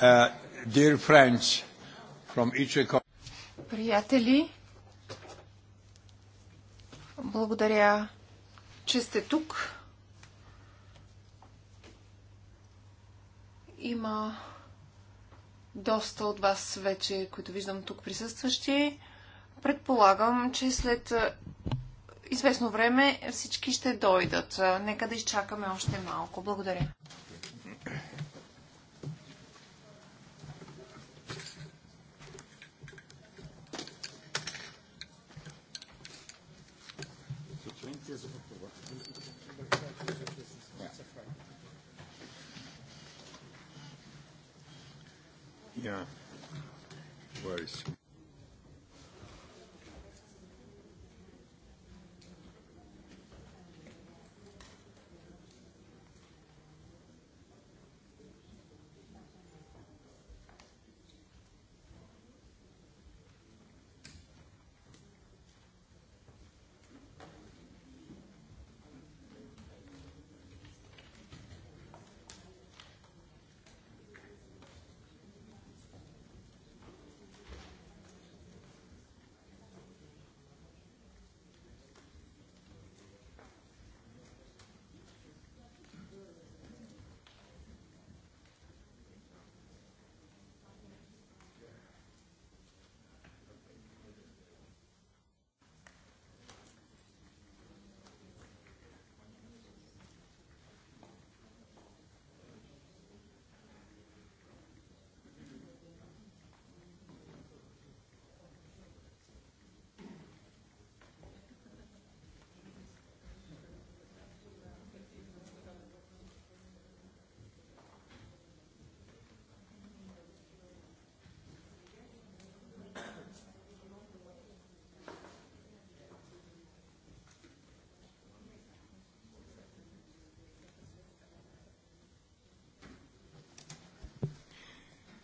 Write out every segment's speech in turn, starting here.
Uh, Приятели, благодаря, че сте тук. Има доста от вас вече, които виждам тук присъстващи. Предполагам, че след известно време всички ще дойдат. Нека да изчакаме още малко. Благодаря.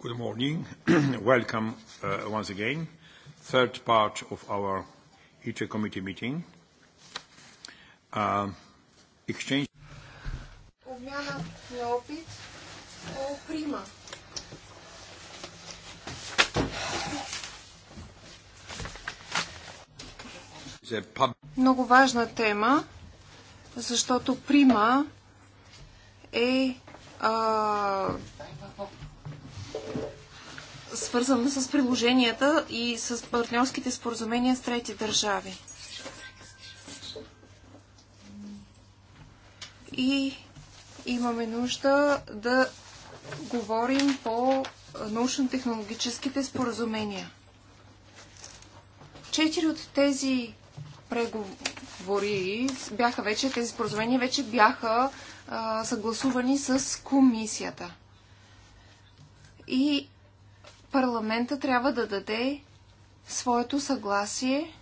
Good morning. Welcome once again. Third part of our ITRE committee meeting. Exchange. Много важна тема, защото прима е свързана с приложенията и с партньорските споразумения с трети държави. И имаме нужда да говорим по научно-технологическите споразумения. Четири от тези преговори бяха вече, тези споразумения вече бяха а, съгласувани с комисията. И парламента трябва да даде своето съгласие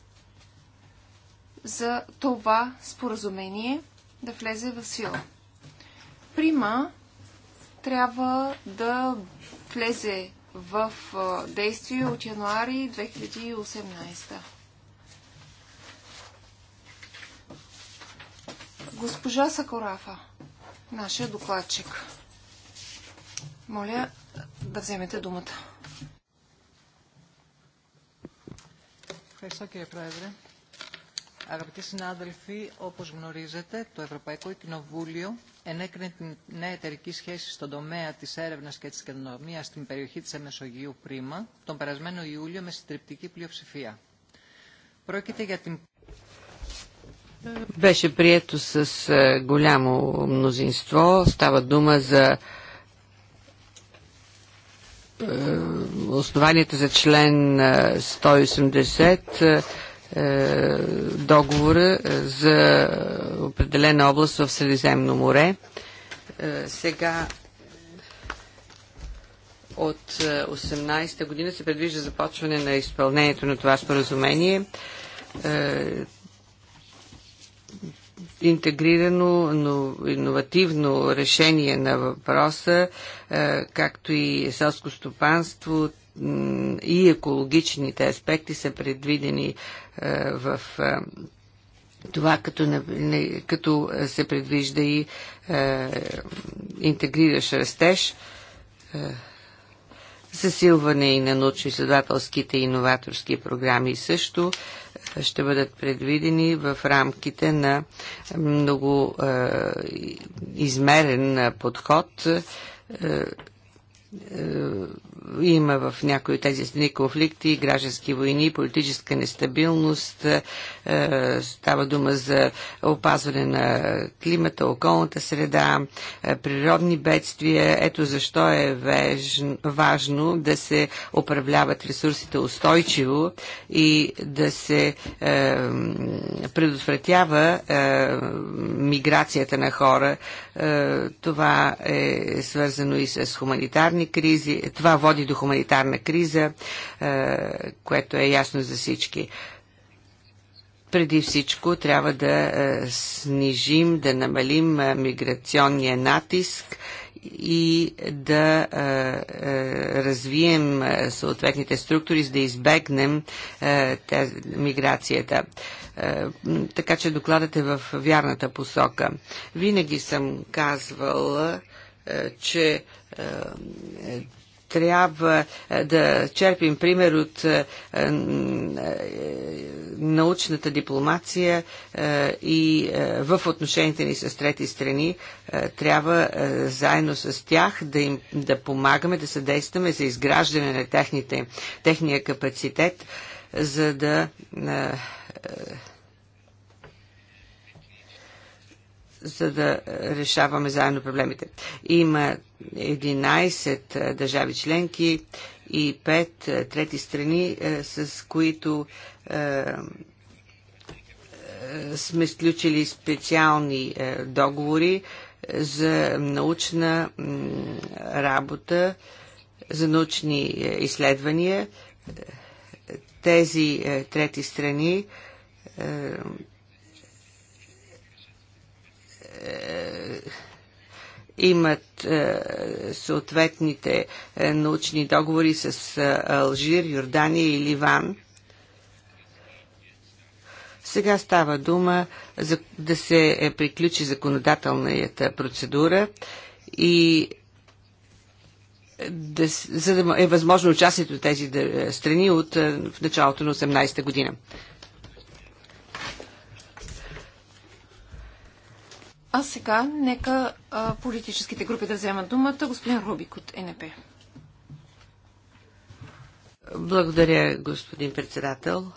за това споразумение да влезе в сила. Прима трябва да влезе в действие от януари 2018. Госпожа Сакорафа, нашия докладчик. Моля да вземете думата. Ευχαριστώ κύριε Πρόεδρε. Αγαπητοί συνάδελφοι, όπως γνωρίζετε, το Ευρωπαϊκό Κοινοβούλιο ενέκρινε την νέα εταιρική σχέση στον τομέα της έρευνας και της καινοτομίας στην περιοχή της Εμεσογείου Πρίμα τον περασμένο Ιούλιο με συντριπτική πλειοψηφία. Πρόκειται για την... Беше прието с голямо мнозинство. Става дума за Основанията за член 180 е, договора за определена област в Средиземно море. Е, сега от 18-та е, година се предвижда започване на изпълнението на това споразумение интегрирано, но иновативно решение на въпроса, е, както и селско стопанство и екологичните аспекти са предвидени е, в е, това като, като се предвижда и интегрираш растеж, засилване и на научно-изследователските и иноваторски програми също, ще бъдат предвидени в рамките на много е, измерен подход е, е, има в някои от тези страни конфликти, граждански войни, политическа нестабилност, е, става дума за опазване на климата, околната среда, е, природни бедствия. Ето защо е важно да се управляват ресурсите устойчиво и да се е, предотвратява миграцията на хора. Това е свързано и с хуманитарни кризи. Това води до хуманитарна криза, е, което е ясно за всички преди всичко трябва да е, снижим, да намалим е, миграционния натиск и да развием съответните структури, за да избегнем миграцията. Така че докладът е в вярната посока. Винаги съм казвал, че трябва е, да черпим пример от е, е, научната дипломация и в отношенията ни с трети страни трябва заедно с тях да им да помагаме, да съдействаме за изграждане на техните, техния капацитет, за да за да решаваме заедно проблемите. Има 11 държави членки и 5 трети страни, с които сме сключили специални договори за научна работа, за научни изследвания. Тези трети страни е, имат е, съответните е, научни договори с Алжир, Йордания и Ливан. Сега става дума за, да се приключи законодателната процедура и да, за да е възможно участието тези страни от в началото на 18-та година. А сега нека а, политическите групи да вземат думата. Господин Рубик от НП. Благодаря, господин председател.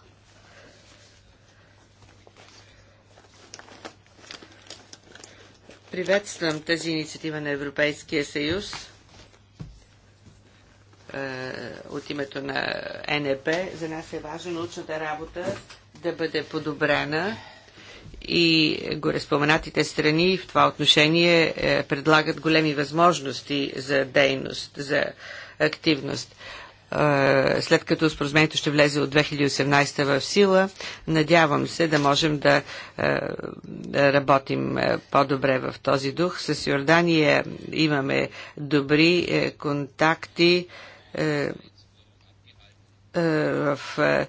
Приветствам тази инициатива на Европейския съюз е, от името на НЕП. За нас е важно научната работа да бъде подобрена и гореспоменатите страни в това отношение е, предлагат големи възможности за дейност, за активност. Е, след като споразумението ще влезе от 2018 в сила, надявам се да можем да е, работим по-добре в този дух. С Йордания имаме добри контакти в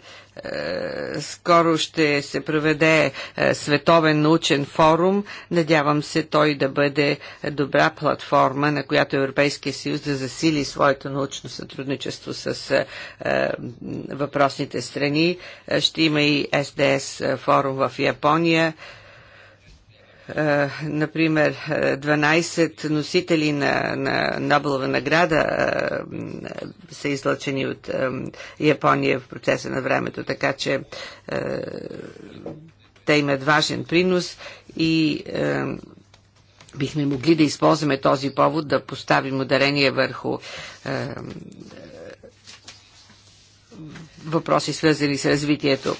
скоро ще се проведе е, световен научен форум. Надявам се той да бъде добра платформа, на която Европейския съюз да засили своето научно сътрудничество с е, е, въпросните страни. Ще има и СДС форум в Япония. Е, например, 12 е, носители на, на Нобелова награда е, са излъчени от Япония в процеса на времето, така че те имат важен принос и бихме могли да използваме този повод да поставим ударение върху въпроси, свързани с развитието.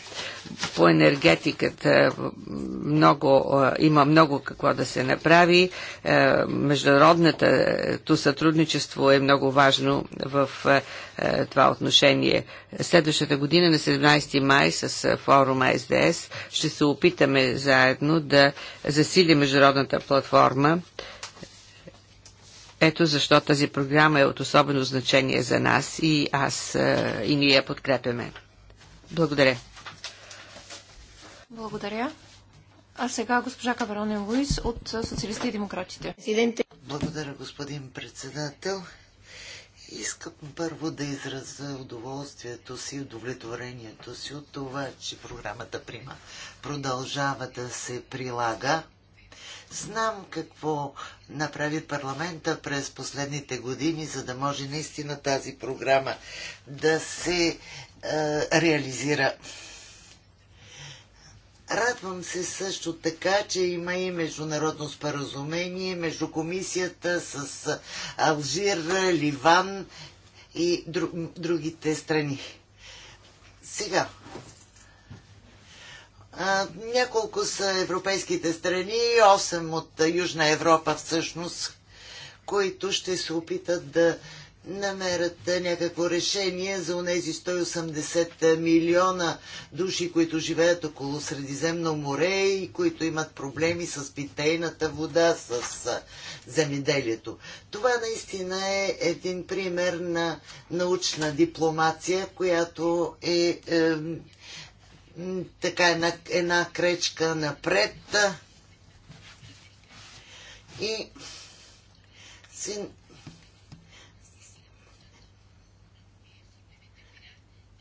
По енергетиката е, много, е, има много какво да се направи. Е, Международното сътрудничество е много важно в това отношение. Следващата година на 17 май с форума СДС ще се опитаме заедно да засили международната платформа ето защо тази програма е от особено значение за нас и аз е, и ние я подкрепяме. Благодаря. Благодаря. А сега госпожа Каверонен Луис от Социалистите и демократите. Благодаря, господин председател. Искам първо да израза удоволствието си и удовлетворението си от това, че програмата Прима продължава да се прилага. Знам какво направи парламента през последните години, за да може наистина тази програма да се е, реализира. Радвам се също така, че има и международно споразумение между комисията с Алжир, Ливан и друг, другите страни. Сега, няколко са европейските страни, 8 от Южна Европа всъщност, които ще се опитат да намерят някакво решение за тези 180 милиона души, които живеят около Средиземно море и които имат проблеми с питейната вода, с земеделието. Това наистина е един пример на научна дипломация, която е, е така една, една кречка напред и си,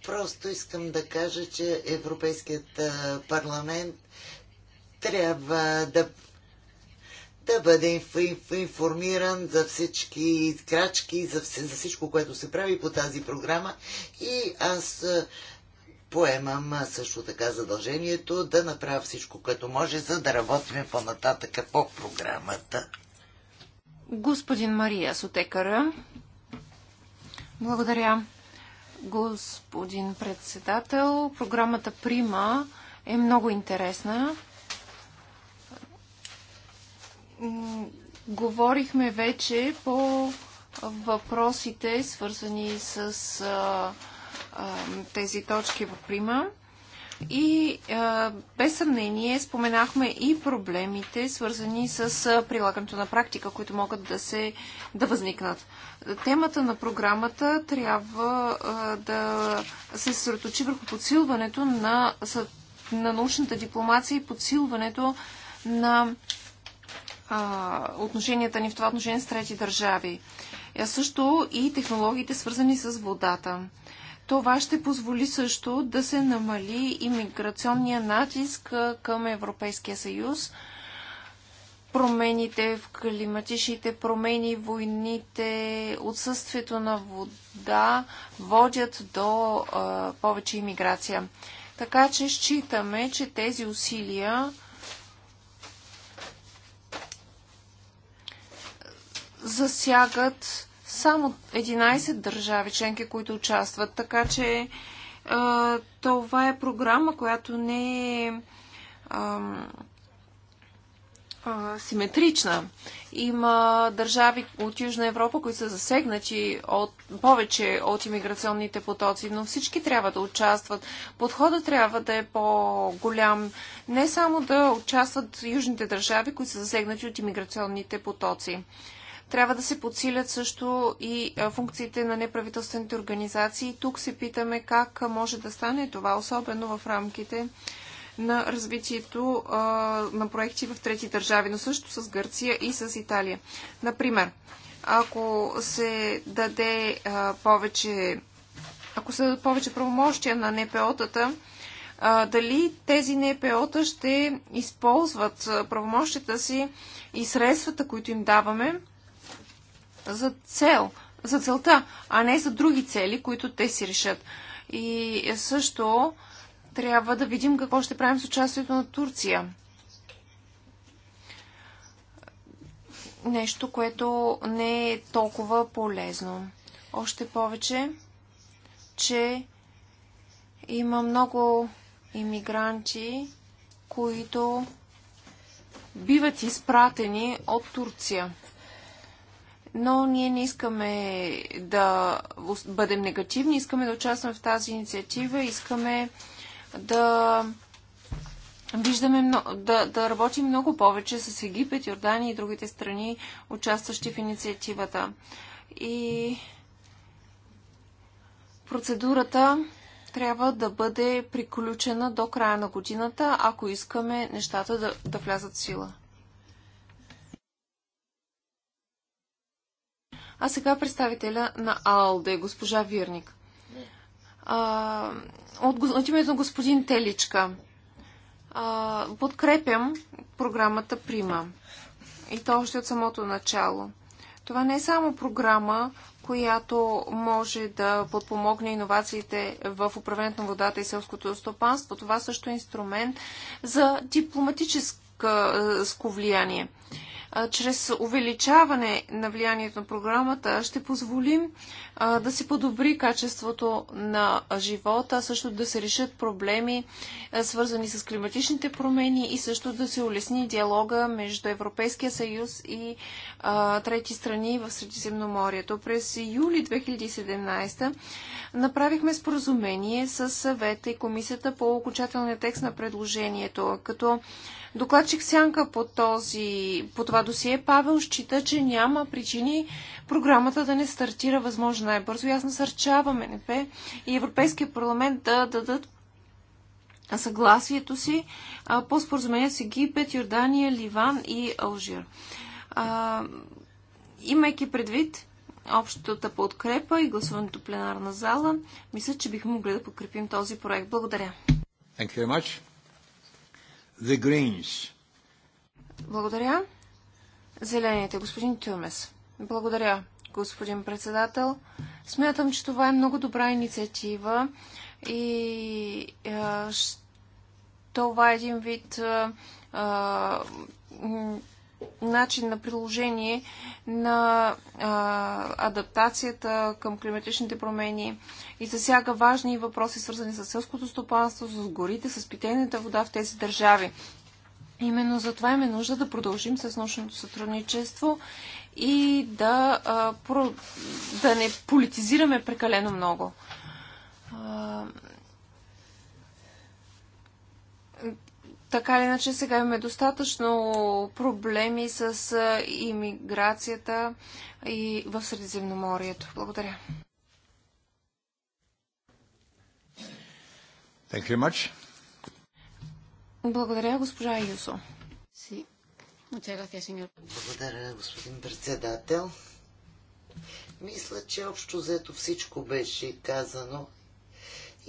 Просто искам да кажа, че Европейският парламент трябва да, да бъде информиран за всички крачки, за, за всичко, което се прави по тази програма. И аз поемам също така задължението да направя всичко, което може, за да работим по-нататъка по програмата. Господин Мария Сотекара. Благодаря. Господин председател, програмата Прима е много интересна. Говорихме вече по въпросите, свързани с тези точки в прима. И без съмнение споменахме и проблемите, свързани с прилагането на практика, които могат да, се, да възникнат. Темата на програмата трябва да се съсредоточи върху подсилването на, на научната дипломация и подсилването на отношенията ни в това отношение с трети държави. А също и технологиите, свързани с водата. Това ще позволи също да се намали иммиграционния натиск към Европейския съюз. Промените в климатичните промени, войните, отсъствието на вода водят до а, повече иммиграция. Така че считаме, че тези усилия засягат само 11 държави членки, които участват. Така че а, е, това е програма, която не е а, а, симетрична. Има държави от Южна Европа, които са засегнати от, повече от иммиграционните потоци, но всички трябва да участват. Подходът трябва да е по-голям. Не само да участват южните държави, които са засегнати от иммиграционните потоци. Трябва да се подсилят също и функциите на неправителствените организации. Тук се питаме как може да стане това, особено в рамките на развитието на проекти в трети държави, но също с Гърция и с Италия. Например, ако се даде повече ако се дадат повече правомощия на НПО-тата, дали тези НПО-та ще използват правомощията си и средствата, които им даваме, за цел, за целта, а не за други цели, които те си решат. И също трябва да видим какво ще правим с участието на Турция. Нещо, което не е толкова полезно. Още повече, че има много иммигранти, които биват изпратени от Турция но ние не искаме да бъдем негативни, искаме да участваме в тази инициатива, искаме да виждаме, да, да работим много повече с Египет, Йордания и другите страни, участващи в инициативата. И процедурата трябва да бъде приключена до края на годината, ако искаме нещата да, да влязат в сила. А сега представителя на АЛДЕ, госпожа Вирник. А, от, от името на господин Теличка. А, подкрепям програмата Прима. И то още от самото начало. Това не е само програма, която може да подпомогне иновациите в управлението на водата и селското стопанство. Това също е инструмент за дипломатическо е, влияние чрез увеличаване на влиянието на програмата ще позволим а, да се подобри качеството на живота, също да се решат проблеми, а, свързани с климатичните промени и също да се улесни диалога между Европейския съюз и а, трети страни в Средиземноморието. През юли 2017 направихме споразумение с съвета и комисията по окончателния текст на предложението, като Докладчик Сянка по, този, по това досие Павел счита, че няма причини програмата да не стартира възможно най-бързо. И аз насърчавам НП и Европейския парламент да дадат съгласието си по споразумение с Египет, Йордания, Ливан и Алжир. А, имайки предвид общата подкрепа и гласуването пленарна зала, мисля, че бихме могли да подкрепим този проект. Благодаря. Thank you very much. The Greens. Благодаря. Зелените, господин Тюмес. Благодаря, господин председател. Смятам, че това е много добра инициатива и а, е, това е един вид а, е, а, е, начин на приложение на а, адаптацията към климатичните промени и засяга важни въпроси, свързани с селското стопанство, с горите, с питейната вода в тези държави. Именно за това имаме нужда да продължим с научното сътрудничество и да, а, про, да не политизираме прекалено много. А, Така или иначе сега имаме достатъчно проблеми с иммиграцията и в Средиземноморието. Благодаря. Thank you much. Благодаря, госпожа Юсо. Си. Благодаря, господин председател. Мисля, че общо взето всичко беше казано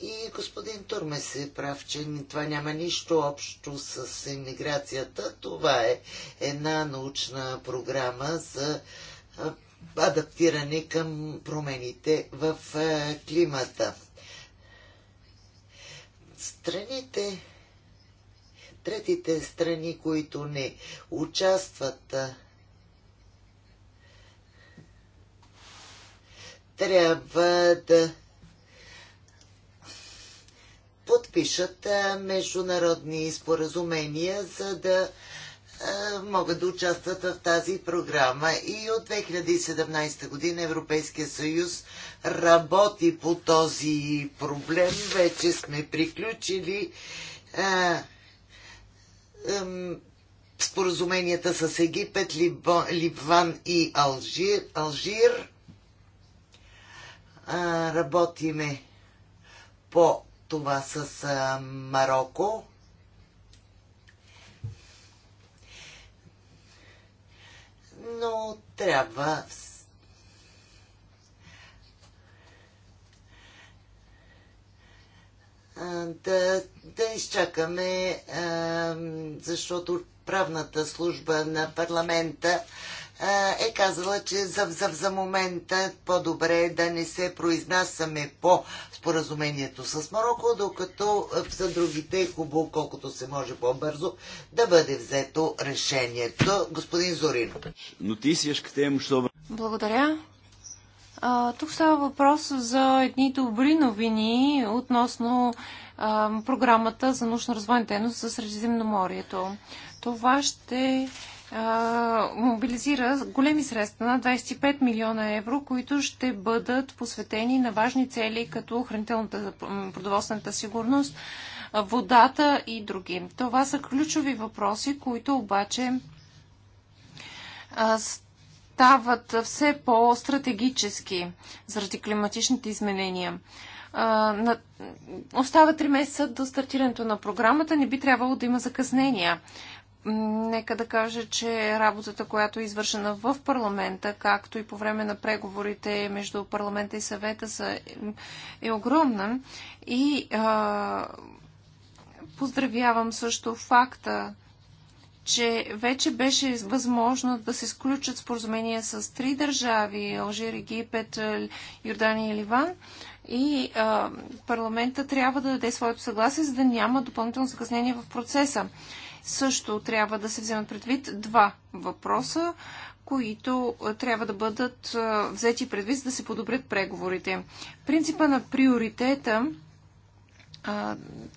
и господин Турме се прав, че това няма нищо общо с иммиграцията. Това е една научна програма за адаптиране към промените в климата. Страните, третите страни, които не участват, трябва да подпишат международни споразумения, за да могат да участват в тази програма. И от 2017 година Европейския съюз работи по този проблем. Вече сме приключили а, ам, споразуменията с Египет, Либван и Алжир. Алжир. А, работиме по това с а, Марокко. Но трябва да, да изчакаме, защото правната служба на парламента е казала, че за, за, за момента по-добре е да не се произнасяме по споразумението с Марокко, докато за другите е хубаво, колкото се може по-бързо, да бъде взето решението. Господин Зорин. Е Благодаря. А, тук става въпрос за едни добри новини относно а, програмата за научно-развойна дейност за Средиземноморието. Това ще мобилизира големи средства на 25 милиона евро, които ще бъдат посветени на важни цели, като хранителната продоволствената сигурност, водата и други. Това са ключови въпроси, които обаче стават все по-стратегически заради климатичните изменения. Остават 3 месеца до стартирането на програмата. Не би трябвало да има закъснения нека да кажа, че работата, която е извършена в парламента, както и по време на преговорите между парламента и съвета, са, е огромна. И а, поздравявам също факта, че вече беше възможно да се сключат споразумения с три държави Алжир, Египет, Йордания и Ливан. И а, парламента трябва да даде своето съгласие, за да няма допълнително закъснение в процеса също трябва да се вземат предвид два въпроса, които е, трябва да бъдат е, взети предвид, за да се подобрят преговорите. Принципа на приоритета е,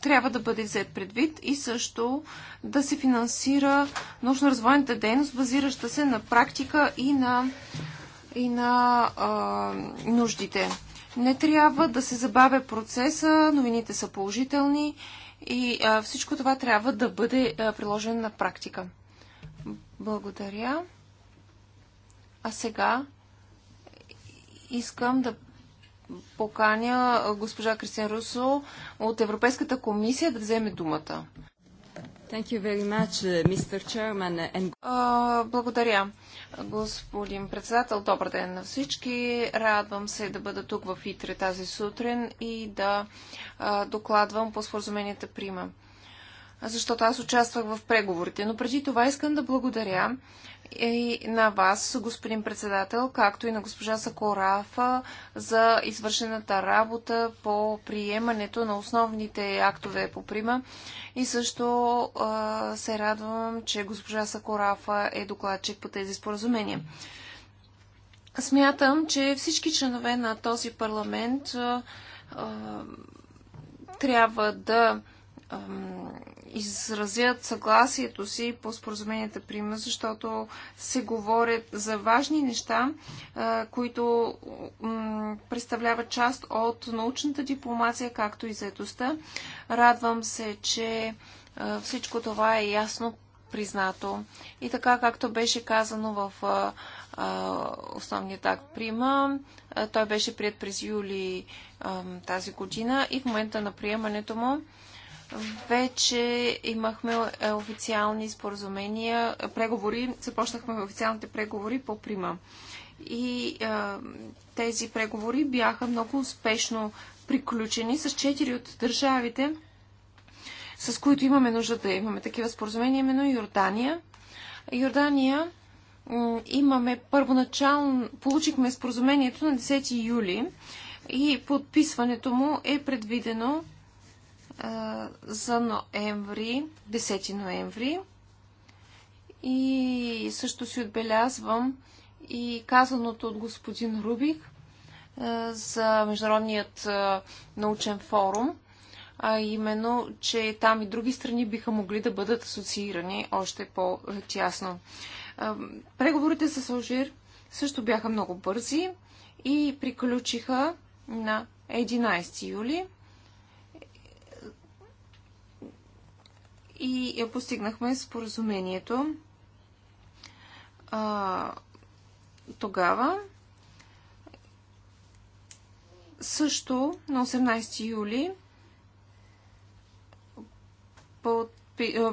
трябва да бъде взет предвид и също да се финансира научно-развойната дейност, базираща се на практика и на, и на а, нуждите. Не трябва да се забавя процеса, новините са положителни и а, всичко това трябва да бъде а, приложено на практика. Благодаря. А сега искам да поканя госпожа Кристин Русо от Европейската комисия да вземе думата. Much, uh, Chairman, uh, and... uh, благодаря, господин председател. Добър ден на всички. Радвам се да бъда тук в ИТРЕ тази сутрин и да uh, докладвам по споразуменията Прима. Защото аз участвах в преговорите. Но преди това искам да благодаря и на вас, господин председател, както и на госпожа Сакорафа за извършената работа по приемането на основните актове по прима. И също а, се радвам, че госпожа Сакорафа е докладчик по тези споразумения. Смятам, че всички членове на този парламент а, а, трябва да изразят съгласието си по споразуменията прима, защото се говорят за важни неща, които представляват част от научната дипломация, както и заедостта. Радвам се, че всичко това е ясно признато. И така, както беше казано в основният акт прима. Той беше прият през юли тази година и в момента на приемането му вече имахме е, официални споразумения, преговори, започнахме официалните преговори по прима. И а, е, тези преговори бяха много успешно приключени с четири от държавите, с които имаме нужда да имаме такива споразумения, именно Йордания. Йордания имаме първоначално, получихме споразумението на 10 юли и подписването му е предвидено за ноември, 10 ноември. И също си отбелязвам и казаното от господин Рубик за Международният научен форум, а именно, че там и други страни биха могли да бъдат асоциирани още по-тясно. Преговорите с Алжир също бяха много бързи и приключиха на 11 юли. и постигнахме споразумението а, тогава. Също на 18 юли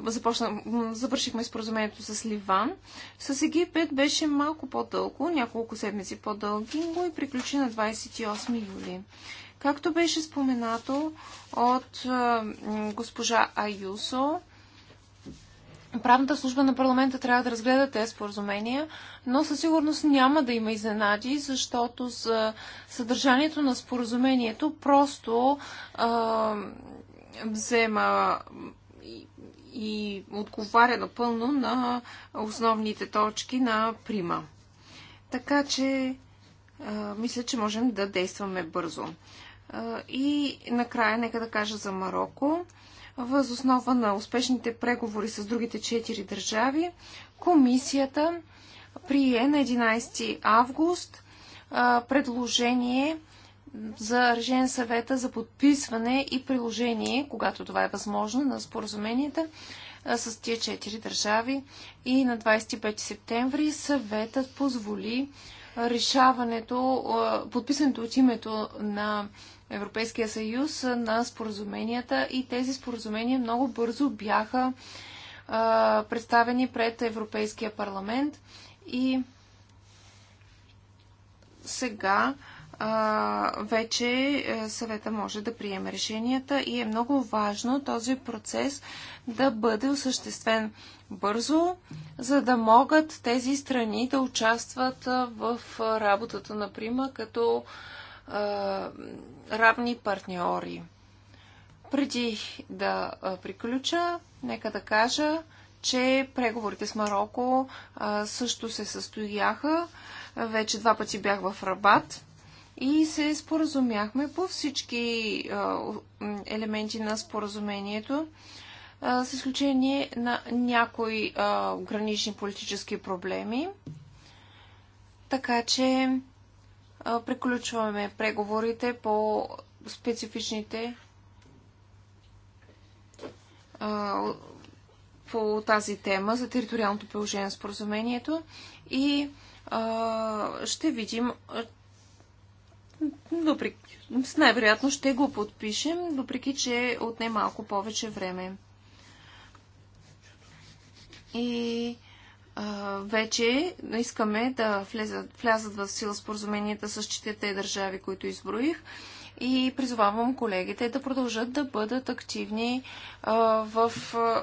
започна, завършихме споразумението с Ливан. С Египет беше малко по-дълго, няколко седмици по-дълги, но и приключи на 28 юли. Както беше споменато от госпожа Аюсо, Правната служба на парламента трябва да разгледа тези споразумения, но със сигурност няма да има изненади, защото за съдържанието на споразумението просто а, взема и, и отговаря напълно на основните точки на прима. Така че а, мисля, че можем да действаме бързо. А, и накрая нека да кажа за Марокко въз основа на успешните преговори с другите четири държави, комисията прие на 11 август предложение за решение съвета за подписване и приложение, когато това е възможно, на споразуменията с тия четири държави. И на 25 септември съветът позволи решаването, подписането от името на Европейския съюз на споразуменията и тези споразумения много бързо бяха а, представени пред Европейския парламент и сега а, вече е, съвета може да приеме решенията и е много важно този процес да бъде осъществен бързо, за да могат тези страни да участват в работата, например, като равни партньори. Преди да приключа, нека да кажа, че преговорите с Марокко също се състояха. Вече два пъти бях в Рабат и се споразумяхме по всички елементи на споразумението, с изключение на някои гранични политически проблеми. Така че приключваме преговорите по специфичните по тази тема за териториалното приложение на споразумението и ще видим, най-вероятно ще го подпишем, въпреки че отне малко повече време. И вече искаме да влезат, влязат в сила споразуменията с четирите държави, които изброих. И призовавам колегите да продължат да бъдат активни в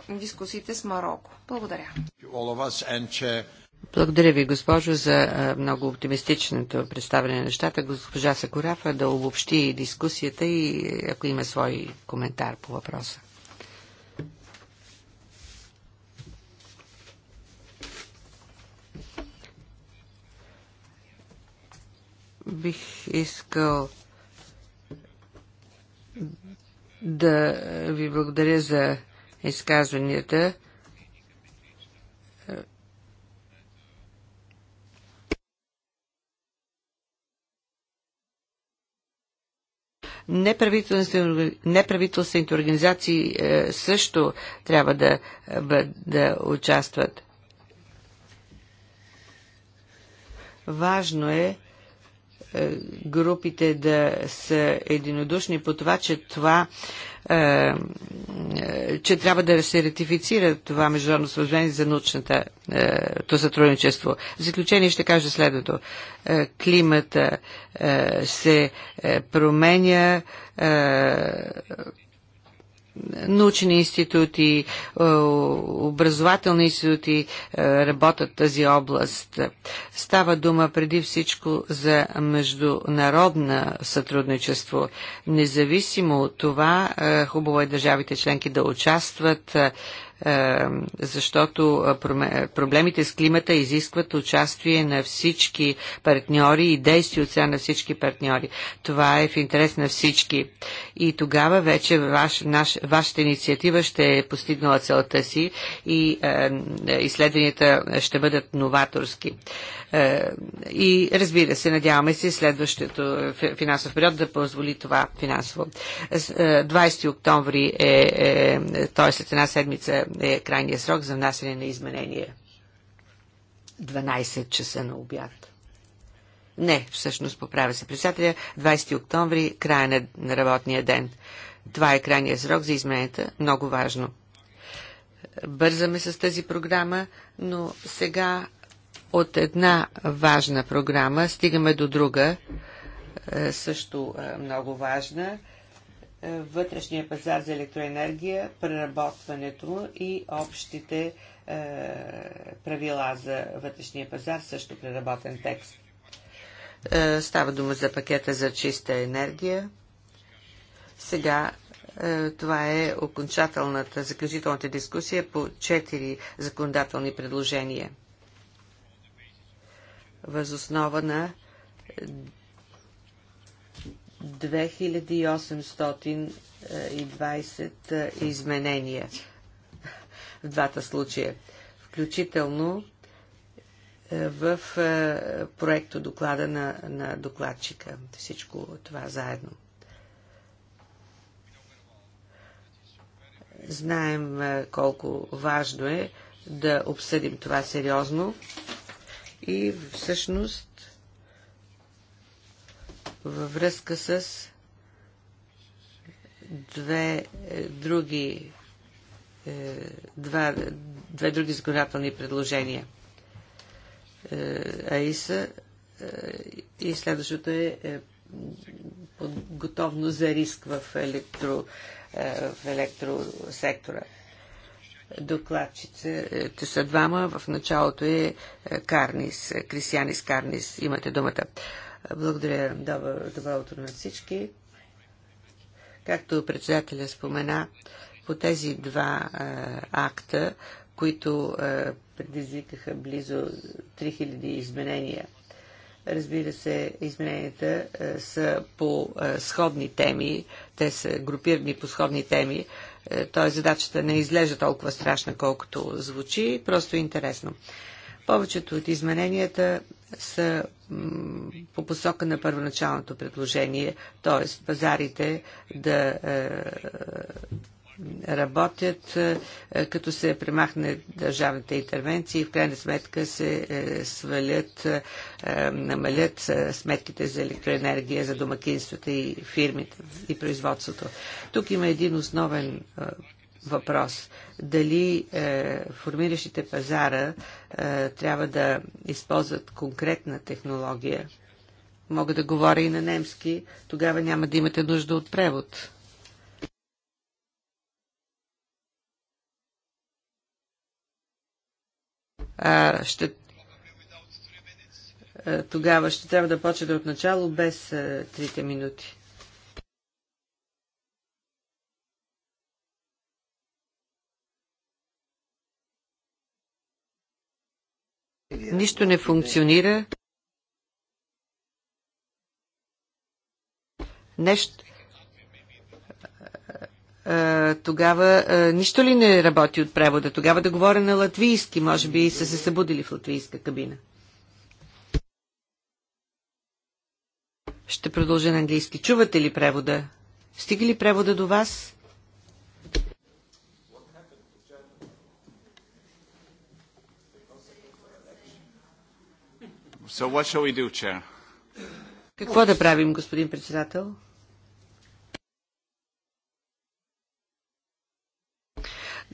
дискусиите с Марокко. Благодаря. Uh, Благодаря ви, госпожо, за много оптимистичното представяне на нещата. Госпожа Сакурафа да обобщи дискусията и ако има свой коментар по въпроса. Бих искал да ви благодаря за изказванията. Неправителствените, организации е, също трябва да, да участват. Важно е е, групите да са единодушни по това, че това е, е, че трябва да се ратифицира това международно съобщение за научната то сътрудничество. В заключение ще кажа следното. Климата се променя научни институти, е, образователни институти е, работят тази област. Става дума преди всичко за международна сътрудничество. Независимо от това, е, хубаво е държавите членки да участват защото проблемите с климата изискват участие на всички партньори и действия от сега на всички партньори. Това е в интерес на всички. И тогава вече ваш, наш, вашата инициатива ще е постигнала целта си и е, изследванията ще бъдат новаторски. Е, и разбира се, надяваме се следващото финансов период да позволи това финансово. 20 е, октомври е, е т.е. след една седмица е крайния срок за внасяне на изменения. 12 часа на обяд. Не, всъщност поправя се председателя. 20 октомври, края на, на работния ден. Това е крайния срок за измененията. Много важно. Бързаме с тази програма, но сега от една важна програма стигаме до друга, е, също е, много важна. Е, вътрешния пазар за електроенергия, преработването и общите е, правила за вътрешния пазар, също преработен текст. Е, става дума за пакета за чиста енергия. Сега това е окончателната, заключителната дискусия по четири законодателни предложения. Възоснова на 2820 е, изменения в двата случая, включително е, в е, проекто доклада на, на докладчика. Всичко това заедно. Знаем колко важно е да обсъдим това сериозно и всъщност във връзка с две е, други е, два, две други законодателни предложения. Е, АИСа и следващото е готовно за риск в, електро, в електросектора. те са двама. В началото е Карнис, Крисианис Карнис. Имате думата. Благодаря. Добър, добро утро на всички. Както председателя спомена, по тези два е, акта, които е, предизвикаха близо 3000 изменения. Разбира се, измененията е, са по е, сходни теми, те са групирани по сходни теми, е, т.е. задачата не изглежда толкова страшна, колкото звучи, просто е интересно. Повечето от измененията са по посока на първоначалното предложение, т.е. пазарите да е, работят, е, като се премахне държавните интервенции и в крайна сметка се е, свалят, намалят сметките за електроенергия за домакинствата и фирмите и производството. Тук има един основен въпрос дали е, формиращите пазара е, трябва да използват конкретна технология. Мога да говоря и на немски, тогава няма да имате нужда от превод. А, ще е, тогава ще трябва да почне от начало без е, трите минути. Нищо не функционира. Нещо. Тогава нищо ли не работи от превода? Тогава да говоря на латвийски. Може би са се събудили в латвийска кабина. Ще продължа на английски. Чувате ли превода? Стига ли превода до вас? So what shall we do, chair? Какво да правим, господин председател?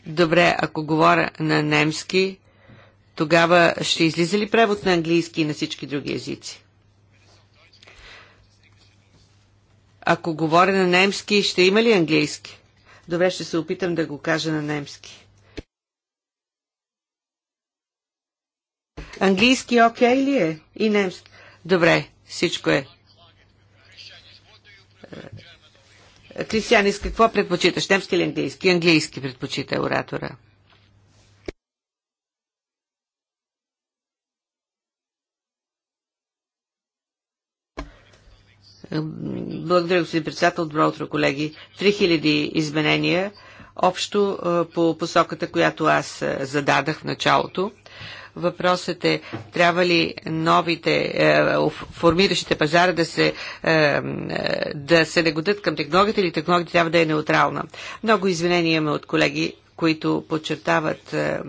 Добре, ако говоря на немски, тогава ще излиза ли превод на английски и на всички други езици? Ако говоря на немски, ще има ли английски? Добре, ще се опитам да го кажа на немски. Английски окей okay ли е? И немски. Добре, всичко е. е Кристианис, какво предпочиташ? Немски или английски? Английски предпочита оратора. Благодаря, господин председател. Добро утро, колеги. 3000 изменения общо е, по посоката, която аз е, зададах в началото. Въпросът е, трябва ли новите, е, формиращите пазара да се, е, е, да се негодят към технологията или технологията трябва да е неутрална. Много извинения имаме от колеги, които подчертават е, е,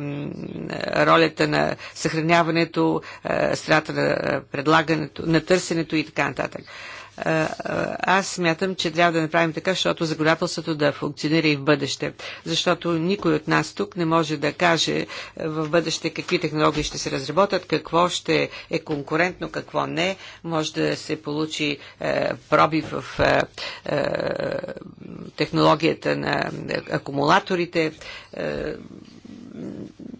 ролята на съхраняването, е, страта на е, предлагането, на търсенето и така нататък. Е, е, аз смятам, че трябва да направим така, защото законодателството да функционира и в бъдеще. Защото никой от нас тук не може да каже е, в бъдеще какви технологии ще се разработят, какво ще е конкурентно, какво не. Може да се получи проби в технологията на акумулаторите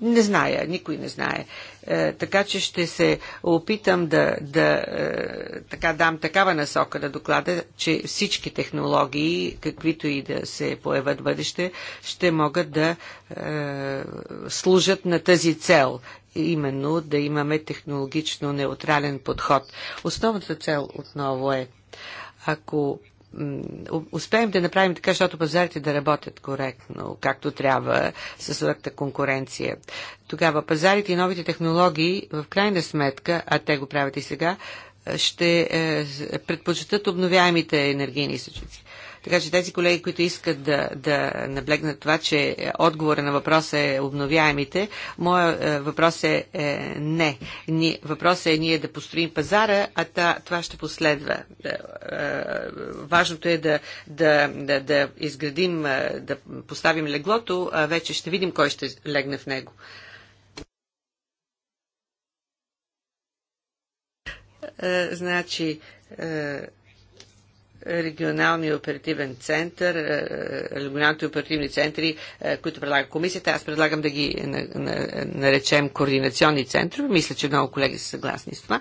не зная, никой не знае. Е, така че ще се опитам да, да е, така дам такава насока да доклада, че всички технологии, каквито и да се появят в бъдеще, ще могат да е, служат на тази цел именно да имаме технологично неутрален подход. Основната цел отново е, ако успеем да направим така, защото пазарите да работят коректно, както трябва, със своята конкуренция. Тогава пазарите и новите технологии, в крайна сметка, а те го правят и сега, ще е, предпочитат обновяемите енергийни източници. Така че тези колеги, които искат да, да наблегнат това, че отговора на въпроса е обновяемите, моя е, въпрос е, е не. Ни, въпросът е ние да построим пазара, а та, това ще последва. Да, е, е, важното е да, да, да, да изградим, е, да поставим леглото, а вече ще видим кой ще легне в него. Е, значи, е, регионалния оперативен център, е, е, регионалните оперативни центри, е, които предлага комисията. Аз предлагам да ги наречем координационни центрове. Мисля, че много колеги са съгласни с това.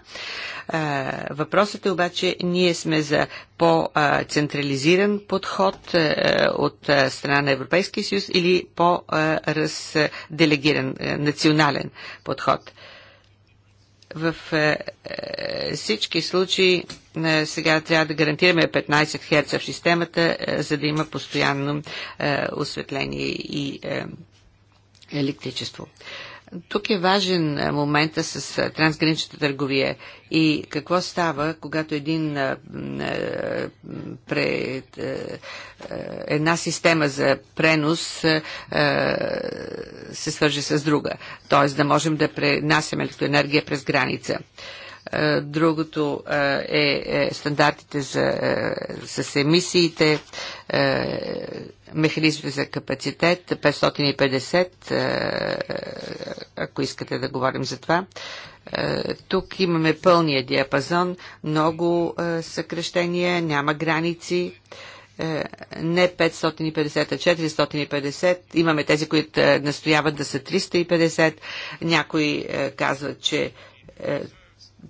Въпросът е обаче, ние сме за по-централизиран подход от страна на Европейския съюз или по-разделегиран национален подход в е, е, всички случаи е, сега трябва да гарантираме 15 Hz в системата, е, за да има постоянно е, осветление и е, електричество. Е, тук е важен е, момента с е, трансграничната търговия и какво става, когато един, е, пред, една система за пренос се свърже с друга, т.е. да можем да пренасяме електроенергия през граница. Е, другото е, е, е, стандартите за, с емисиите, механизми за капацитет 550, ако искате да говорим за това. Тук имаме пълния диапазон, много съкрещения, няма граници не 550, а 450. Имаме тези, които настояват да са 350. Някои казват, че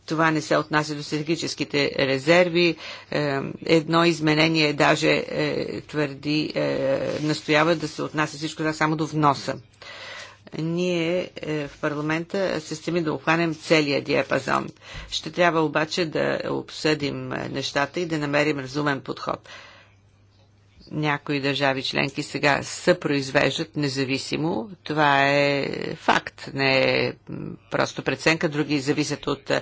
това не се отнася до стратегическите резерви. Е, едно изменение даже е, твърди, е, настоява да се отнася всичко това само до вноса. Ние в парламента се стремим да обхванем целия диапазон. Ще трябва обаче да обсъдим нещата и да намерим разумен подход някои държави членки сега се произвеждат независимо. Това е факт, не е просто преценка. Други зависят от е,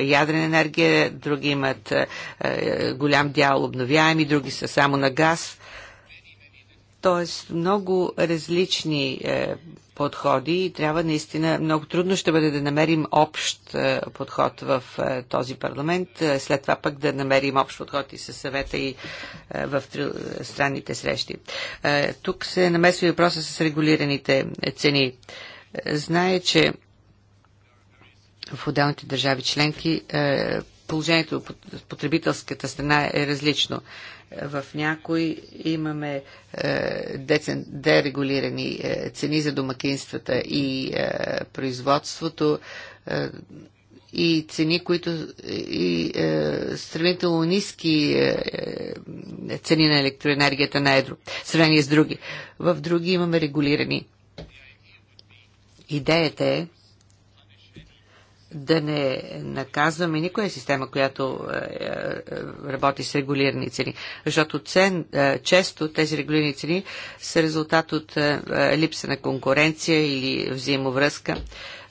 ядрена енергия, други имат е, е голям дял обновяеми, други са само на газ. Тоест много различни е, подходи и трябва наистина много трудно ще бъде да намерим общ е, подход в е, този парламент, е, след това пък да намерим общ подход и със съвета и в странните срещи. Тук се намесва и въпроса с регулираните цени. Знае, че в отделните държави членки положението от потребителската страна е различно. В някои имаме е, дерегулирани е, цени за домакинствата и е, производството и цени, които и е, сравнително ниски е, цени на електроенергията на едро, в сравнение с други. В други имаме регулирани. Идеята е да не наказваме никоя система, която е, е, работи с регулирани цени. Защото цен, е, често тези регулирани цени са резултат от липса на конкуренция или взаимовръзка,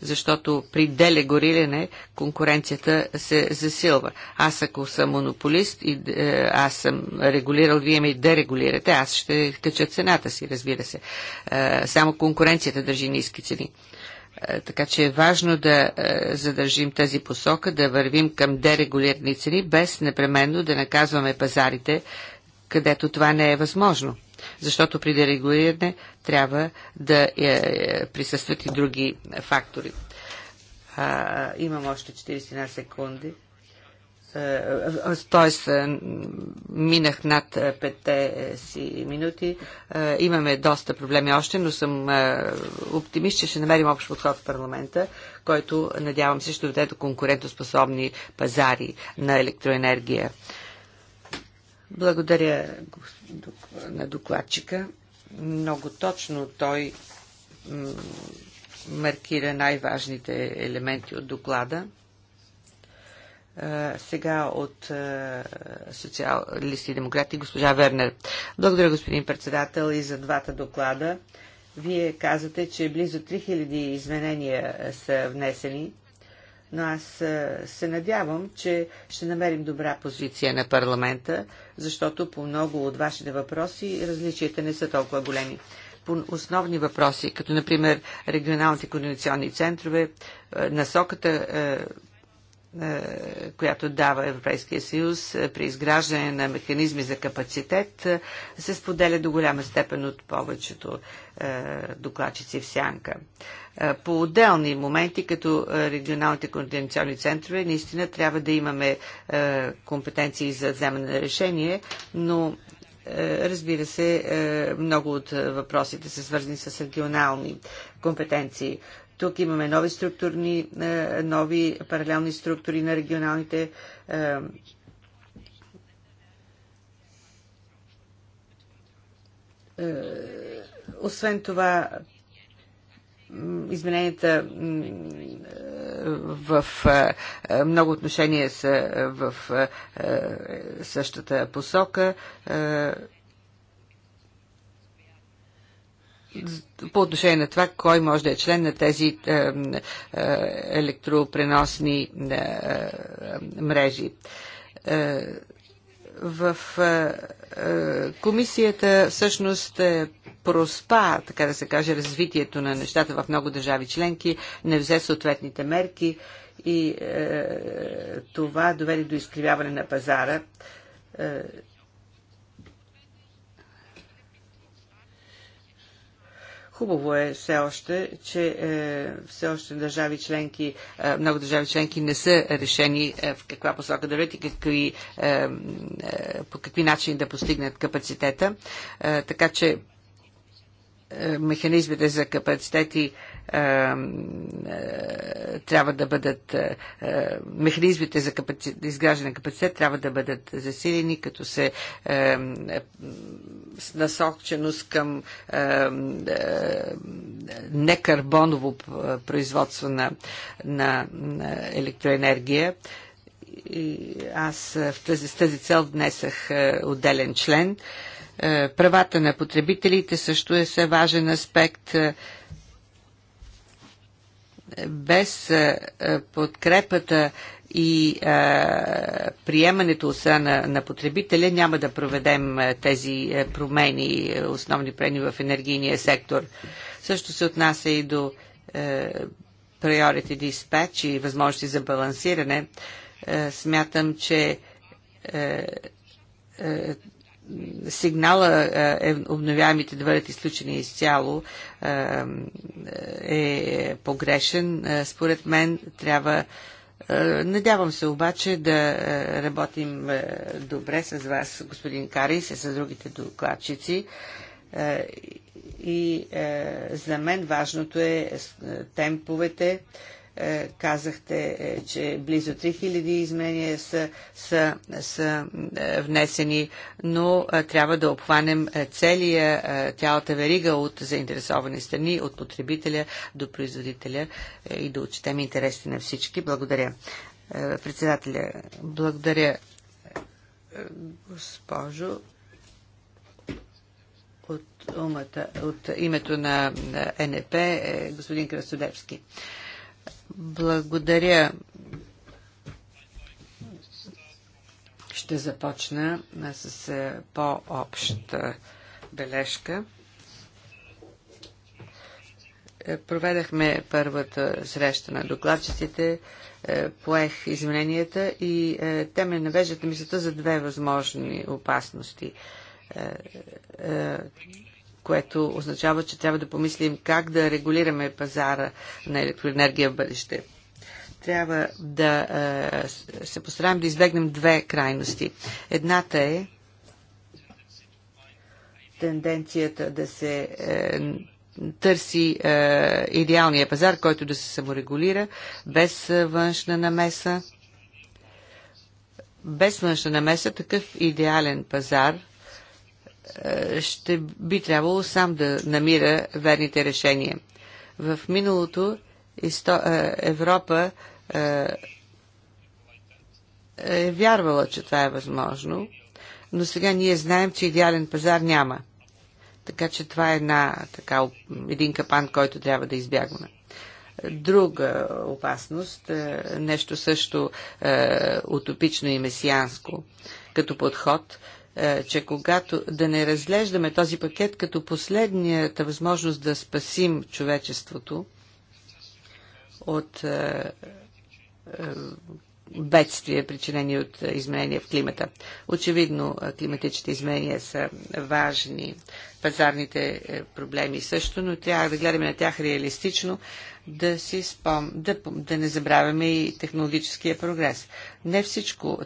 защото при делегориране конкуренцията се засилва. Аз ако съм монополист и аз съм регулирал, вие ме дерегулирате, аз ще кача цената си, разбира се. Само конкуренцията държи ниски цени. Е, така че е важно да е, задържим тази посока, да вървим към дерегулирани цени, без непременно да наказваме пазарите, където това не е възможно. Защото при дерегулиране трябва да е, присъстват и други фактори. А, имам още 41 секунди т.е. минах над 5 е, е, си минути. Е, имаме доста проблеми още, но съм оптимист, че ще намерим общ подход в парламента, който надявам се ще доведе до конкурентоспособни пазари на електроенергия. Благодаря на докладчика. Много точно той маркира най-важните елементи от доклада сега от социалисти и демократи, госпожа Вернер. Благодаря, господин председател, и за двата доклада. Вие казвате, че близо 3000 изменения са внесени, но аз се надявам, че ще намерим добра позиция на парламента, защото по много от вашите въпроси различията не са толкова големи по основни въпроси, като например регионалните координационни центрове, насоката, е, която дава Европейския съюз е, при изграждане на механизми за капацитет, е, се споделя до голяма степен от повечето докладчици в сянка. По отделни моменти, като регионалните координационни центрове, наистина трябва да имаме компетенции за вземане на решение, но Разбира се, много от въпросите са свързани с регионални компетенции. Тук имаме нови структурни, е, нови паралелни структури на регионалните е, е, освен това, измененията в много отношения са в същата посока. по отношение на това, кой може да е член на тези е, е, електропреносни е, е мрежи. Е, в е, комисията всъщност проспа, така да се каже, развитието на нещата в много държави членки, не взе съответните мерки и това доведе до изкривяване на пазара Хубаво е все още, че е, все още държави членки, е, много държави членки не са решени е, в каква посока да вървят и какви, е, е, по какви начини да постигнат капацитета. Е, така че е, механизмите за капацитети е, е, е, трябва да бъдат е, механизмите за капаци... изграждане на капацитет трябва да бъдат засилени, като се с насоченост към некарбоново производство на, на, електроенергия. И аз в тази, с тази цел внесах отделен член. Правата на потребителите също е важен аспект без е, е, подкрепата и е, приемането са на, на потребителя няма да проведем тези промени, основни промени в енергийния сектор. Също се отнася и до priority dispatch и възможности за балансиране. смятам, че сигнала е, е, обновяемите да бъдат изключени изцяло е, е погрешен. Е, според мен трябва е, Надявам се обаче да работим добре с вас, господин Карис, и с другите докладчици. И за мен важното е темповете, е, казахте, е, че близо 3000 изменения са, са, са е, внесени, но трябва да обхванем целия, цялата верига от заинтересовани страни, от потребителя до производителя и да отчетем интересите на всички. Благодаря. Председателя, благодаря. Госпожо, от, умата, от името на НП, господин Красодевски. Благодаря. Ще започна с по-обща бележка. Е, проведахме първата среща на докладчиците, е, поех измененията и е, те ме навеждат на мисълта за две възможни опасности което означава, че трябва да помислим как да регулираме пазара на електроенергия в бъдеще. Трябва да е, се постараем да избегнем две крайности. Едната е тенденцията да се е, търси е, идеалния пазар, който да се саморегулира без външна намеса. Без външна намеса такъв идеален пазар – е, ще би трябвало сам да намира верните решения. В миналото е, Европа е, е вярвала, че това е възможно, но сега ние знаем, че идеален пазар няма. Така че това е една, така, един капан, който трябва да избягваме. Друга опасност, нещо също е, утопично и месианско като подход – е, че когато да не разглеждаме този пакет като последнията възможност да спасим човечеството от е, е, бедствия, причинени от изменения в климата. Очевидно, климатичните изменения са важни, пазарните е, проблеми също, но трябва да гледаме на тях реалистично, да, си спом... да, да не забравяме и технологическия прогрес. Не всичко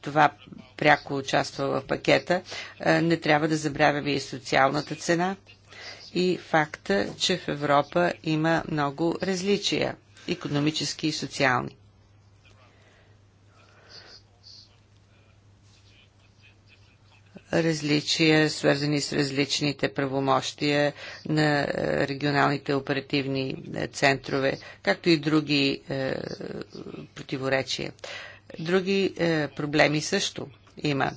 това пряко участва в пакета. Не трябва да забравяме и социалната цена и факта, че в Европа има много различия економически и социални. различия, свързани с различните правомощия на е, регионалните оперативни е, центрове, както и други е, противоречия. Други е, проблеми също има.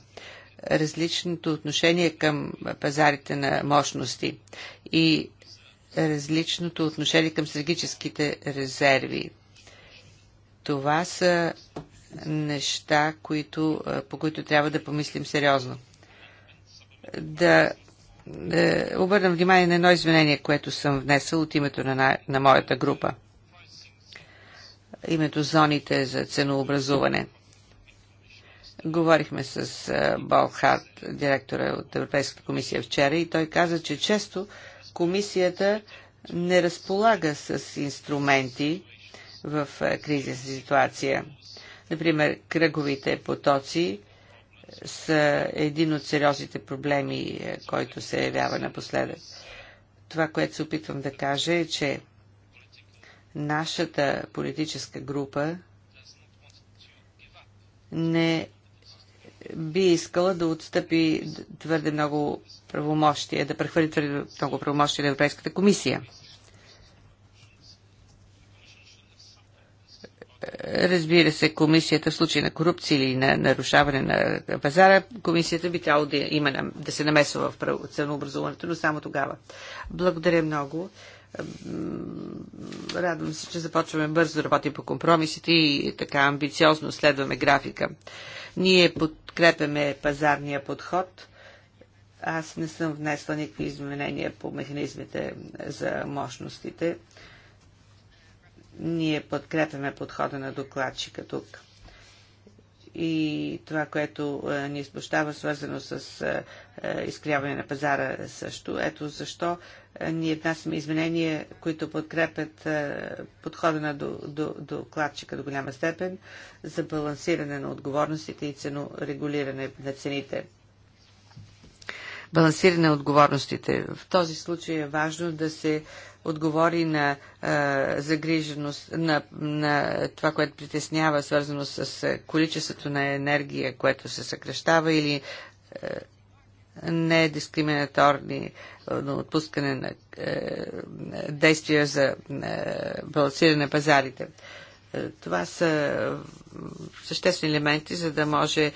Различното отношение към пазарите на мощности и различното отношение към стратегическите резерви. Това са неща, които, е, по които трябва да помислим сериозно да е, обърна внимание на едно извинение, което съм внесъл от името на, на, моята група. Името зоните за ценообразуване. Говорихме с е, Болхарт, директора от Европейската комисия вчера, и той каза, че често комисията не разполага с инструменти в е, кризисна ситуация. Например, кръговите потоци са един от сериозните проблеми, е, който се явява напоследък. Това, което се опитвам да кажа е, че нашата политическа група не би искала да отстъпи твърде много правомощия, да прехвърли твърде много правомощия на Европейската комисия. Разбира се, комисията в случай на корупция или на нарушаване на пазара, комисията би трябвало да, има, да се намесва в ценообразуването, но само тогава. Благодаря много. Радвам се, че започваме бързо да работим по компромисите и така амбициозно следваме графика. Ние подкрепяме пазарния подход. Аз не съм внесла никакви изменения по механизмите за мощностите. Ние подкрепяме подхода на докладчика тук. И това, което е, ни изпощава, свързано с е, е, изкряване на пазара също. Ето защо ние внасяме изменения, които подкрепят подхода на докладчика до голяма степен за балансиране на отговорностите и ценорегулиране регулиране на цените балансиране на отговорностите. В този случай е важно да се отговори на а, загриженост, на, на това, което притеснява, свързано с количеството на енергия, което се съкрещава или дискриминаторни недискриминаторни отпускане на а, действия за а, балансиране на пазарите. Това са съществени елементи, за да може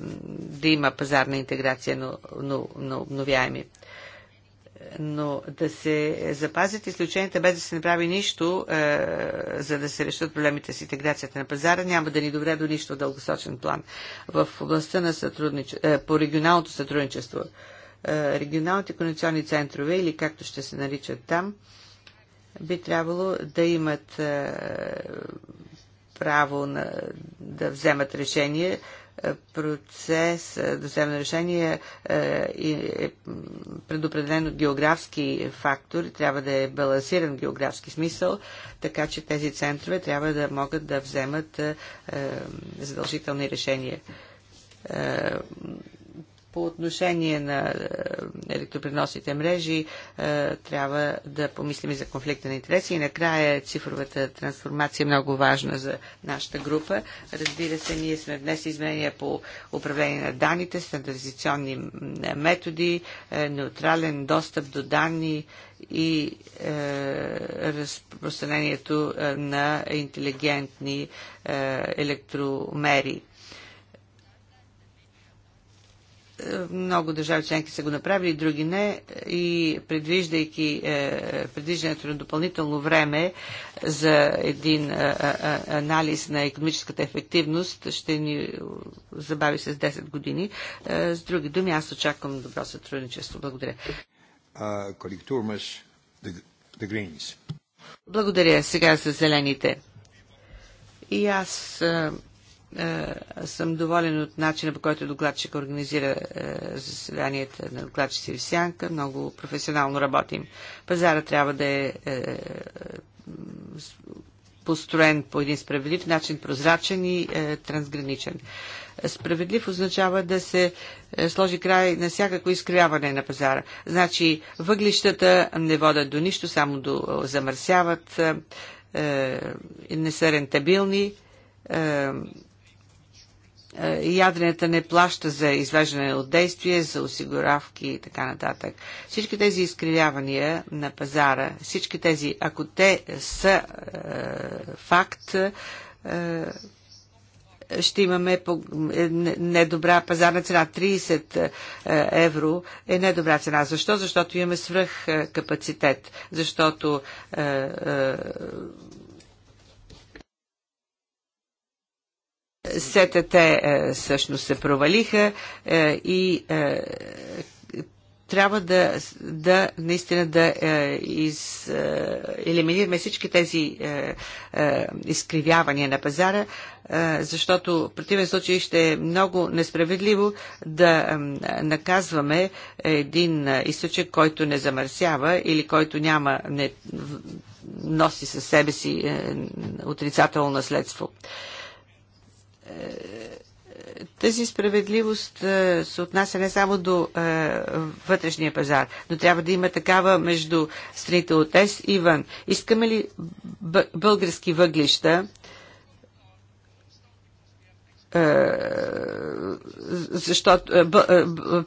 да има пазарна интеграция на, на, на обновяеми. Но да се запазят изключенията без да се направи нищо, е, за да се решат проблемите с интеграцията на пазара, няма да ни доведе до нищо в дългосрочен план. В областта на сътрудниче... е, по регионалното сътрудничество, е, регионалните конvenционни центрове или както ще се наричат там, би трябвало да имат е, право на, да вземат решение процес е, до вземане решение е, е предопределен от географски фактор, трябва да е балансиран географски смисъл, така че тези центрове трябва да могат да вземат е, задължителни решения по отношение на е, електропреносните мрежи е, трябва да помислим и за конфликта на интереси. И накрая цифровата трансформация е много важна за нашата група. Разбира се, ние сме внесли изменения по управление на данните, стандартизационни методи, е, неутрален достъп до данни и е, разпространението на интелигентни е, електромери. Много държави членки са го направили, други не. И предвиждайки е, предвиждането на допълнително време за един е, е, анализ на економическата ефективност, ще ни забави с 10 години. С други думи, аз очаквам добро сътрудничество. Благодаря. Колег Турмаш, The Greens. Благодаря. Сега за зелените. И аз е, съм доволен от начина по който докладчик организира е, заседанията на докладчици в Сянка. Много професионално работим. Пазара трябва да е, е построен по един справедлив начин, прозрачен и е, трансграничен. Справедлив означава да се сложи край на всякакво изкривяване на пазара. Значи въглищата не водят до нищо, само до замърсяват, е, не са рентабилни. Е, е, ядрената не плаща за извеждане от действие, за осигуравки и така нататък. Всички тези изкривявания на пазара, всички тези, ако те са е, факт, е, ще имаме е, недобра пазарна цена. 30 е, евро е недобра цена. Защо? Защото имаме свръх капацитет. Защото е, е, Сета те всъщност се провалиха е, и е, трябва да, да наистина да е, из, е, елиминираме всички тези е, е, изкривявания на пазара, е, защото в противен случай ще е много несправедливо да е, наказваме един източник, който не замърсява или който няма, не, носи със себе си е, отрицателно наследство. Е, тази справедливост е, се отнася не само до е, вътрешния пазар, но трябва да има такава между страните от ЕС и вън. Искаме ли български въглища, е, защото е, бъ,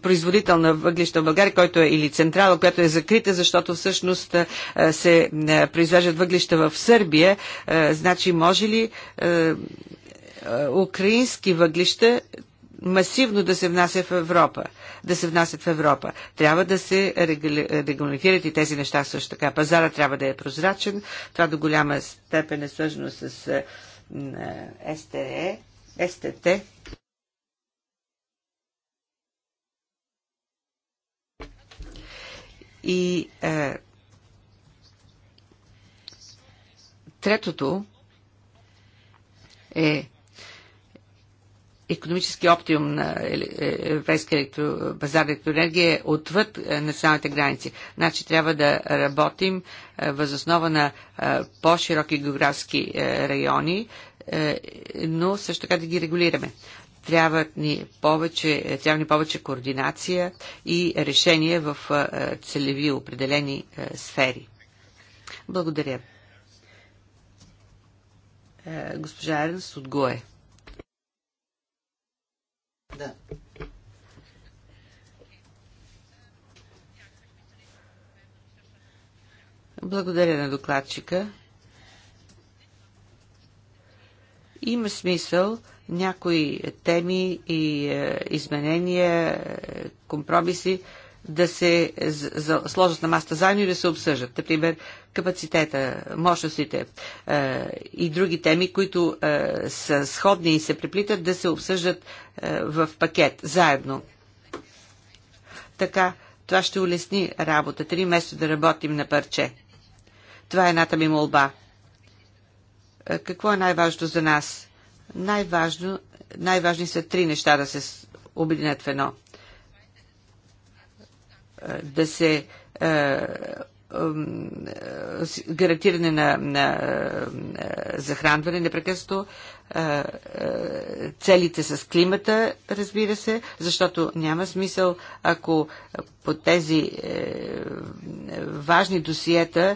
производител на въглища в България, който е или централа, която е закрита, защото всъщност се произвеждат въглища в Сърбия, значи може ли е, украински въглища масивно да се внася в Европа, да се внасят в Европа. Трябва да се регламентират и тези неща също така. Пазара трябва да е прозрачен. Това до голяма степен е свързано с е, е, СТЕ, СТТ. И е, третото е економически оптимум на е, европейския електро, пазар електроенергия е отвъд е, националните граници. Значи трябва да работим е, възоснова на по-широки географски райони, но също така да ги регулираме. Трябва ни повече, трябва ни повече координация и решение в целеви определени сфери. Благодаря. Госпожа Аренс, от ГОЕ. Да. Благодаря на докладчика. Има смисъл някои теми и е, изменения, е, компромиси да се сложат на маста заедно и да се обсъждат. Например, капацитета, мощностите е, и други теми, които е, са сходни и се преплитат, да се обсъждат е, в пакет, заедно. Така, това ще улесни работата ни, вместо да работим на парче. Това е едната ми молба. Е, какво е най-важното за нас? Най-важно, най-важни са три неща да се обединят в едно – да се е, е, гарантиране на, на е, захранване непрекъснато, целите с климата, разбира се, защото няма смисъл, ако по тези важни досиета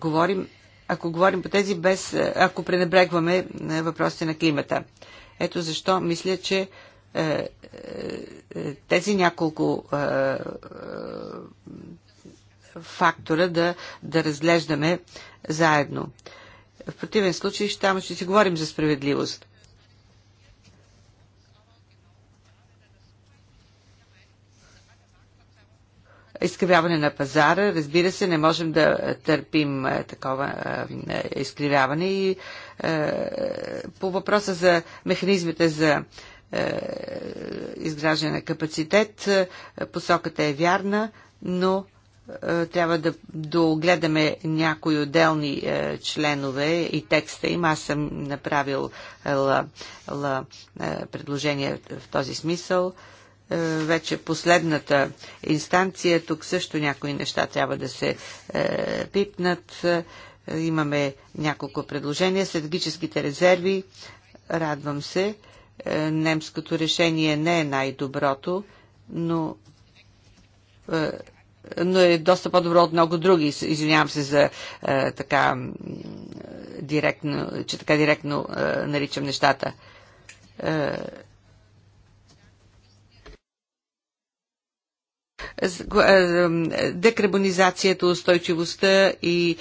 говорим, ако говорим по тези без, ако пренебрегваме въпросите на климата. Ето защо мисля, че е, е, тези няколко е, фактора да, да разглеждаме заедно. В противен случай ще, ще си говорим за справедливост. изкривяване на пазара. Разбира се, не можем да търпим такова изкривяване. И по въпроса за механизмите за е, изграждане на капацитет. Е, посоката е вярна, но е, трябва да догледаме някои отделни членове и текста им. Аз съм направил ла, ла, предложение в този смисъл. Вече последната инстанция, тук също някои неща трябва да се пипнат. Имаме няколко предложения. Стратегическите резерви, радвам се е, немското решение не е най-доброто, но, е, но е доста по-добро от много други. Извинявам се за е, така директно, че така директно наричам нещата. декарбонизацията, устойчивостта и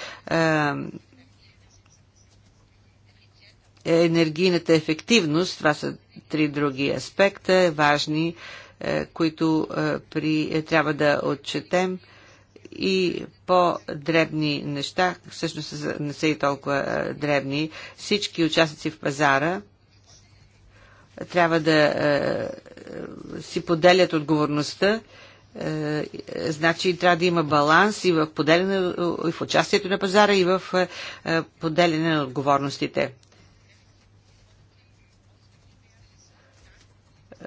е енергийната ефективност, това са три други аспекта, важни, е, които е, при, трябва да отчетем и по-дребни неща, всъщност не са и толкова дребни, всички участници в пазара трябва да си поделят отговорността, значи трябва да има баланс и в, поделяне, и в участието на пазара, и в поделяне на отговорностите.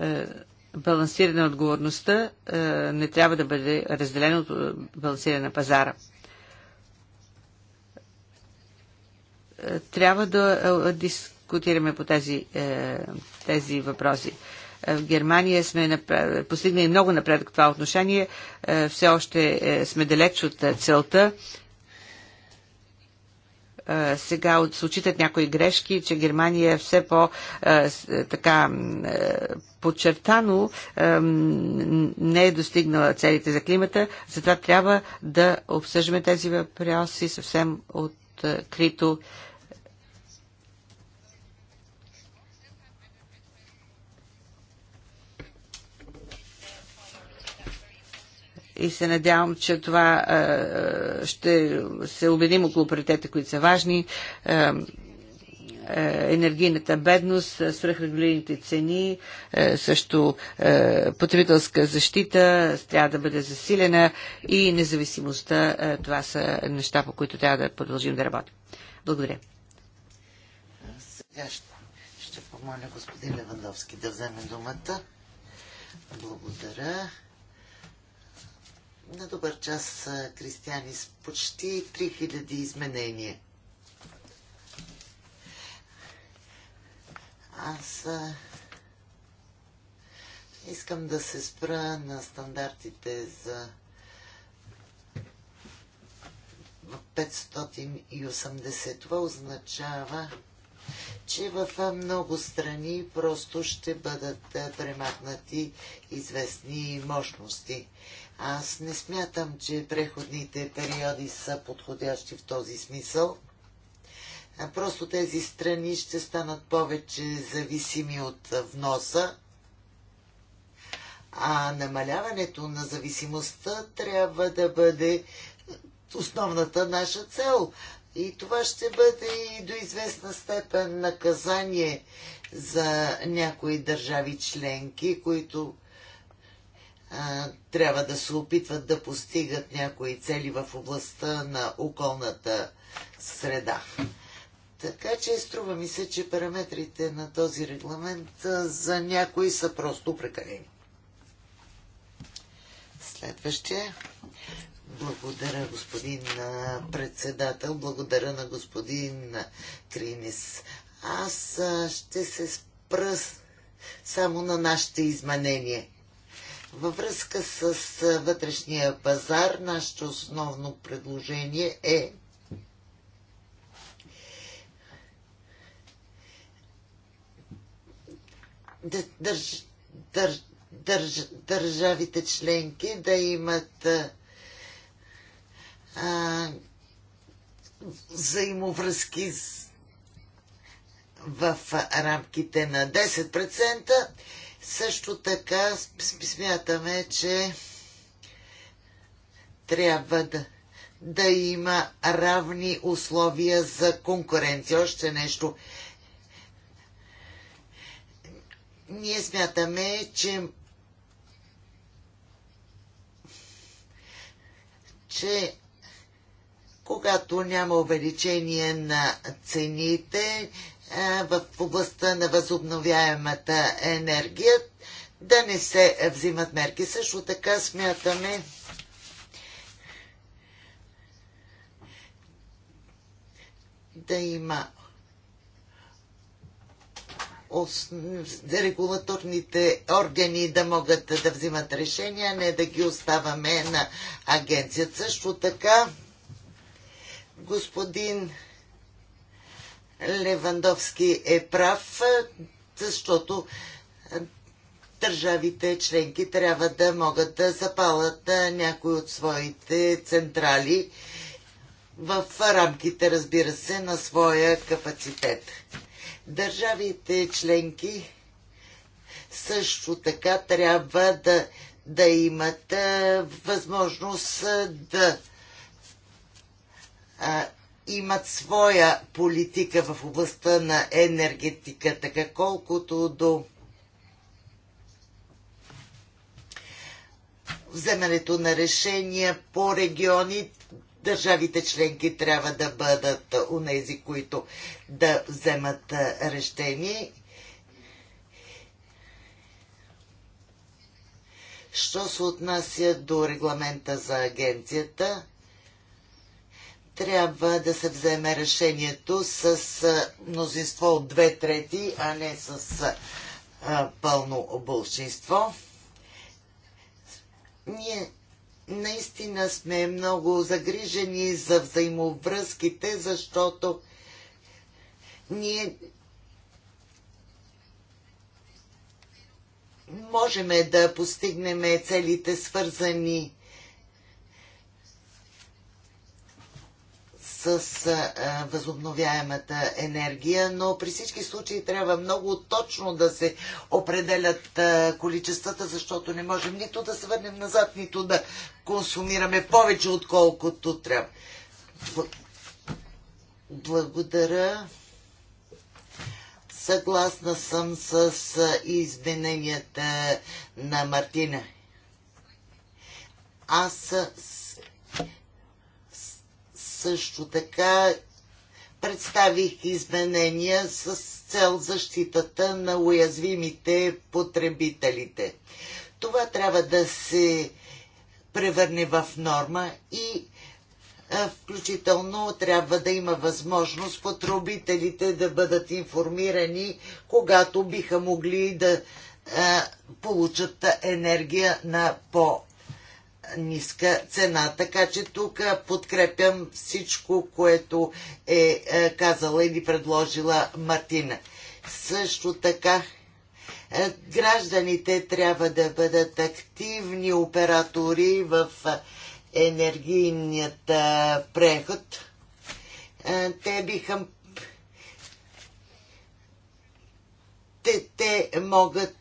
Е, балансиране отговорността е, не трябва да бъде разделено от е, балансиране на пазара. Трябва да дискутираме по тези, тези въпроси. В Германия сме постигнали много напредък в това отношение. Все още сме далеч от целта сега отсочитат някои грешки, че Германия е все по е, така е, подчертано не е достигнала целите за климата, затова трябва да обсъждаме тези въпроси съвсем открито и се надявам, че това е, ще се убедим около приоритетите, които са важни. Е, е, енергийната бедност, свръхрегулираните цени, също потребителска защита трябва да бъде засилена и независимостта. Това са неща, по които трябва да продължим да работим. Благодаря. Сега ще, ще помоля господин Левандовски да вземе думата. Благодаря на добър час християни с почти 3000 изменения. Аз искам да се спра на стандартите за 580. Това означава, че в много страни просто ще бъдат премахнати известни мощности. Аз не смятам, че преходните периоди са подходящи в този смисъл. А просто тези страни ще станат повече зависими от вноса. А намаляването на зависимостта трябва да бъде основната наша цел. И това ще бъде и до известна степен наказание за някои държави членки, които трябва да се опитват да постигат някои цели в областта на околната среда. Така че струва ми се, че параметрите на този регламент за някои са просто прекалени. Следващия. Благодаря, господин председател. Благодаря на господин Кринис. Аз ще се спра само на нашите изменения. Във връзка с вътрешния пазар, нашето основно предложение е държ, държ, държ, държавите членки да имат а, взаимовръзки с, в рамките на 10%, също така смятаме, че трябва да, да има равни условия за конкуренция. Още нещо. Ние смятаме, че че когато няма увеличение на цените, в областта на възобновяемата енергия да не се взимат мерки. Също така смятаме, да има регулаторните органи да могат да взимат решения, не да ги оставаме на агенцията. Също така, господин Левандовски е прав, защото държавите членки трябва да могат да запалят някои от своите централи в рамките, разбира се, на своя капацитет. Държавите членки също така трябва да, да имат възможност да а, имат своя политика в областта на енергетиката, колкото до вземането на решения по региони, държавите членки трябва да бъдат унези, които да вземат решение. Що се отнася до регламента за агенцията, трябва да се вземе решението с мнозинство от две трети, а не с пълно болшинство. Ние наистина сме много загрижени за взаимовръзките, защото ние можем да постигнем целите свързани с а, възобновяемата енергия, но при всички случаи трябва много точно да се определят а, количествата, защото не можем нито да се върнем назад, нито да консумираме повече, отколкото трябва. Благодаря. Съгласна съм с измененията на Мартина. Аз също така представих изменения с цел защитата на уязвимите потребителите. Това трябва да се превърне в норма и включително трябва да има възможност потребителите да бъдат информирани, когато биха могли да получат енергия на по ниска цена. Така че тук подкрепям всичко, което е, е казала или предложила Мартина. Също така е, гражданите трябва да бъдат активни оператори в енергийният е, преход. Те биха те, те могат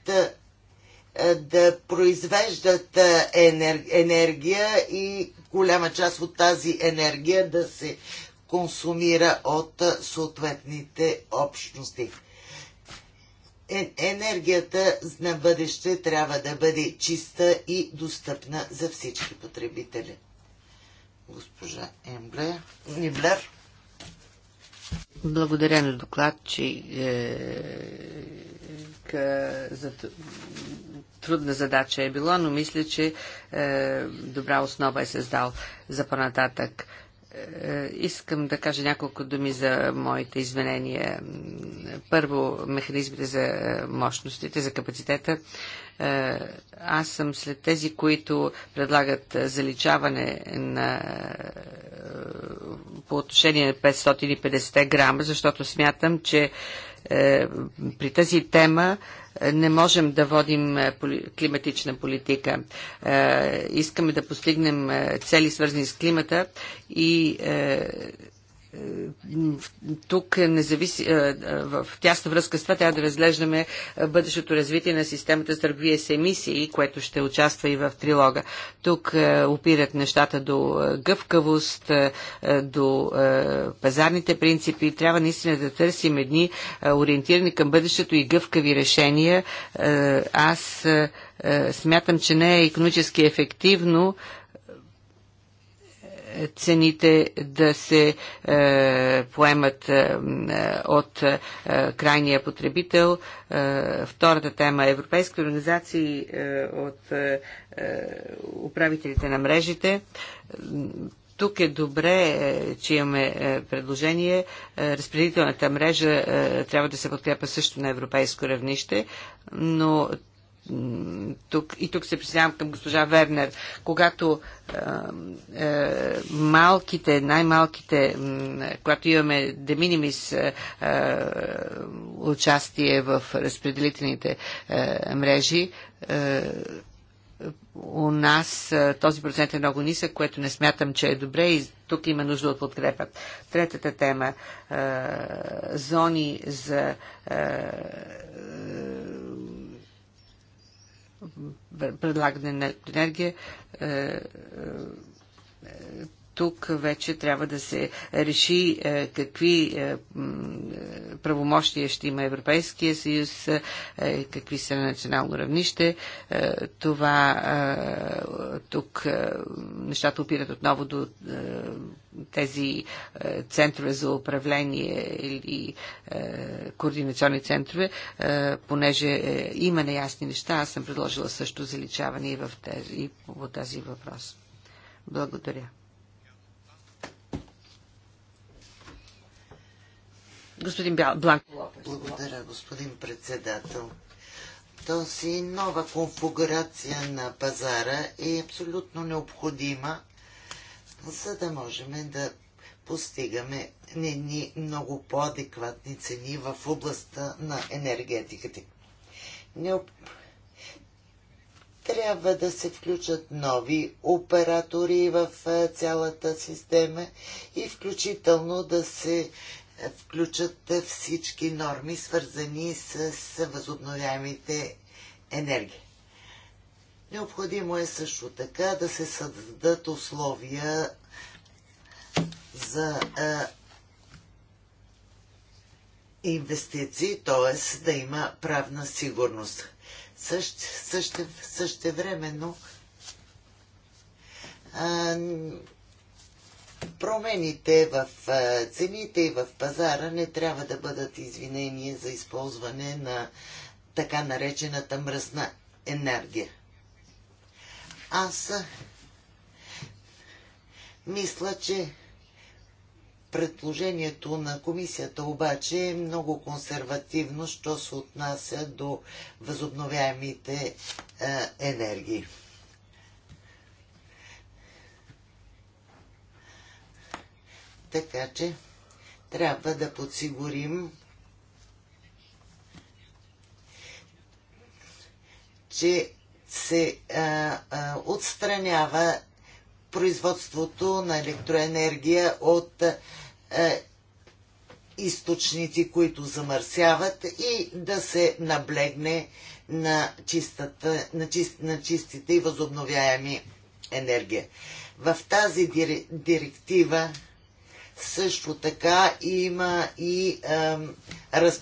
е, да произвеждат е, енергия и голяма част от тази енергия да се консумира от е, съответните общности. Енергията на бъдеще трябва да бъде чиста и достъпна за всички потребители. Госпожа Ембле, Ниблер. Благодаря на докладчик е, за трудна задача е било, но мисля, че е, добра основа е създал за по-нататък. Е, искам да кажа няколко думи за моите изменения. Първо, механизмите за мощностите, за капацитета. Е, аз съм след тези, които предлагат заличаване на е, по отношение на 550 грама, защото смятам, че при тази тема не можем да водим е, климатична политика. Е, искаме да постигнем е, цели свързани с климата и тук независи, в тясна връзка с това трябва да разглеждаме бъдещото развитие на системата с търговия с емисии, което ще участва и в трилога. Тук опират нещата до гъвкавост, до пазарните принципи. Трябва наистина да търсим едни ориентирани към бъдещето и гъвкави решения. Аз смятам, че не е економически ефективно цените да се е, поемат е, от е, крайния потребител. Е, втората тема е Европейски организации е, от е, е управителите на мрежите. Тук е добре, е, че имаме е, предложение. Разпределителната мрежа трябва да се подкрепа също на европейско равнище, но тук, и тук се присъединявам към госпожа Вернер, когато е, е, малките, най-малките, е, когато имаме деминимис е, е, участие в разпределителните е, мрежи, е, у нас е, този процент е много нисък, което не смятам, че е добре и тук има нужда от подкрепа. Третата тема е, зони за е, предлагане на енергия, е, е, тук вече трябва да се реши е, какви е, е, правомощия ще има Европейския съюз, какви са на национално равнище. Това тук нещата опират отново до тези центрове за управление или координационни центрове, понеже има неясни неща, аз съм предложила също заличаване и, в тези, по тази въпрос. Благодаря. Господин Бланко Лопес. Благодаря, господин председател. Този нова конфигурация на пазара е абсолютно необходима, за да можем да постигаме ни много по-адекватни цени в областта на енергетиката. Необ... Трябва да се включат нови оператори в цялата система и включително да се включат всички норми, свързани с възобновяемите енергии. Необходимо е също така да се създадат условия за а, инвестиции, т.е. да има правна сигурност. Също, също, същевременно а, промените в цените и в пазара не трябва да бъдат извинения за използване на така наречената мръсна енергия. Аз мисля, че Предложението на комисията обаче е много консервативно, що се отнася до възобновяемите енергии. Така че трябва да подсигурим че се а, а, отстранява производството на електроенергия от а, източници, които замърсяват и да се наблегне на, чистата, на, чист, на чистите и възобновяеми енергия. В тази дир, директива също така има и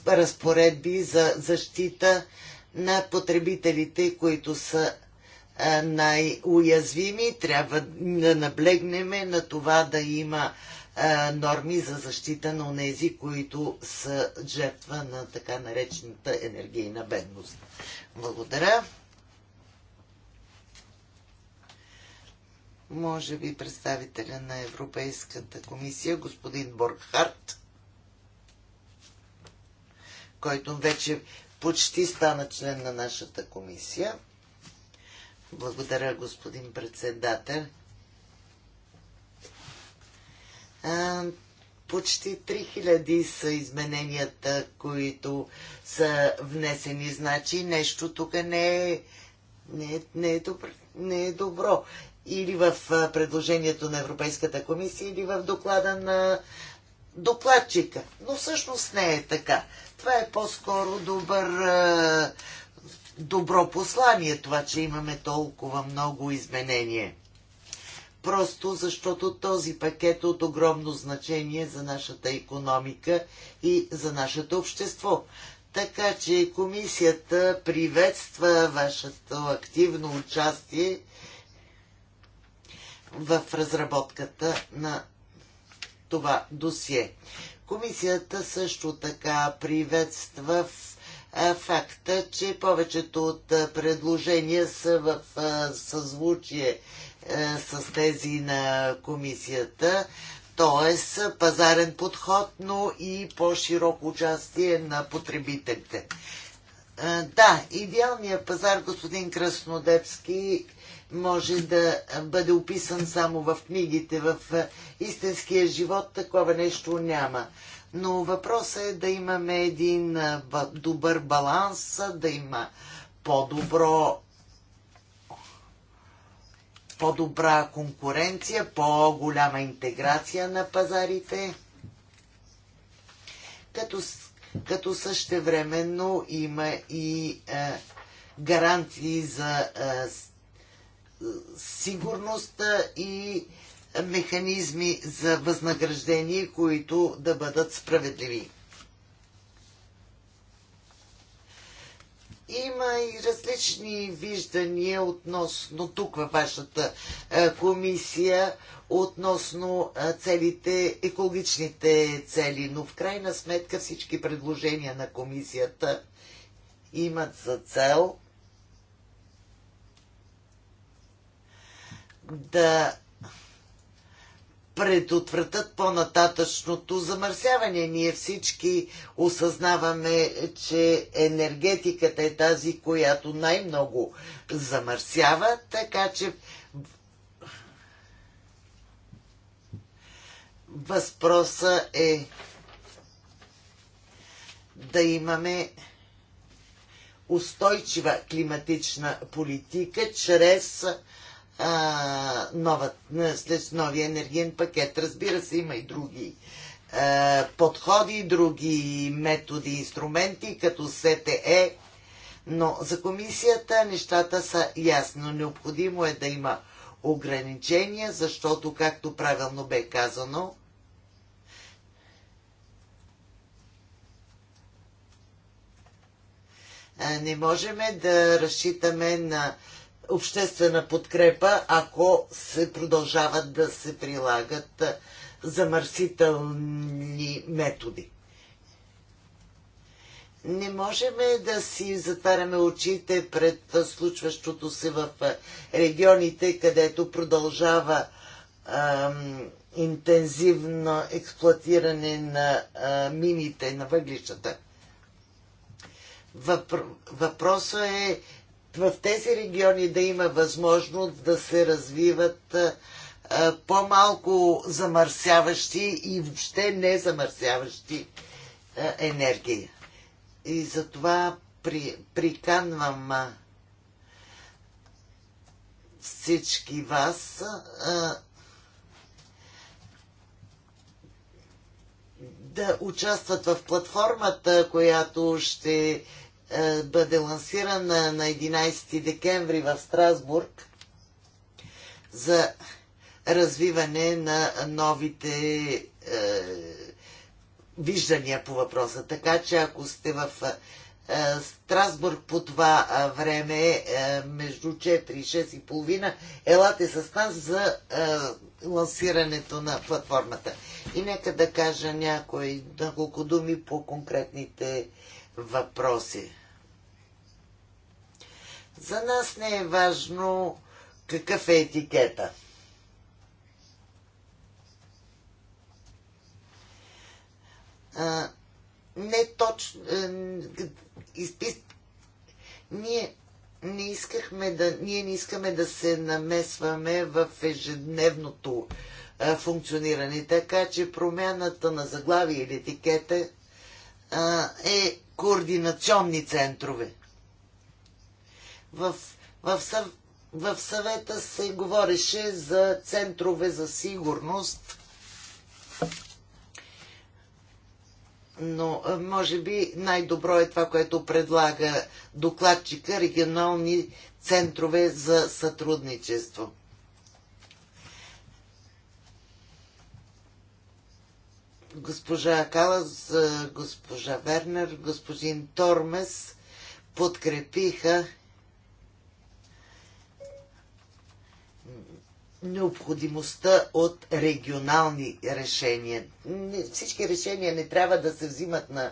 разпоредби за защита на потребителите, които са най-уязвими. Трябва да наблегнеме на това да има норми за защита на тези, които са жертва на така наречената енергийна бедност. Благодаря. Може би представителя на Европейската комисия, господин Боргхарт, който вече почти стана член на нашата комисия. Благодаря, господин председател. А, почти 3000 са измененията, които са внесени. Значи нещо тук не е, не е, не е, добро, не е добро или в предложението на Европейската комисия, или в доклада на докладчика. Но всъщност не е така. Това е по-скоро добър, добро послание, това, че имаме толкова много изменения. Просто защото този пакет е от огромно значение за нашата економика и за нашето общество. Така че комисията приветства вашето активно участие в разработката на това досие. Комисията също така приветства факта, че повечето от предложения са в съзвучие с тези на комисията, т.е. пазарен подход, но и по-широко участие на потребителите. Да, идеалният пазар, господин Краснодепски, може да бъде описан само в книгите, в е, истинския живот такова нещо няма. Но въпросът е да имаме един е, добър баланс, да има по-добро по-добра конкуренция, по-голяма интеграция на пазарите, като, като същевременно има и е, гаранции за е, сигурност и механизми за възнаграждение, които да бъдат справедливи. Има и различни виждания относно тук във вашата е, комисия, относно е, целите, екологичните цели, но в крайна сметка всички предложения на комисията имат за цел – да предотвратят по-нататъчното замърсяване. Ние всички осъзнаваме, че енергетиката е тази, която най-много замърсява, така че Възпроса е да имаме устойчива климатична политика чрез а, нова, след новия енергиен пакет. Разбира се, има и други а, подходи, други методи, инструменти, като СТЕ, но за комисията нещата са ясно. Необходимо е да има ограничения, защото, както правилно бе казано, не можем да разчитаме на обществена подкрепа, ако се продължават да се прилагат замърсителни методи. Не можем да си затваряме очите пред случващото се в регионите, където продължава ам, интензивно експлуатиране на а, мините, на въглищата. Въпросът е в тези региони да има възможност да се развиват по-малко замърсяващи и въобще не замърсяващи енергии. И затова при, приканвам всички вас да участват в платформата, която ще е, бъде лансиран на 11 декември в Страсбург за развиване на новите е, виждания по въпроса. Така че ако сте в е, Страсбург по това е, време, е, между 4 и 6 и половина, елате с нас за е, лансирането на платформата. И нека да кажа някои, няколко думи по конкретните въпроси. За нас не е важно какъв е етикета. А, не точно. Е, Изпис... Ние не искахме да, ние не искаме да се намесваме в ежедневното а, функциониране, така че промяната на заглавие или етикета а, е координационни центрове. В, в, съв, в съвета се говореше за центрове за сигурност, но може би най-добро е това, което предлага докладчика регионални центрове за сътрудничество. Госпожа Калас, госпожа Вернер, господин Тормес подкрепиха необходимостта от регионални решения. Всички решения не трябва да се взимат на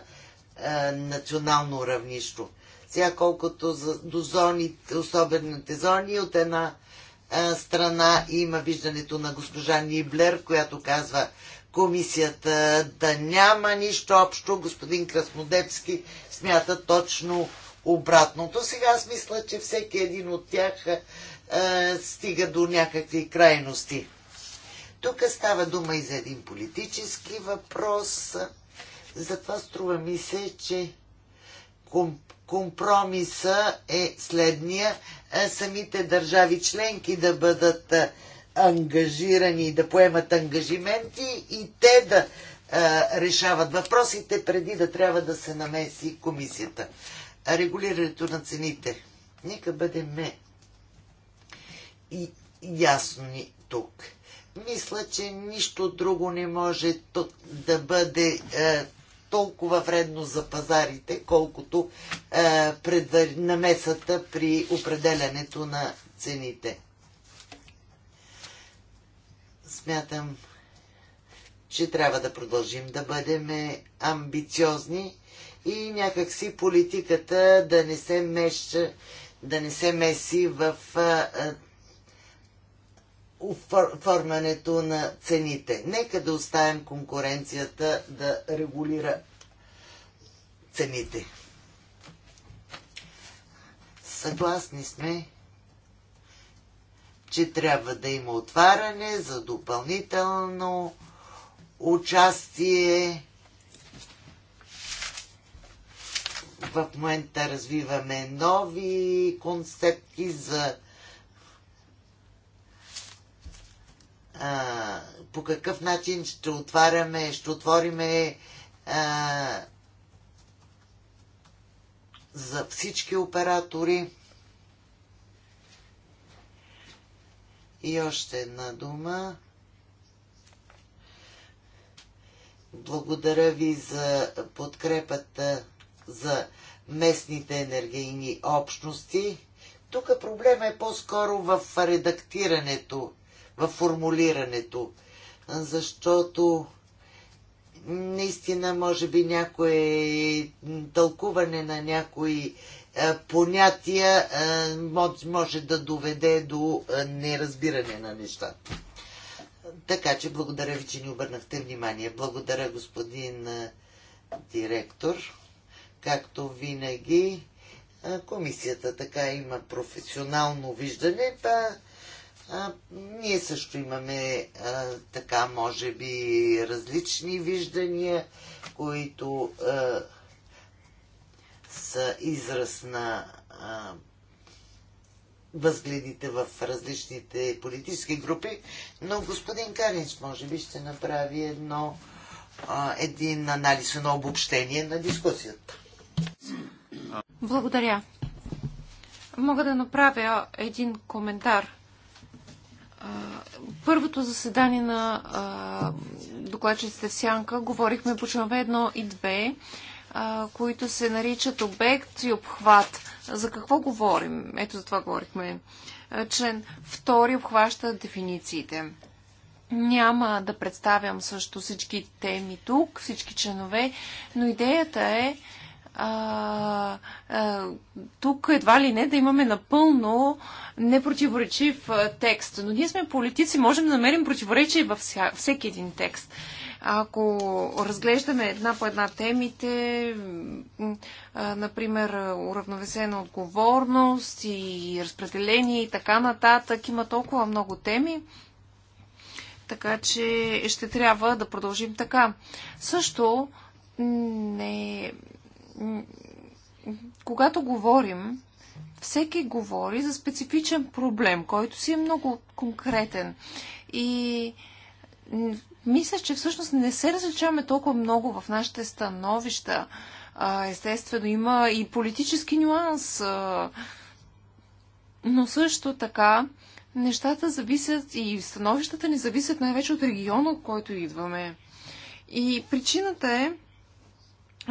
а, е, национално равнище. Сега колкото за, до зоните, особените зони, от една а, е, страна има виждането на госпожа Ниблер, която казва комисията да няма нищо общо. Господин Краснодепски смята точно обратното. Сега аз мисля, че всеки един от тях е, стига до някакви крайности. Тук става дума и за един политически въпрос. Затова струва ми се, че компромиса е следния. Самите държави членки да бъдат ангажирани, да поемат ангажименти и те да решават въпросите преди да трябва да се намеси комисията. Регулирането на цените. Нека бъдем и ясни тук. Мисля, че нищо друго не може да бъде е, толкова вредно за пазарите, колкото е, пред намесата при определянето на цените. Смятам, че трябва да продължим да бъдем амбициозни и някакси политиката да не се меша, да не се меси в е, е, оформянето на цените. Нека да оставим конкуренцията да регулира цените. Съгласни сме, че трябва да има отваряне за допълнително участие. В момента развиваме нови концепти за по какъв начин ще отваряме, ще отвориме а, за всички оператори. И още една дума. Благодаря ви за подкрепата за местните енергийни общности. Тук проблема е по-скоро в редактирането в формулирането, защото наистина може би някое тълкуване на някои е, понятия е, може да доведе до е, неразбиране на нещата. Така че благодаря ви, че ни обърнахте внимание. Благодаря, господин директор. Както винаги, комисията така има професионално виждане. Па а, ние също имаме а, така, може би, различни виждания, които а, са израз на а, възгледите в различните политически групи, но господин Каринч може би ще направи едно, а, един анализ, едно обобщение на дискусията. Благодаря. Мога да направя един коментар – първото заседание на а, докладчиците в Сянка говорихме по членове 1 и 2, които се наричат обект и обхват. За какво говорим? Ето за това говорихме. Член 2 обхваща дефинициите. Няма да представям също всички теми тук, всички членове, но идеята е, а, а, тук едва ли не да имаме напълно непротиворечив текст. Но ние сме политици, можем да намерим противоречие във вся, всеки един текст. Ако разглеждаме една по една темите, а, например, уравновесена отговорност и разпределение и така нататък, има толкова много теми, така че ще трябва да продължим така. Също не когато говорим, всеки говори за специфичен проблем, който си е много конкретен. И мисля, че всъщност не се различаваме толкова много в нашите становища. Естествено, има и политически нюанс, но също така нещата зависят и становищата ни зависят най-вече от региона, от който идваме. И причината е,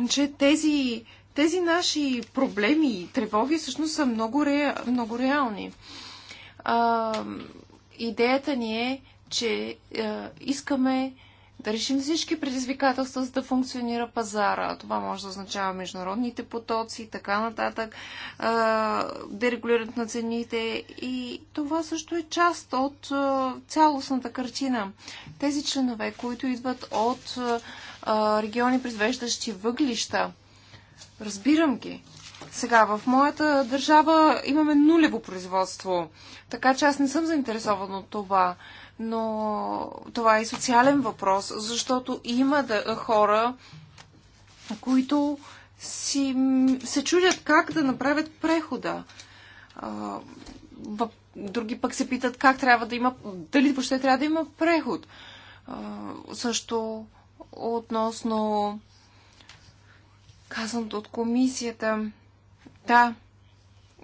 че тези, тези наши проблеми и тревоги всъщност са много, ре, много реални. А, идеята ни е, че а, искаме да решим всички предизвикателства, за да функционира пазара. Това може да означава международните потоци и така нататък, дерегулирането на цените. И това също е част от цялостната картина. Тези членове, които идват от а, региони, произвеждащи въглища. Разбирам ги. Сега, в моята държава имаме нулево производство, така че аз не съм заинтересован от това. Но това е и социален въпрос, защото има да, хора, които си, се чудят как да направят прехода. А, други пък се питат как трябва да има, дали въобще трябва да има преход. А, също относно казаното от комисията. Да,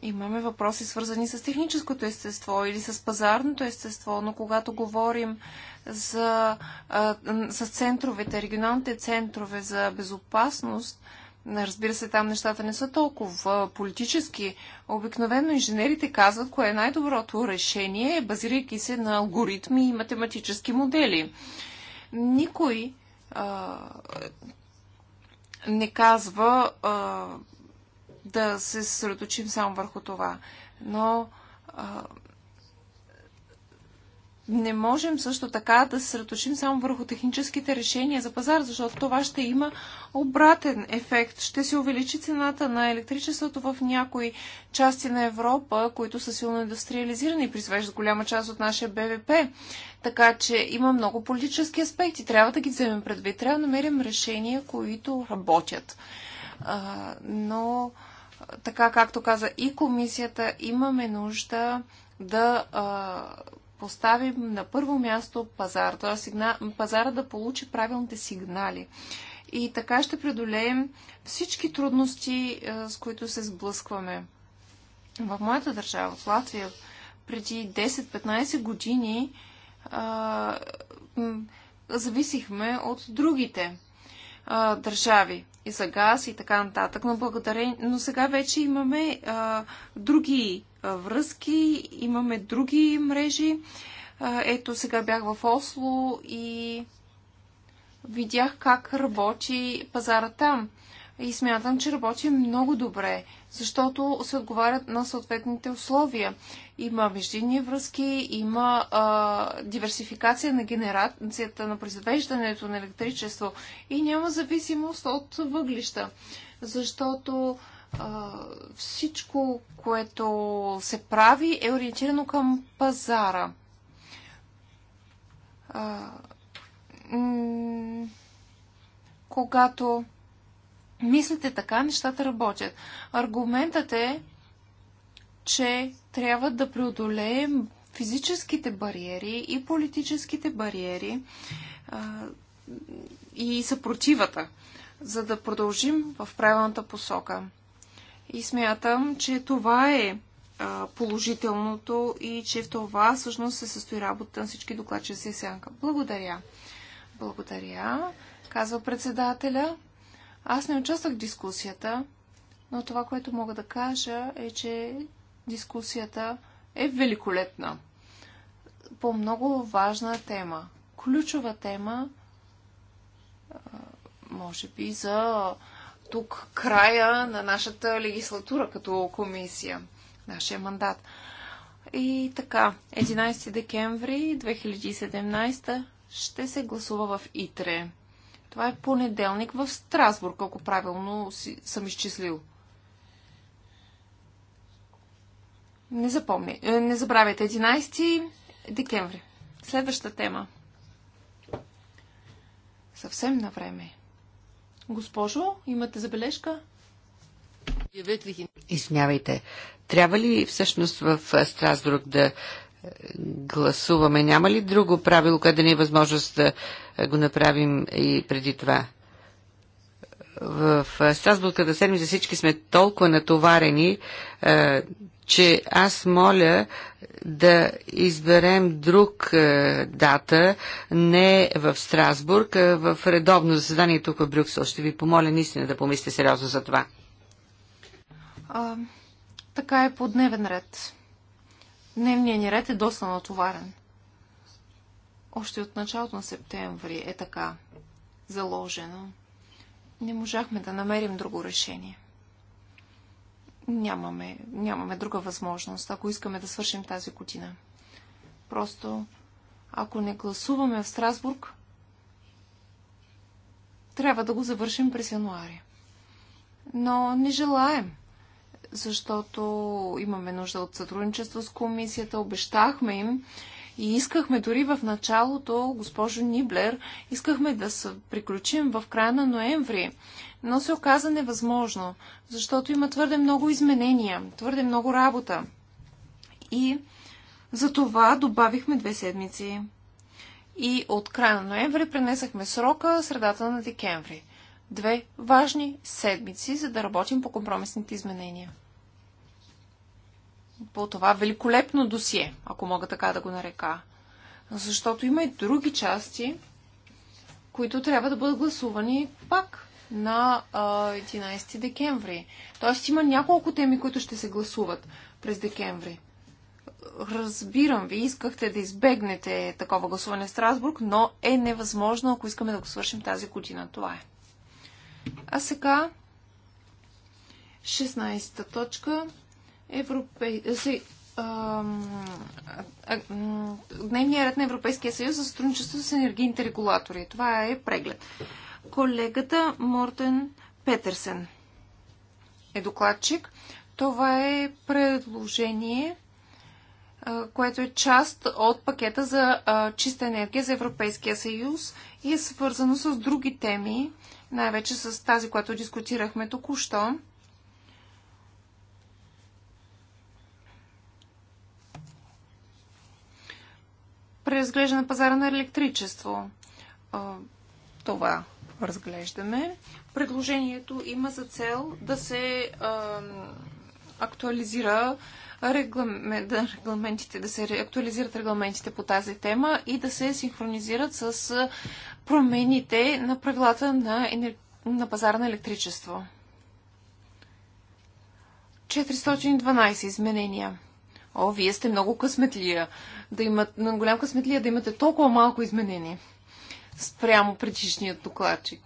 имаме въпроси свързани с техническото естество или с пазарното естество, но когато говорим за, а, с центровете, регионалните центрове за безопасност, разбира се, там нещата не са толкова политически. Обикновено инженерите казват кое е най-доброто решение, базирайки се на алгоритми и математически модели. Никой а, не казва а, да се съсредоточим само върху това. Но а, не можем също така да се средоточим само върху техническите решения за пазар, защото това ще има обратен ефект. Ще се увеличи цената на електричеството в някои части на Европа, които са силно индустриализирани и произвеждат голяма част от нашия БВП. Така че има много политически аспекти. Трябва да ги вземем предвид. Трябва да намерим решения, които работят. А, но, така както каза и комисията, имаме нужда да а, поставим на първо място пазар, т.е. пазара да получи правилните сигнали. И така ще преодолеем всички трудности, е, с които се сблъскваме. В моята държава, в Латвия, преди 10-15 години а, е, зависихме от другите а, е, държави и за газ и така нататък, но благодарение. Но сега вече имаме а, други а, връзки, имаме други мрежи. А, ето сега бях в Осло и видях как работи пазара там. И смятам, че работи много добре, защото се отговарят на съответните условия. Има междинни връзки, има а, диверсификация на генерацията, на произвеждането на електричество и няма зависимост от въглища, защото а, всичко, което се прави, е ориентирано към пазара. А, когато мислите така, нещата работят. Аргументът е, че трябва да преодолеем физическите бариери и политическите бариери а, и съпротивата, за да продължим в правилната посока. И смятам, че това е а, положителното и че в това всъщност се състои работа на всички докладчици сянка. Благодаря. Благодаря, казва председателя. Аз не участвах в дискусията, но това, което мога да кажа е, че дискусията е великолепна. По много важна тема. Ключова тема, може би, за тук края на нашата легислатура като комисия, нашия мандат. И така, 11 декември 2017 ще се гласува в ИТРЕ. Това е понеделник в Страсбург, ако правилно съм изчислил. Не, запомни, е, не забравяйте, 11 декември. Следваща тема. Съвсем на време. Госпожо, имате забележка? Извинявайте, трябва ли всъщност в Страсбург да е, гласуваме? Няма ли друго правило, къде не е възможност да е, го направим и преди това? в Страсбургската седмица всички сме толкова натоварени, е, че аз моля да изберем друг е, дата, не в Страсбург, а в редовно заседание тук в Брюксел. Ще ви помоля наистина да помислите сериозно за това. А, така е по дневен ред. Дневният ни ред е доста натоварен. Още от началото на септември е така заложено не можахме да намерим друго решение. Нямаме, нямаме друга възможност, ако искаме да свършим тази година. Просто, ако не гласуваме в Страсбург, трябва да го завършим през януари. Но не желаем, защото имаме нужда от сътрудничество с комисията. Обещахме им, и искахме дори в началото, госпожо Ниблер, искахме да се приключим в края на ноември, но се оказа невъзможно, защото има твърде много изменения, твърде много работа. И за това добавихме две седмици. И от края на ноември пренесахме срока средата на декември. Две важни седмици, за да работим по компромисните изменения по това великолепно досие, ако мога така да го нарека. Защото има и други части, които трябва да бъдат гласувани пак на 11 декември. Тоест има няколко теми, които ще се гласуват през декември. Разбирам ви, искахте да избегнете такова гласуване в Страсбург, но е невъзможно, ако искаме да го свършим тази година. Това е. А сега 16-та точка а, а, Дневния ред на Европейския съюз за сътрудничество с енергийните регулатори. Това е преглед. Колегата Мортен Петерсен е докладчик. Това е предложение, което е част от пакета за чиста енергия за Европейския съюз и е свързано с други теми, най-вече с тази, която дискутирахме току-що. преразглежда на пазара на електричество. Това разглеждаме. Предложението има за цел да се актуализира регламент, да, регламентите, да се актуализират регламентите по тази тема и да се синхронизират с промените на правилата на, енер... на пазара на електричество. 412 изменения. О, вие сте много късметлия. Да имат, на голям късметлия да имате толкова малко изменение спрямо предишният докладчик.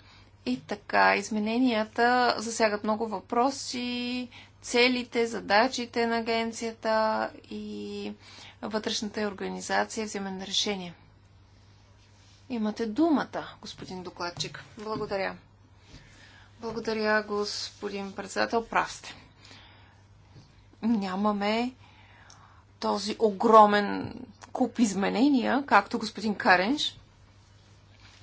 И така, измененията засягат много въпроси, целите, задачите на агенцията и вътрешната организация вземе на решение. Имате думата, господин докладчик. Благодаря. Благодаря, господин председател. Прав сте. Нямаме този огромен куп изменения, както господин Каренш.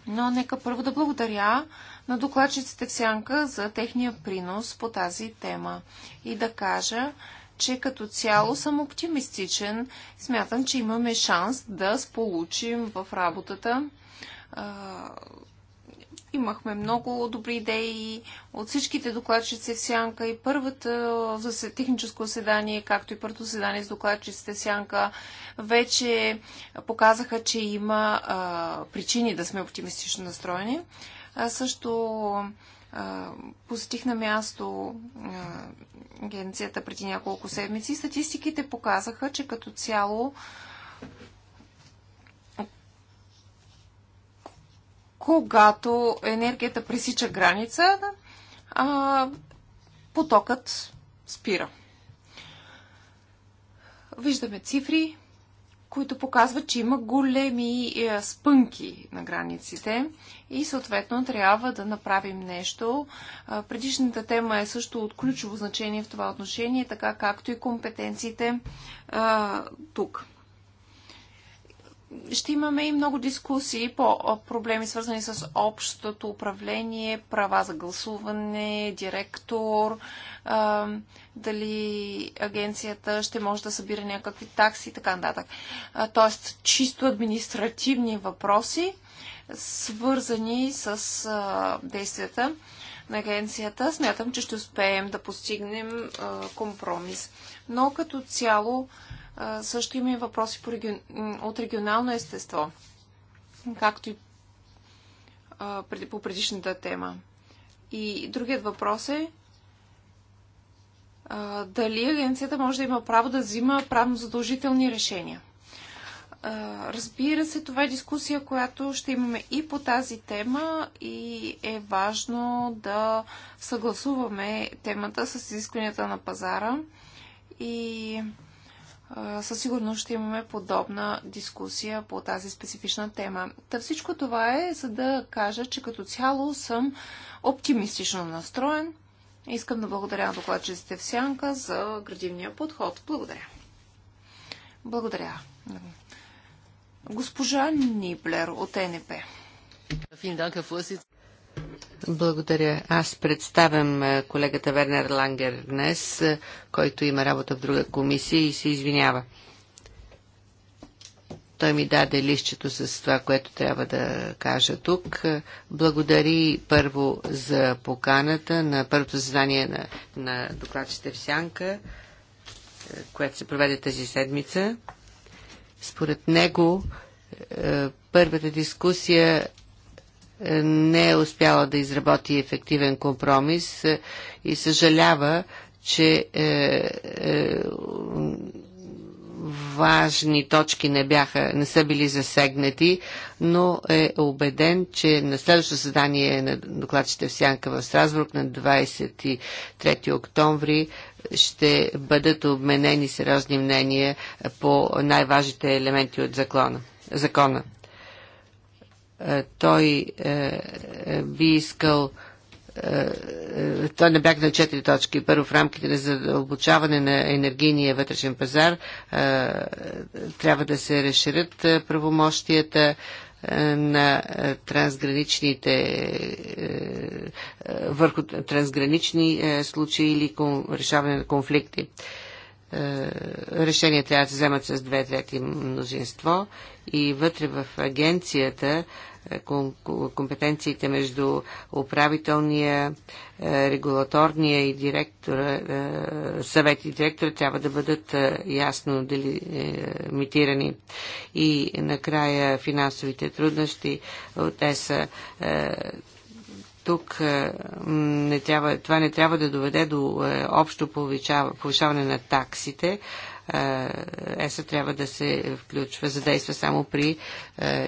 Но нека първо да благодаря на докладчиците в Сянка за техния принос по тази тема и да кажа, че като цяло съм оптимистичен. Смятам, че имаме шанс да сполучим в работата Имахме много добри идеи от всичките докладчици в Сянка и първата за техническо заседание, както и първото заседание с докладчиците в Сянка, вече показаха, че има а, причини да сме оптимистично настроени. А, също посетих на място агенцията преди няколко седмици. Статистиките показаха, че като цяло когато енергията пресича граница, а, потокът спира. Виждаме цифри, които показват, че има големи е, спънки на границите и съответно трябва да направим нещо. Предишната тема е също от ключово значение в това отношение, така както и компетенциите а, тук ще имаме и много дискусии по проблеми, свързани с общото управление, права за гласуване, директор, а, дали агенцията ще може да събира някакви такси и така нататък. Тоест, чисто административни въпроси, свързани с а, действията на агенцията. Смятам, че ще успеем да постигнем а, компромис. Но като цяло също има и въпроси от регионално естество, както и по предишната тема. И другият въпрос е дали агенцията може да има право да взима правно задължителни решения. Разбира се, това е дискусия, която ще имаме и по тази тема и е важно да съгласуваме темата с изискванията на пазара и със сигурност ще имаме подобна дискусия по тази специфична тема. Та всичко това е за да кажа, че като цяло съм оптимистично настроен. Искам да благодаря на докладчиците в Сянка за градивния подход. Благодаря. Благодаря. Госпожа Ниблер от НП. Благодаря. Аз представям е, колегата Вернер Лангер днес, е, който има работа в друга комисия и се извинява. Той ми даде лището с това, което трябва да кажа тук. Е, благодари първо за поканата на първото задание на, на докладчите в Сянка, което се проведе тази седмица. Според него първата дискусия не е успяла да изработи ефективен компромис е, и съжалява, че е, е, важни точки не, бяха, не са били засегнати, но е убеден, че на следващото задание на докладчите в Сянка в Страсбург на 23 октомври ще бъдат обменени сериозни мнения по най-важните елементи от закона. закона. Е, той е, е, би искал той набягна на четири точки. Първо в рамките на задълбочаване на енергийния вътрешен пазар трябва да се разширят правомощията на трансграничните върху трансгранични случаи или решаване на конфликти. Е, решения трябва да се вземат с две трети мнозинство и вътре в агенцията е, компетенциите между управителния, е, регулаторния и директора, съвет и директора трябва да бъдат ясно делимитирани. И накрая финансовите трудности, те са тук е, не трябва, това не трябва да доведе до е, общо повишаване на таксите. Е, ЕСА трябва да се включва, задейства само при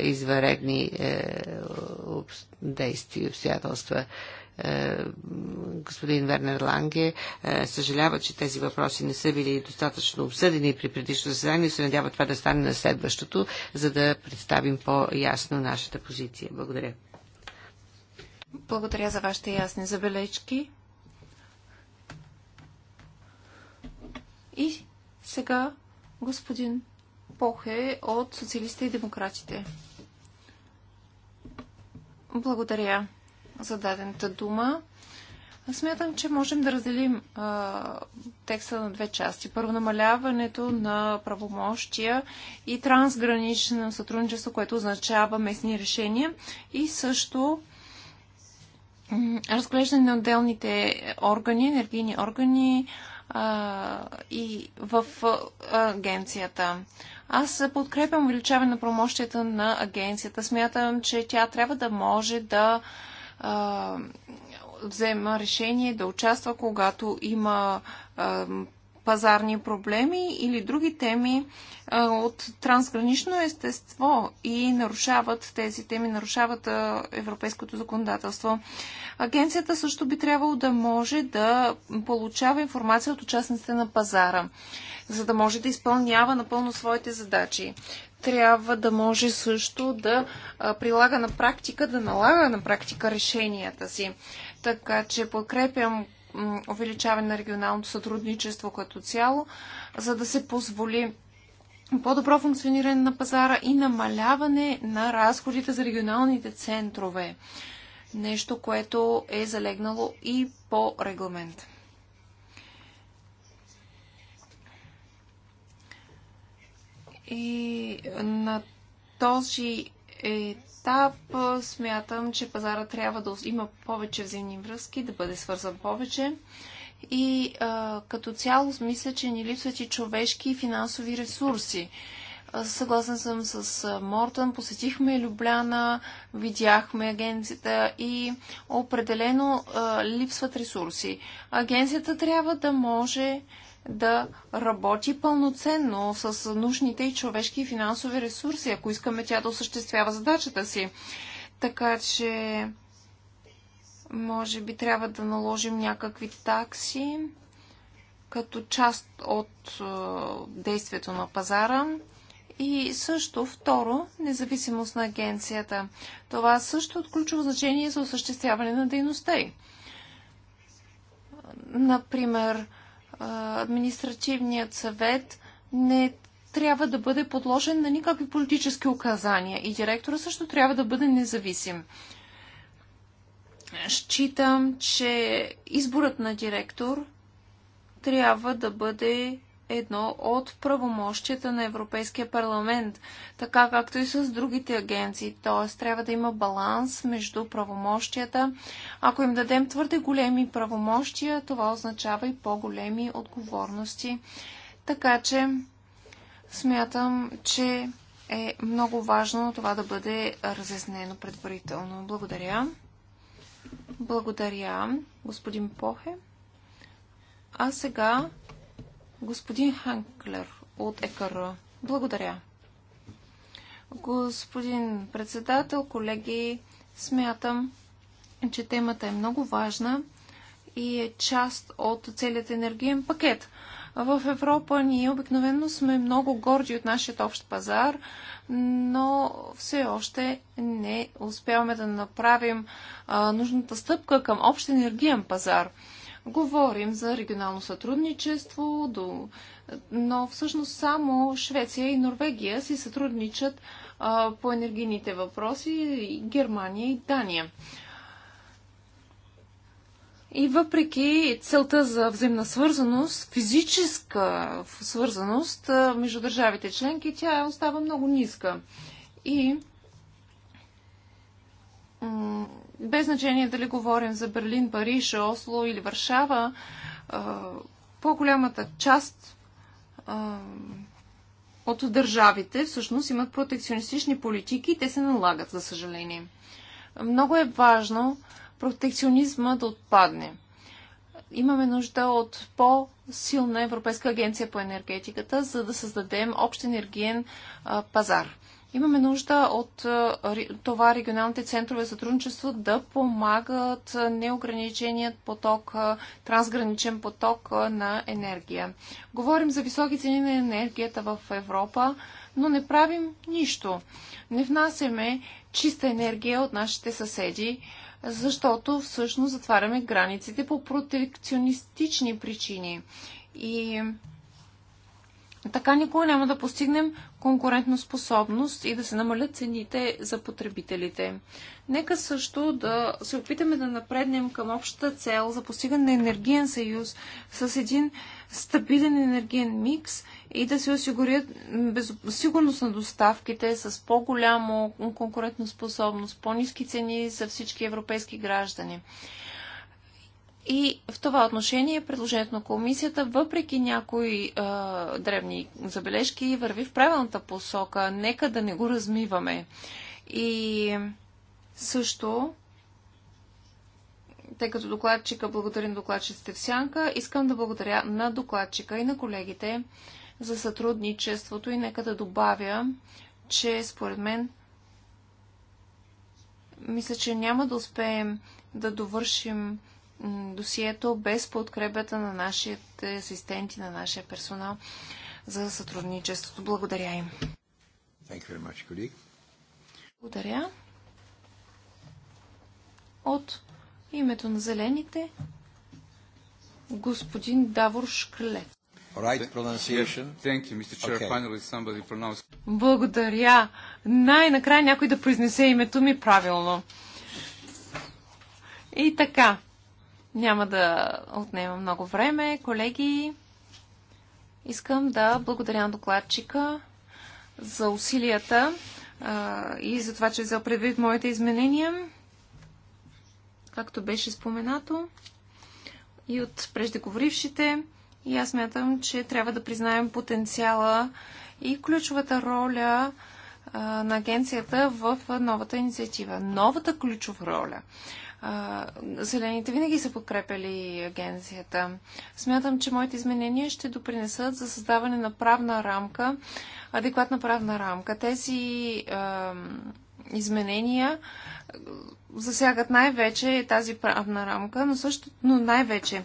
изваредни действия и обстоятелства господин Вернер Ланге съжалява, че тези въпроси не са били достатъчно обсъдени при предишното заседание и се надява това да стане на следващото, за да представим по-ясно нашата позиция. Благодаря. Благодаря за вашите ясни забележки. И сега господин Похе от Социалистите и Демократите. Благодаря за дадената дума. Смятам, че можем да разделим а, текста на две части. Първо намаляването на правомощия и трансгранично сътрудничество, което означава местни решения и също разглеждане на отделните органи, енергийни органи а, и в агенцията. Аз подкрепям увеличаване на промощията на агенцията. Смятам, че тя трябва да може да а, взема решение, да участва, когато има а, пазарни проблеми или други теми от трансгранично естество и нарушават тези теми, нарушават европейското законодателство. Агенцията също би трябвало да може да получава информация от участниците на пазара, за да може да изпълнява напълно своите задачи трябва да може също да прилага на практика, да налага на практика решенията си. Така че подкрепям увеличаване на регионалното сътрудничество като цяло, за да се позволи по-добро функциониране на пазара и намаляване на разходите за регионалните центрове. Нещо, което е залегнало и по регламент. И на този е етап смятам, че пазара трябва да има повече взаимни връзки, да бъде свързан повече. И а, като цяло мисля, че ни липсват и човешки и финансови ресурси. Съгласен съм с Мортън. Посетихме Любляна, видяхме агенцията и определено а, липсват ресурси. Агенцията трябва да може да работи пълноценно с нужните и човешки и финансови ресурси, ако искаме тя да осъществява задачата си. Така че, може би трябва да наложим някакви такси като част от е, действието на пазара. И също, второ, независимост на агенцията. Това също отключва е от ключово значение за осъществяване на дейността й. Например, административният съвет не трябва да бъде подложен на никакви политически указания и директора също трябва да бъде независим. Считам, че изборът на директор трябва да бъде едно от правомощията на Европейския парламент, така както и с другите агенции. Т.е. трябва да има баланс между правомощията. Ако им дадем твърде големи правомощия, това означава и по-големи отговорности. Така че смятам, че е много важно това да бъде разяснено предварително. Благодаря. Благодаря, господин Похе. А сега Господин Ханклер от ЕКР. Благодаря. Господин председател, колеги, смятам, че темата е много важна и е част от целият енергиен пакет. В Европа ние обикновено сме много горди от нашия общ пазар, но все още не успяваме да направим а, нужната стъпка към общ енергиен пазар. Говорим за регионално сътрудничество, но всъщност само Швеция и Норвегия си сътрудничат по енергийните въпроси, Германия и Дания. И въпреки целта за взаимна свързаност, физическа свързаност между държавите членки, тя остава много ниска. И без значение дали говорим за Берлин, Париж, Осло или Варшава, по-голямата част от държавите всъщност имат протекционистични политики и те се налагат, за съжаление. Много е важно протекционизма да отпадне. Имаме нужда от по-силна Европейска агенция по енергетиката, за да създадем общ енергиен пазар. Имаме нужда от това регионалните центрове за сътрудничество да помагат неограниченият поток, трансграничен поток на енергия. Говорим за високи цени на енергията в Европа, но не правим нищо. Не внасяме чиста енергия от нашите съседи, защото всъщност затваряме границите по протекционистични причини. И така никога няма да постигнем конкурентна способност и да се намалят цените за потребителите. Нека също да се опитаме да напреднем към общата цел за постигане на енергиен съюз с един стабилен енергиен микс и да се осигурят без... сигурност на доставките с по-голямо конкурентна способност, по-низки цени за всички европейски граждани. И в това отношение предложението на комисията, въпреки някои а, древни забележки, върви в правилната посока. Нека да не го размиваме. И също, тъй като докладчика, благодаря на докладчиците в Сянка, искам да благодаря на докладчика и на колегите за сътрудничеството и нека да добавя, че според мен мисля, че няма да успеем да довършим досието без подкрепата на нашите асистенти, на нашия персонал за сътрудничеството. Благодаря им. Much, Благодаря. От името на зелените господин Давор Шклев. Right pronunciation. Thank you, Mr. Chair. Okay. Finally somebody pronounced. Благодаря. Най-накрая някой да произнесе името ми правилно. И така. Няма да отнема много време. Колеги, искам да благодаря на докладчика за усилията а, и за това, че е взел предвид моите изменения, както беше споменато и от преждеговорившите. И аз мятам, че трябва да признаем потенциала и ключовата роля а, на агенцията в новата инициатива. Новата ключова роля Зелените винаги са подкрепили агенцията. Смятам, че моите изменения ще допринесат за създаване на правна рамка, адекватна правна рамка. Тези а, изменения засягат най-вече тази правна рамка, но също, но най-вече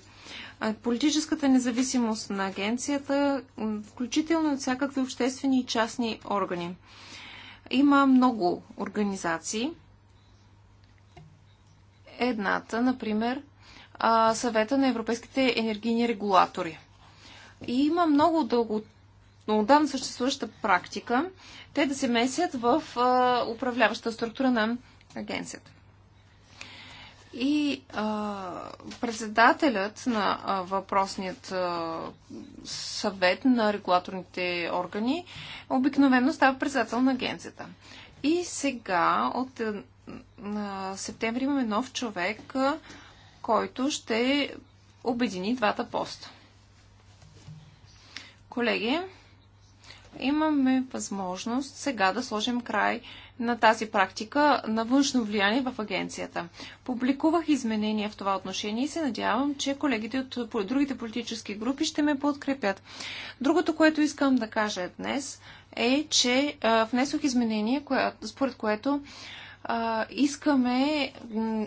политическата независимост на агенцията, включително от всякакви обществени и частни органи. Има много организации, Едната, например, съвета на европейските енергийни регулатори. И има много дълго но отдавна съществуваща практика те да се месят в управляваща структура на агенцията. И а, председателят на а, въпросният а, съвет на регулаторните органи обикновено става председател на агенцията. И сега от на септември имаме нов човек, който ще обедини двата поста. Колеги, имаме възможност сега да сложим край на тази практика на външно влияние в агенцията. Публикувах изменения в това отношение и се надявам, че колегите от другите политически групи ще ме подкрепят. Другото, което искам да кажа днес е, че внесох изменение, според което а, искаме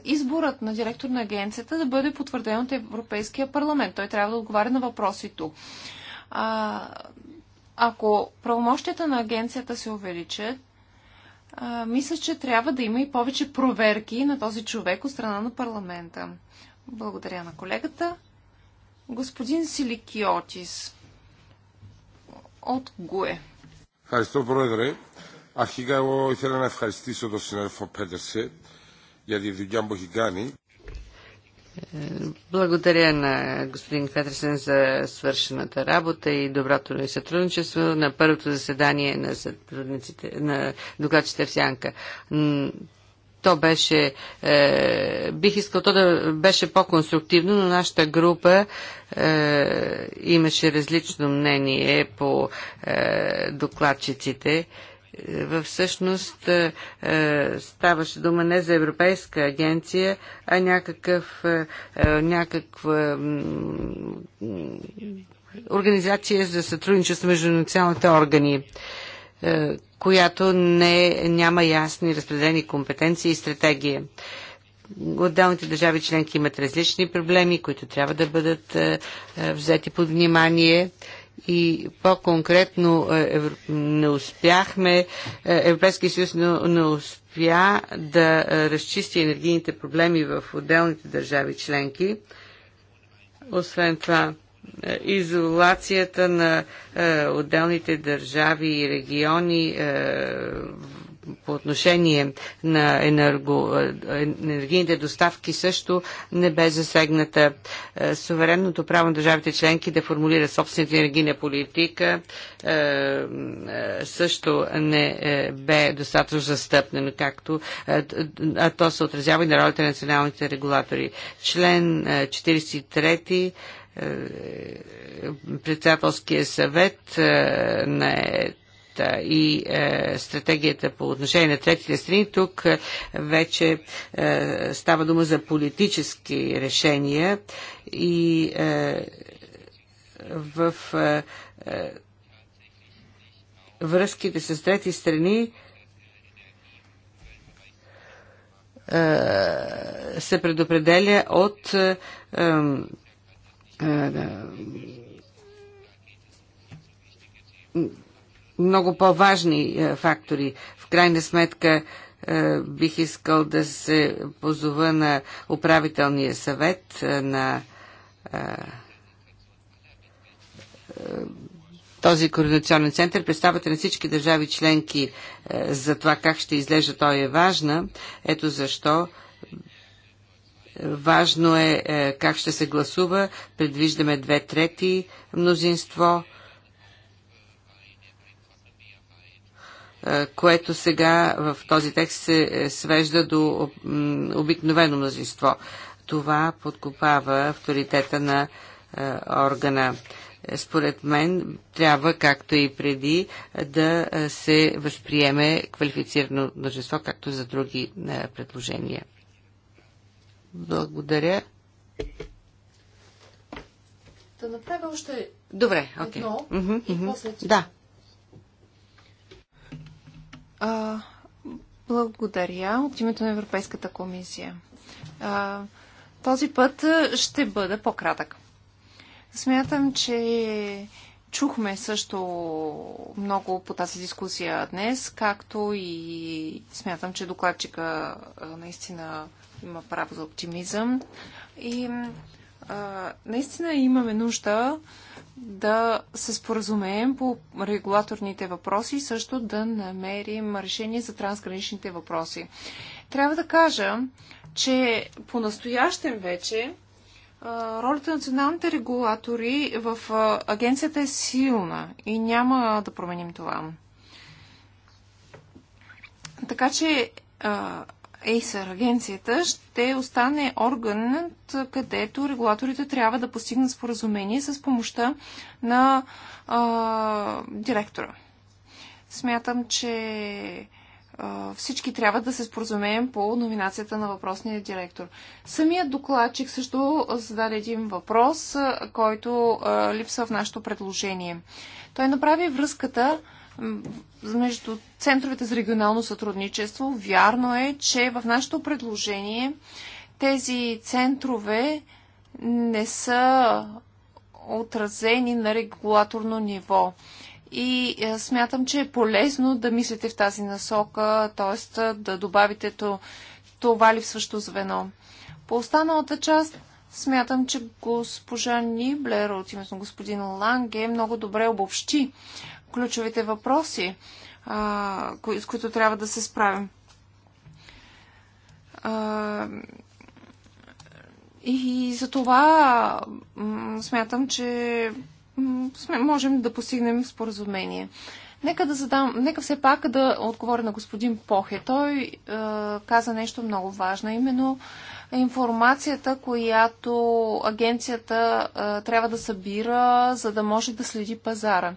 изборът на директор на агенцията да бъде потвърден от Европейския парламент. Той трябва да отговаря на въпроси тук. А, ако правомощията на агенцията се увеличат, а, мисля, че трябва да има и повече проверки на този човек от страна на парламента. Благодаря на колегата. Господин Силикиотис от ГУЕ. Ευχαριστώ, Πρόεδρε. Αρχικά εγώ ήθελα να ευχαριστήσω τον συνάδελφο Πέντερσε για τη δουλειά που έχει κάνει. Благодаря на господин Петерсен за свършената работа и доброто ни сътрудничество на първото заседание на, на докладчите в Сянка. То беше, е, бих искал то да беше по-конструктивно, но нашата група е, имаше различно мнение по е, докладчиците всъщност е, е, ставаше дума не за Европейска агенция, а някакъв, е, някаква организация за сътрудничество между националните органи която не, няма ясни разпределени компетенции и стратегия. Отделните държави членки имат различни проблеми, които трябва да бъдат взети под внимание и по-конкретно е, не успяхме, е, Европейския съюз не, не успя да е, разчисти енергийните проблеми в отделните държави членки. Освен това, изолацията на отделните държави и региони в по отношение на енерго, е, енергийните доставки също не бе засегната. Е, суверенното право на държавите членки да формулира собствената енергийна политика е, също не бе достатъчно застъпнено, както а то се отразява и на ролята на националните регулатори. Член 43 председателския съвет на Съвета и е, стратегията по отношение на третите страни, тук е, вече е, става дума за политически решения и е, в е, е, връзките с трети страни е, се предопределя от е, е, е много по-важни е, фактори. В крайна сметка е, бих искал да се позова на управителния съвет е, на този координационен център. Представата на всички държави членки за това как ще изглежда той е важна. Ето защо важно е как ще се гласува. Предвиждаме две трети мнозинство. което сега в този текст се е, свежда до обикновено мнозинство. Това подкопава авторитета на органа. Според мен трябва, както и преди, да се възприеме квалифицирано множество, както за други предложения. Благодаря. Да направя още Добре, okay. едно mm-hmm, и mm-hmm. Да. А, благодаря от името на Европейската комисия. А, този път ще бъда по-кратък. Смятам, че чухме също много по тази дискусия днес, както и смятам, че докладчика наистина има право за оптимизъм. И а, наистина имаме нужда да се споразумеем по регулаторните въпроси и също да намерим решение за трансграничните въпроси. Трябва да кажа, че по-настоящем вече ролята на националните регулатори в агенцията е силна и няма да променим това. Така че Acer агенцията ще остане органът, където регулаторите трябва да постигнат споразумение с помощта на а, директора. Смятам, че а, всички трябва да се споразумеем по номинацията на въпросния директор. Самият докладчик също зададе един въпрос, който а, липсва в нашето предложение. Той направи връзката между центровете за регионално сътрудничество. Вярно е, че в нашето предложение тези центрове не са отразени на регулаторно ниво. И е, смятам, че е полезно да мислите в тази насока, т.е. да добавите това ли липсващо звено. По останалата част смятам, че госпожа Ниблер от името на господин Ланге много добре обобщи ключовите въпроси, с които трябва да се справим. И за това смятам, че можем да постигнем споразумение. Нека да задам, нека все пак да отговоря на господин Похе. Той е, каза нещо много важно, именно е информацията, която агенцията а, трябва да събира, за да може да следи пазара.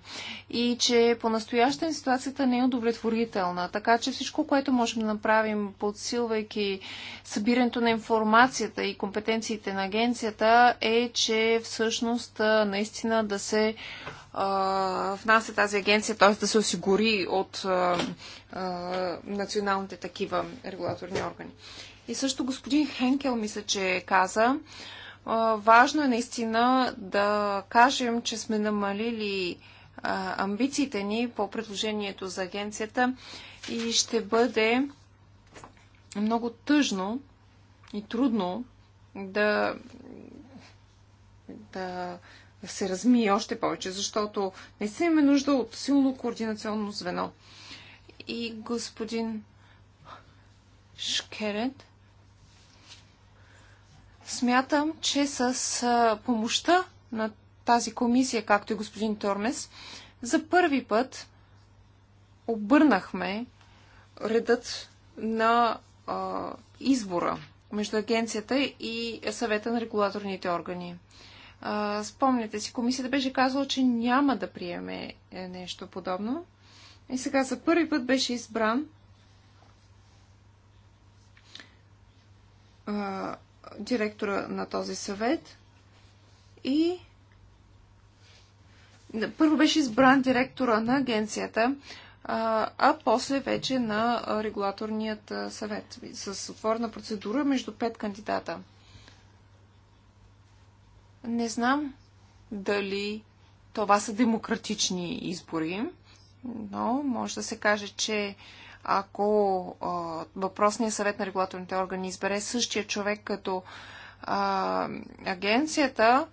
И че по-настоящен ситуацията не е удовлетворителна. Така че всичко, което можем да направим, подсилвайки събирането на информацията и компетенциите на агенцията, е, че всъщност а, наистина да се внася тази агенция, т.е. да се осигури от националните такива регулаторни органи. И също господин Хенкел, мисля, че каза, важно е наистина да кажем, че сме намалили амбициите ни по предложението за агенцията и ще бъде много тъжно и трудно да, да се размие още повече, защото не си имаме нужда от силно координационно звено. И господин Шкерет Смятам, че с помощта на тази комисия, както и господин Тормес, за първи път обърнахме редът на а, избора между агенцията и съвета на регулаторните органи. А, спомняте си, комисията беше казала, че няма да приеме е, нещо подобно. И сега за първи път беше избран а, директора на този съвет и първо беше избран директора на агенцията, а после вече на регулаторният съвет с отворена процедура между пет кандидата. Не знам дали това са демократични избори, но може да се каже, че ако а, въпросният съвет на регулаторните органи избере същия човек като а, агенцията,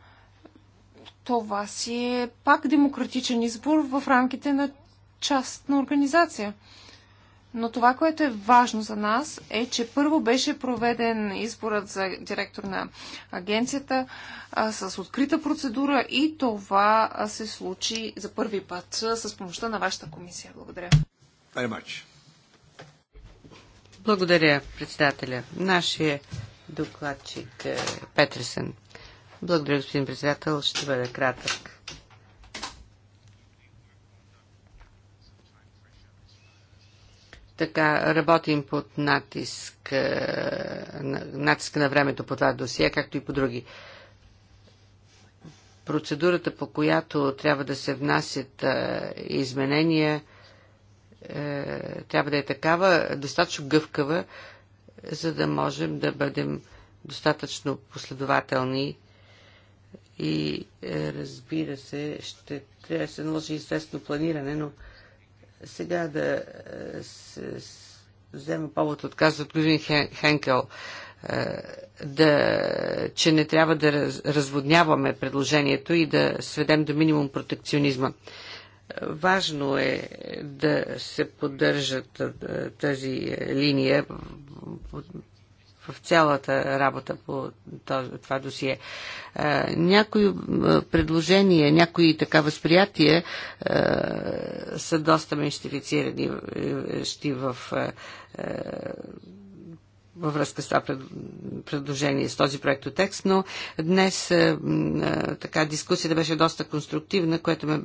това си е пак демократичен избор в рамките на частна организация. Но това, което е важно за нас, е, че първо беше проведен изборът за директор на агенцията а, с открита процедура и това се случи за първи път с помощта на вашата комисия. Благодаря. Very much. Благодаря, председателя. Нашия докладчик е Петресен. Благодаря, господин председател. Ще бъда кратък. Така, работим под натиск, е, натиск на времето по това досие, както и по други. Процедурата, по която трябва да се внасят е, изменения, е, трябва да е такава, достатъчно гъвкава, за да можем да бъдем достатъчно последователни и е, разбира се, ще трябва да се наложи естествено планиране, но сега да е, се, взема повод от каза от Гузин Хен, Хенкел, е, да, че не трябва да раз, разводняваме предложението и да сведем до минимум протекционизма. Важно е да се поддържат тази линия в цялата работа по това досие. Някои предложения, някои така възприятия са доста мистифицирани в във връзка с това предложение, с този проект текст, но днес е, е, така дискусията беше доста конструктивна, което ме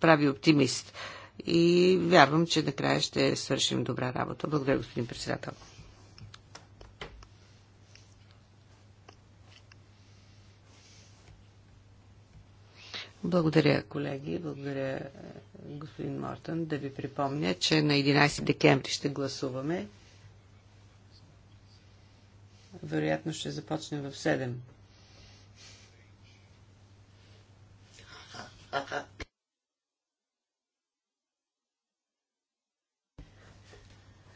прави оптимист. И вярвам, че накрая ще свършим добра работа. Благодаря, господин председател. Благодаря, колеги. Благодаря, е, господин Мортън. Да ви припомня, че на 11 декември ще гласуваме вероятно ще започне в 7. Седем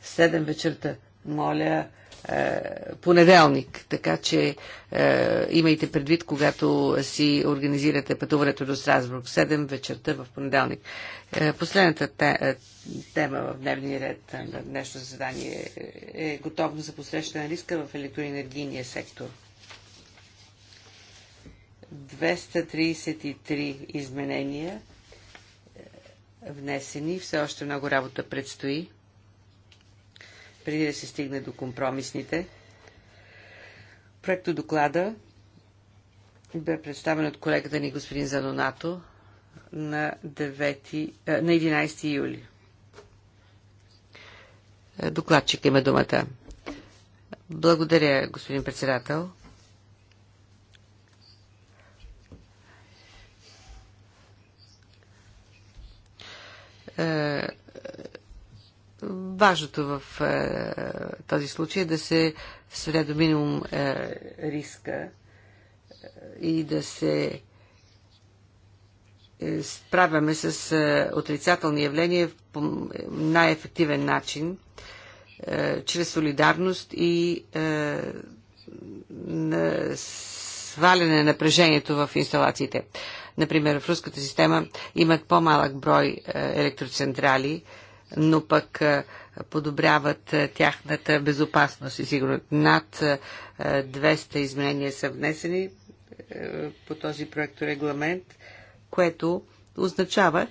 7 вечерта. Моля, е, понеделник, така че е, имайте предвид, когато си организирате пътуването до Страсбург 7 вечерта в понеделник. Е, последната те, е, тема в дневния ред на днешното заседание е, е готовност за посрещане на риска в електроенергийния сектор. 233 изменения внесени, все още много работа предстои преди да се стигне до компромисните. Проекто доклада бе представен от колегата ни господин Занонато на, 9, е, на 11 юли. Е, докладчик има думата. Благодаря, господин председател. Е, Важното в е, този случай е да се сведе до минимум е, риска е, и да се е, справяме с е, отрицателни явления по най-ефективен начин, е, чрез солидарност и е, на сваляне на напрежението в инсталациите. Например, в руската система имат по-малък брой е, електроцентрали, но пък подобряват е, тяхната безопасност и сигурност. Над 200 е, изменения са внесени е, по този проект регламент, което означава,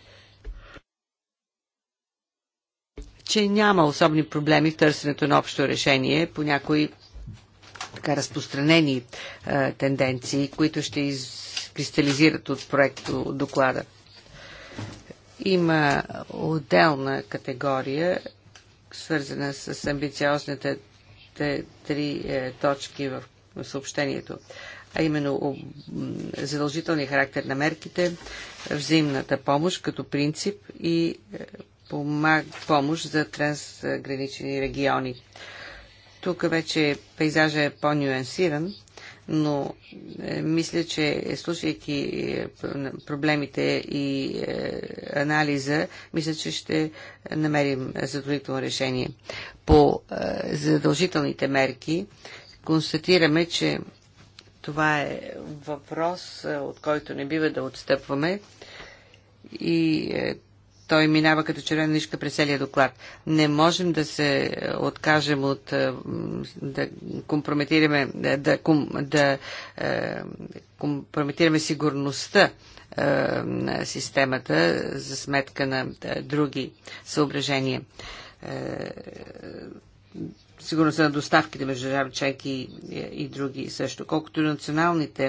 че няма особени проблеми в търсенето на общо решение по някои така разпространени тенденции, които ще изкристализират от проекто доклада. Има отделна категория свързана с амбициозните три е, точки в съобщението, а именно задължителния характер на мерките, взаимната помощ като принцип и е, помощ за трансгранични региони. Тук вече пейзажа е по-нюансиран но е, мисля, че е, слушайки е, проблемите и е, анализа, мисля, че ще намерим задължително решение. По е, задължителните мерки констатираме, че това е въпрос, е, от който не бива да отстъпваме и той минава като червена нишка през целия доклад. Не можем да се откажем от е, да компрометираме, е, да, да е, компрометираме сигурността на системата за сметка на други съображения сигурността на доставките между държави членки и, и, и други също. Колкото и националните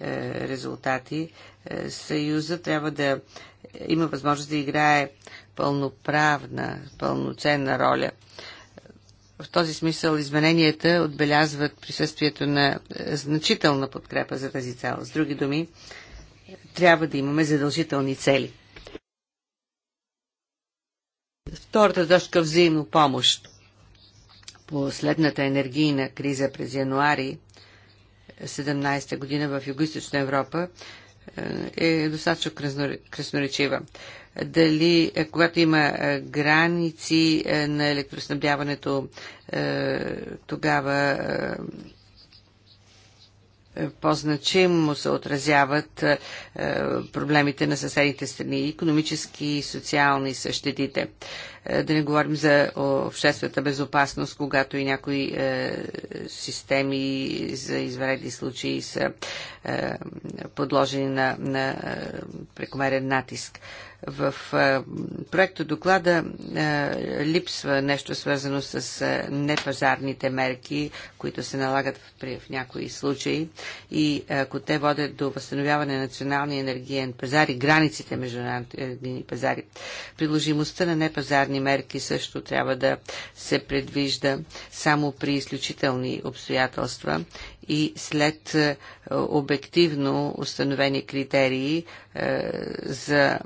е, резултати, е, Съюза трябва да има възможност да играе пълноправна, пълноценна роля. В този смисъл измененията отбелязват присъствието на е, значителна подкрепа за тази цел. С други думи, трябва да имаме задължителни цели. Втората точка взаимно помощ. Последната енергийна криза през януари 17 година в Юго-Источна Европа е достатъчно красноречива. Дали, е, когато има е, граници е, на електроснабдяването, тогава по-значимо се отразяват проблемите на съседните страни, економически и социални същедите. Е, да не говорим за е, обществената безопасност, когато и някои е, системи за извредни случаи са подложени на, на прекомерен натиск в проекта доклада липсва нещо свързано с непазарните мерки, които се налагат в, в някои случаи и ако те водят до възстановяване на националния енергиен пазар и границите между енергийни пазари. Приложимостта на непазарни ответни мерки също трябва да се предвижда само при изключителни обстоятелства и след е, обективно установени критерии е, за,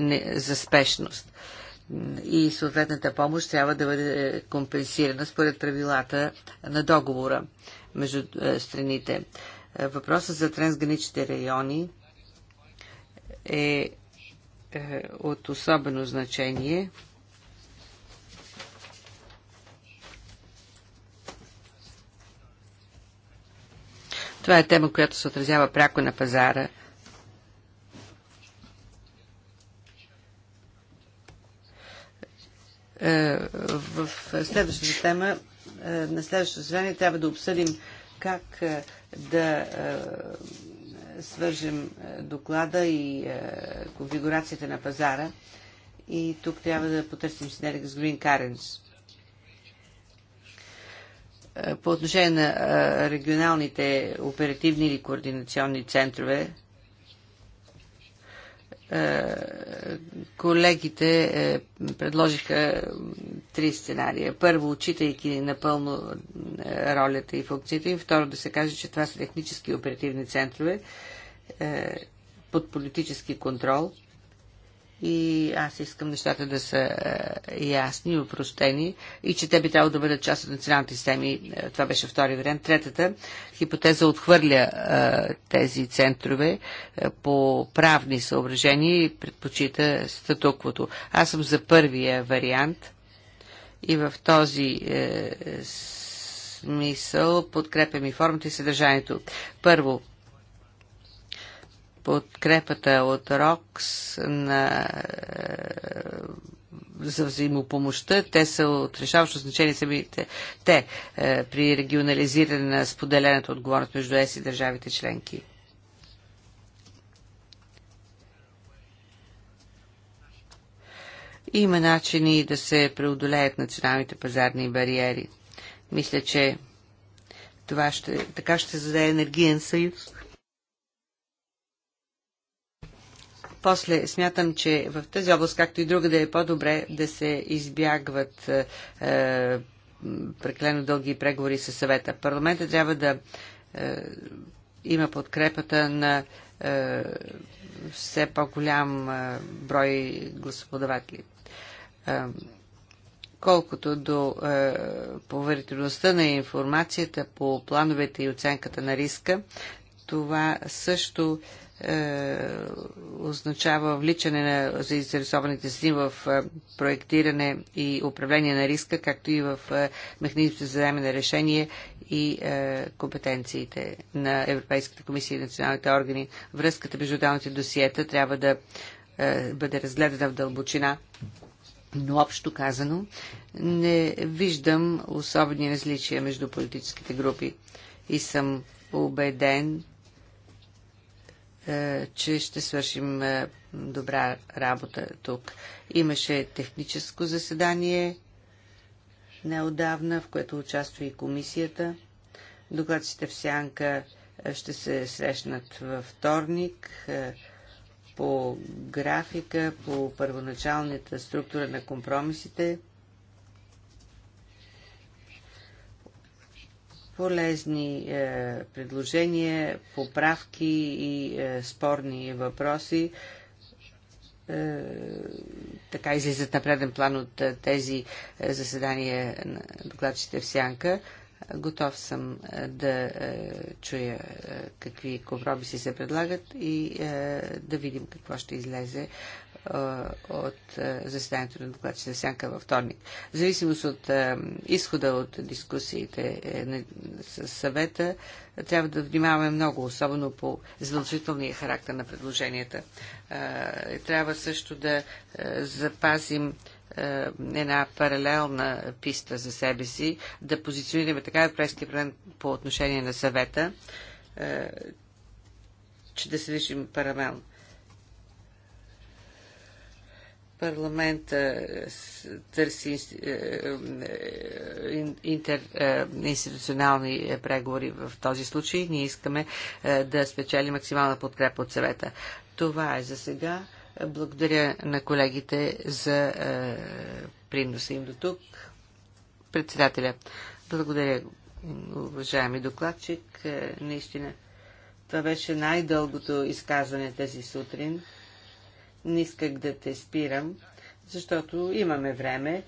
е, за спешност и съответната помощ трябва да бъде компенсирана според правилата на договора между страните. Въпросът за трансграничните райони е от особено значение. Това е тема, която се отразява пряко на пазара. Е, в следващата тема, е, на следващото заседание трябва да обсъдим как е, да свържем доклада и конфигурацията на пазара. И тук трябва да потърсим синергия с Green Currents. Е, по отношение на е, регионалните оперативни или координационни центрове, е, колегите предложиха три сценария. Първо, отчитайки напълно ролята и функцията им. Второ, да се каже, че това са технически оперативни центрове под политически контрол – и аз искам нещата да са е, ясни и упростени и че те би трябвало да бъдат част от националните системи. Е, това беше втори вариант. Третата хипотеза отхвърля е, тези центрове по правни съображения и предпочита статуквото. Аз съм за първия вариант и в този смисъл подкрепям и формата и съдържанието. Първо, подкрепата от РОКС на, е, за взаимопомощта. Те са от решаващо значение самите те е, при регионализиране на споделената отговорност между ЕС и държавите членки. Има начини да се преодолеят националните пазарни бариери. Мисля, че това ще, така ще зададе енергиен съюз. После смятам, че в тази област, както и друга, да е по-добре да се избягват е, е преклено дълги преговори с съвета. Парламента трябва да е, има подкрепата на е, все по-голям е, брой гласоподаватели. Е, колкото до е, поверителността на информацията по плановете и оценката на риска, това също е, е, означава вличане на заинтересованите си в е, проектиране и управление на риска, както и в е, механизмите за вземане на решение и е, компетенциите на Европейската комисия и националните органи. Връзката между отделните досиета трябва да е, бъде разгледана в дълбочина. Но общо казано, не виждам особени различия между политическите групи и съм убеден, е, че ще свършим е, добра работа тук. Имаше техническо заседание неодавна, в което участва и комисията. Докладците в Сянка е, ще се срещнат във вторник по графика, по първоначалната структура на компромисите – полезни е, предложения, поправки и е, спорни въпроси. Е, така излизат на преден план от е, тези е, заседания на докладчите в Сянка. Готов съм е, да е, чуя е, какви компромиси се предлагат и да видим какво ще излезе от заседанието на докладчите Сянка във вторник. В зависимост от изхода от дискусиите е, с съвета, трябва да внимаваме много, особено по задължителния характер на предложенията. Е, трябва също да запазим една паралелна писта за себе си, да позиционираме така прески проблем по отношение на съвета, че да се лишим паралелно парламента е, търси е, е, интернационални преговори в този случай. Ние искаме да спечели максимална подкрепа от съвета. Това е за сега. Благодаря на колегите за приноса им до тук. Председателя, благодаря, уважаеми докладчик. Наистина, това беше най-дългото изказване тези сутрин. Не исках да те спирам, защото имаме време,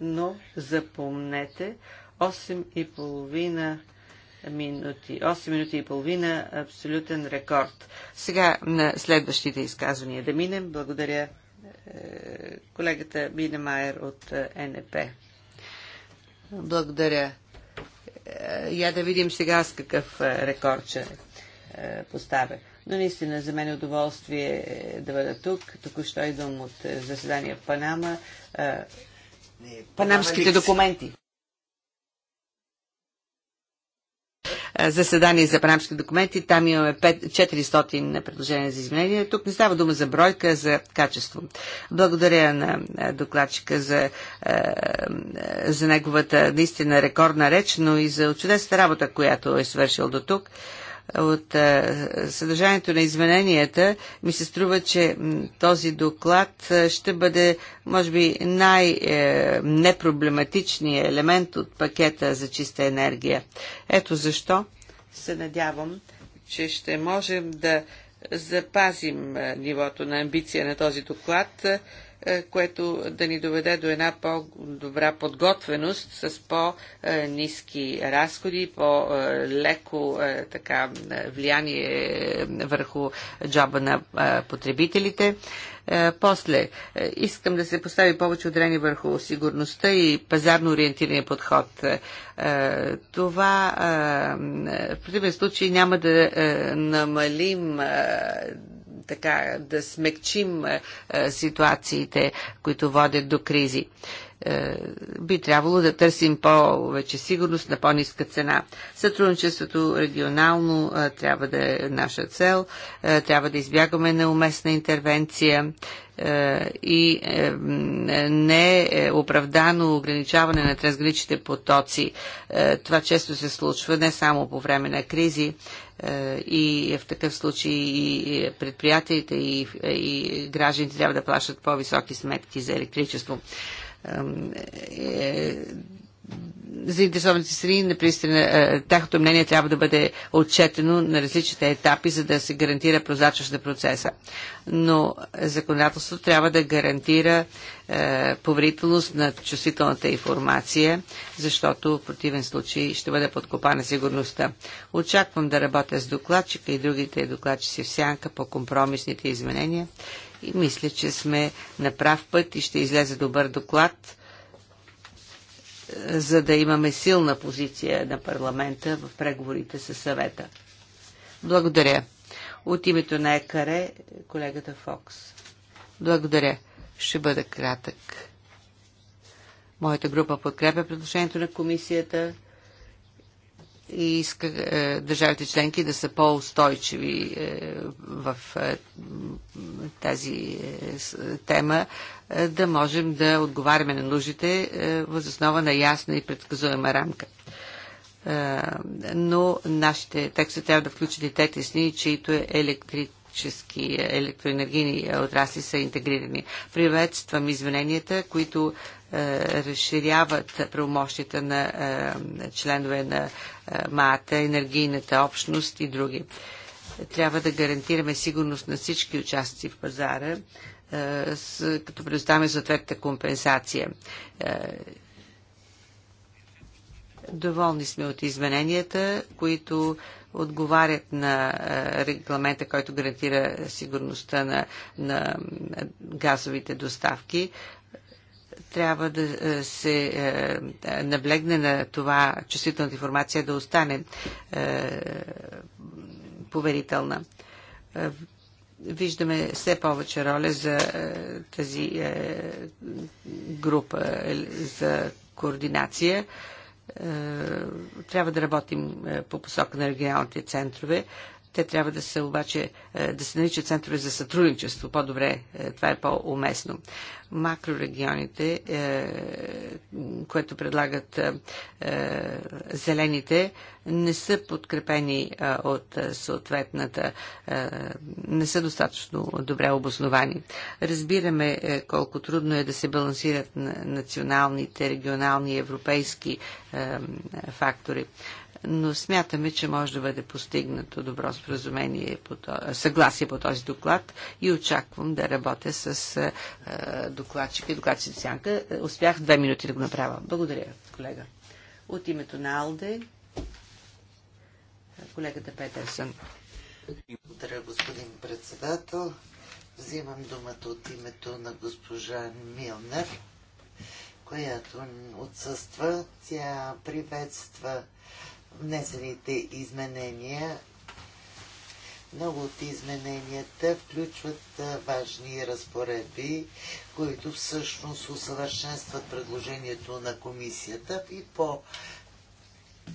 но запомнете, 8 и половина минути. 8 минути и половина абсолютен рекорд. Сега на следващите изказвания да минем. Благодаря е, колегата Майер от е, НП. Благодаря. Е, я да видим сега с какъв рекорд ще поставя но наистина за мен е удоволствие е, да бъда тук. Току-що идвам от е, заседание в Панама. Е, панамските документи. заседание за панамски документи. Там имаме 400 предложения за изменения. Тук не става дума за бройка, за качество. Благодаря на докладчика за, за неговата наистина рекордна реч, но и за чудесната работа, която е свършил до тук от съдържанието на измененията, ми се струва, че този доклад ще бъде, може би, най-непроблематичният е, елемент от пакета за чиста енергия. Ето защо се надявам, че ще можем да запазим нивото на амбиция на този доклад е, което да ни доведе до една по-добра подготвеност с по-низки разходи, по-леко е, така, влияние върху джоба на е, потребителите. После, искам да се постави повече ударение върху сигурността и пазарно ориентирания подход. Това в противен случай няма да намалим така да смекчим е, е, ситуациите, които водят до кризи. Е, би трябвало да търсим повече сигурност на по-ниска цена. Сътрудничеството регионално е, трябва да е наша цел, е, трябва да избягаме на уместна интервенция и неоправдано ограничаване на трансграничните потоци. Това често се случва не само по време на кризи, и в такъв случай и предприятията и гражданите трябва да плащат по-високи сметки за електричество. Е, заинтересованите страни, наистина, е, тяхното мнение трябва да бъде отчетено на различните етапи, за да се гарантира прозрачност на процеса. Но законодателството трябва да гарантира е, поверителност на чувствителната информация, защото в противен случай ще бъде подкопана сигурността. Очаквам да работя с докладчика и другите докладчици в сянка по компромисните изменения и мисля, че сме на прав път и ще излезе добър доклад, е, за да имаме силна позиция на парламента в преговорите със съвета. Благодаря. От името на ЕКАРЕ, колегата Фокс. Благодаря. Ще бъда кратък. Моята група подкрепя предложението на комисията и иска е, държавите членки да са по-устойчиви е, в е, тази е, тема, е, да можем да отговаряме на нуждите е, основа на ясна и предсказуема рамка. Е, но нашите текстове трябва да включат и те тесни, чието е електрит електрически, електроенергийни отрасли са интегрирани. Приветствам измененията, които е, разширяват правомощите на членове на е, МАТА, енергийната общност и други. Трябва да гарантираме сигурност на всички участници в пазара, е, като предоставяме съответната компенсация. Доволни сме от измененията, които отговарят на регламента, който гарантира сигурността на, на газовите доставки трябва да е, се е, наблегне на това чувствителната информация да остане е, поверителна. Виждаме все повече роля за тази група за координация. трябва да работим по посока на регионалните центрове. Те трябва да се обаче е, да се наричат центрове за сътрудничество. По-добре, е, това е по-уместно. Макрорегионите, е, което предлагат зелените, не са подкрепени от съответната, не са достатъчно добре обосновани. Разбираме колко трудно е да се балансират националните, регионални, европейски фактори но смятаме, че може да бъде постигнато добро споразумение, съгласие по този доклад и очаквам да работя с докладчика и докладчица Сянка. Успях две минути да го направя. Благодаря, колега. От името на Алде, колегата Петерсън. Благодаря, господин председател. Взимам думата от името на госпожа Милнер, която отсъства. Тя приветства внесените изменения. Много от измененията включват важни разпоредби, които всъщност усъвършенстват предложението на комисията и по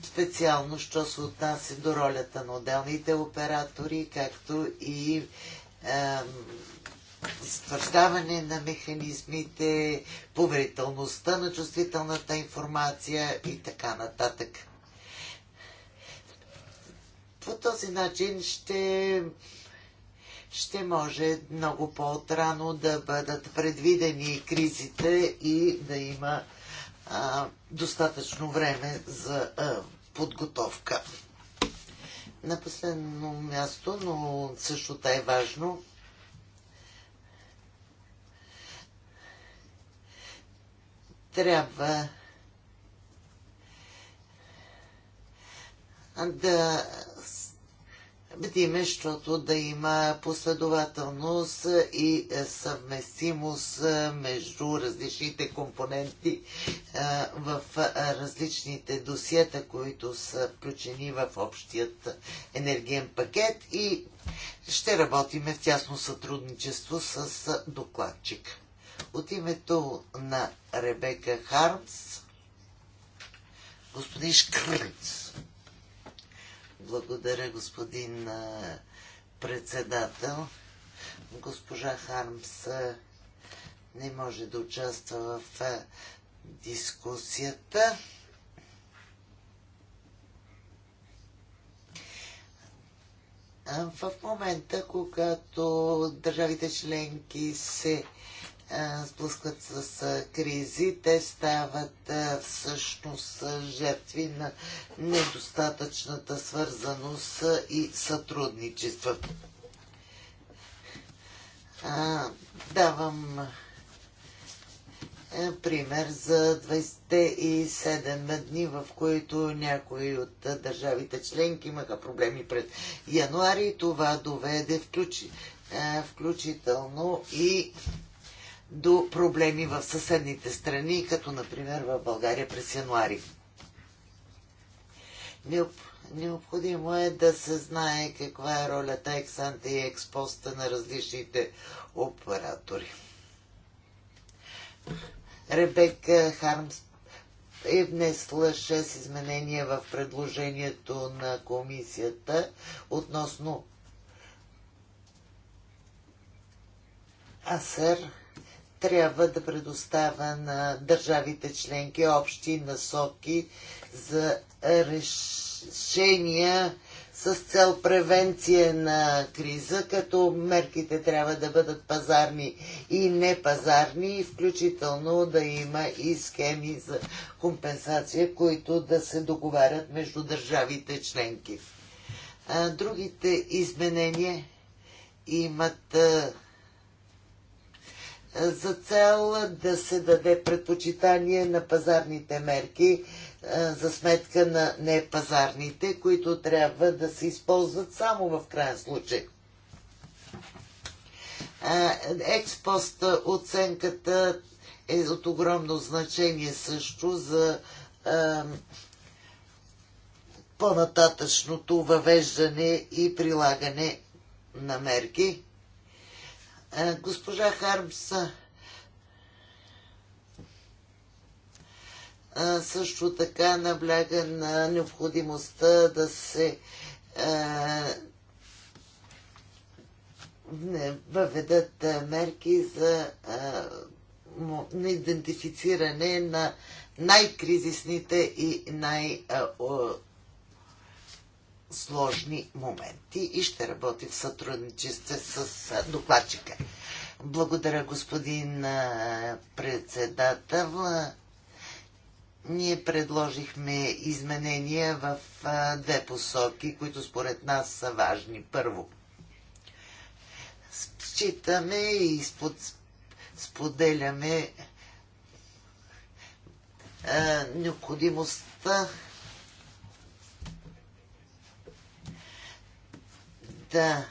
специално, що се отнася до ролята на отделните оператори, както и ствърждаване на механизмите, поверителността на чувствителната информация и така нататък по този начин ще ще може много по-отрано да бъдат предвидени кризите и да има а, достатъчно време за а, подготовка. На последно място, но също така е важно, трябва да бдиме, защото да има последователност и съвместимост между различните компоненти в различните досиета, които са включени в общият енергиен пакет и ще работиме в тясно сътрудничество с докладчик. От името на Ребека Хармс, господин Шкръц. Благодаря, господин председател. Госпожа Хармс не може да участва в дискусията. В момента, когато държавите членки се сблъскват с кризи, те стават всъщност жертви на недостатъчната свързаност и сътрудничество. Давам пример за 27 дни, в които някои от държавите членки имаха проблеми пред януари. Това доведе включи, включително и до проблеми в съседните страни, като например в България през януари. Необ... Необходимо е да се знае каква е ролята ексанта и експоста на различните оператори. Ребека Хармс е внесла 6 изменения в предложението на комисията относно АСЕР трябва да предоставя на държавите членки общи насоки за решения с цел превенция на криза, като мерките трябва да бъдат пазарни и непазарни, включително да има и схеми за компенсация, които да се договарят между държавите членки. другите изменения имат за цел да се даде предпочитание на пазарните мерки е, за сметка на непазарните, които трябва да се използват само в крайен случай. Експост оценката е от огромно значение също за е, по-нататъчното въвеждане и прилагане на мерки. Е, госпожа Хармс е, също така набляга на необходимостта да се е, въведат мерки за идентифициране на най-кризисните и най- сложни моменти и ще работи в сътрудничество с докладчика. Благодаря, господин председател. Ние предложихме изменения в две посоки, които според нас са важни. Първо, считаме и споделяме необходимостта да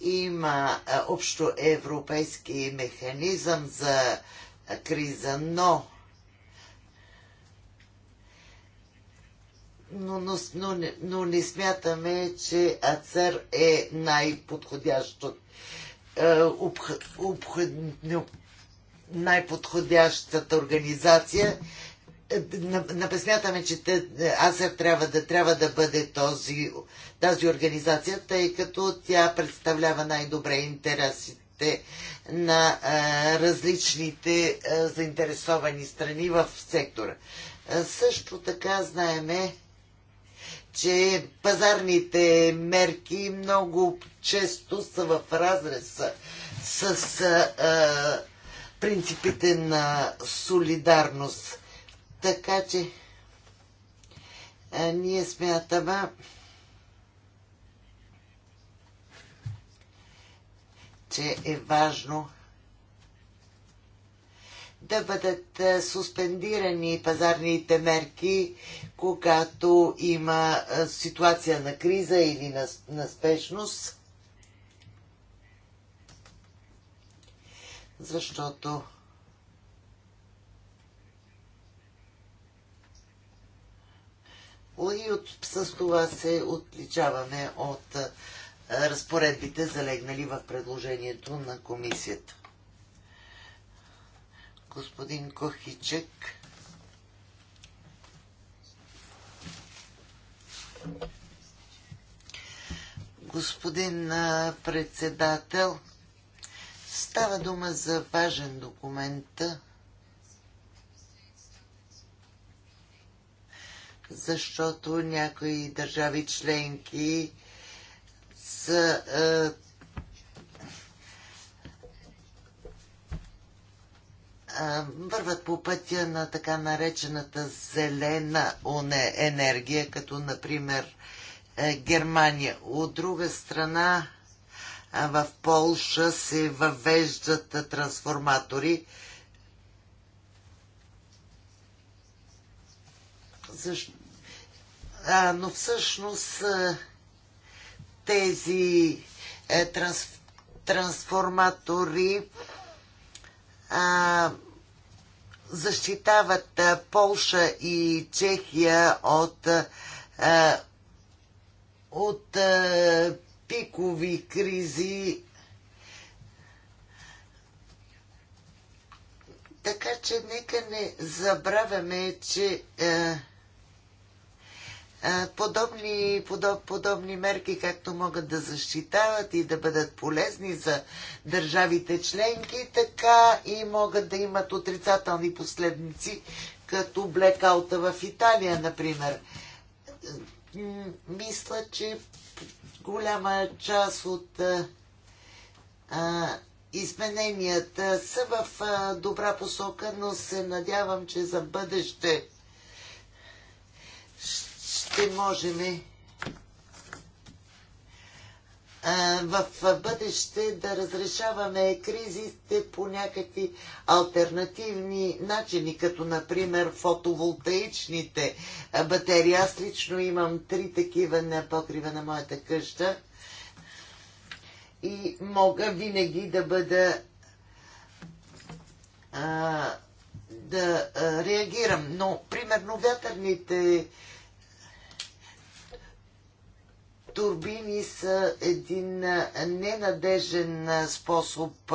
има общо европейски механизъм за криза, но но, но, но, но не смятаме, че АЦЕР е най-подходящо обх, обх, най-подходящата организация Напесмятаме, че АСЕР трябва да, трябва да бъде този, тази организация, тъй като тя представлява най-добре интересите на а, различните а, заинтересовани страни в сектора. А, също така знаеме, че пазарните мерки много често са в разрез с, с а, принципите на солидарност. Така че а, ние смятаме, че е важно да бъдат суспендирани пазарните мерки, когато има ситуация на криза или на, на спешност. Защото и от, с това се отличаваме от разпоредбите, залегнали в предложението на комисията. Господин Кохичек. Господин председател, става дума за важен документ, защото някои държави членки са е, е, върват по пътя на така наречената зелена енергия, като например е, Германия. От друга страна в Полша се въвеждат трансформатори, защото. А, но всъщност тези е, транс, трансформатори а, защитават а, Полша и Чехия от, а, от а, пикови кризи. Така че нека не забравяме, че а, е, подобни, подоб, подобни мерки, както могат да защитават и да бъдат полезни за държавите членки, така и могат да имат отрицателни последници, като блекаута в Италия, например. Мисля, че голяма част от а, измененията са в а, добра посока, но се надявам, че за бъдеще ще можем е, в бъдеще да разрешаваме кризите по някакви альтернативни начини, като например фотоволтаичните батерии. Аз лично имам три такива на покрива на моята къща и мога винаги да бъда а, да реагирам. Но, примерно, вятърните турбини са един ненадежен способ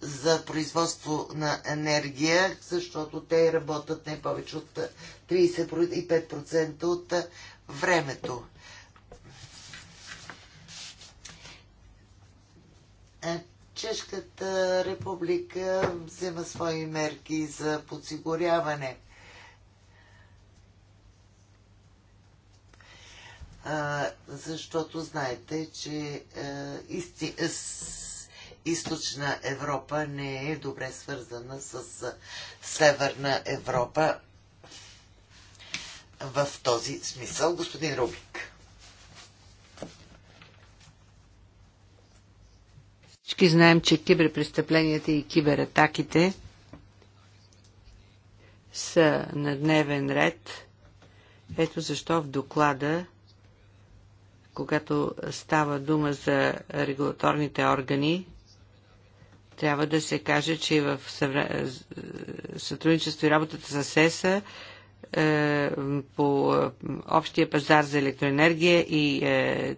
за производство на енергия, защото те работят не повече от 35% от времето. Чешката република взема свои мерки за подсигуряване защото знаете, че източна Европа не е добре свързана с северна Европа в този смисъл. Господин Рубик. Всички знаем, че киберпрестъпленията и кибератаките са на дневен ред. Ето защо в доклада когато става дума за регулаторните органи, трябва да се каже, че в сътрудничество и работата с СЕСА е, по е, общия пазар за електроенергия и е,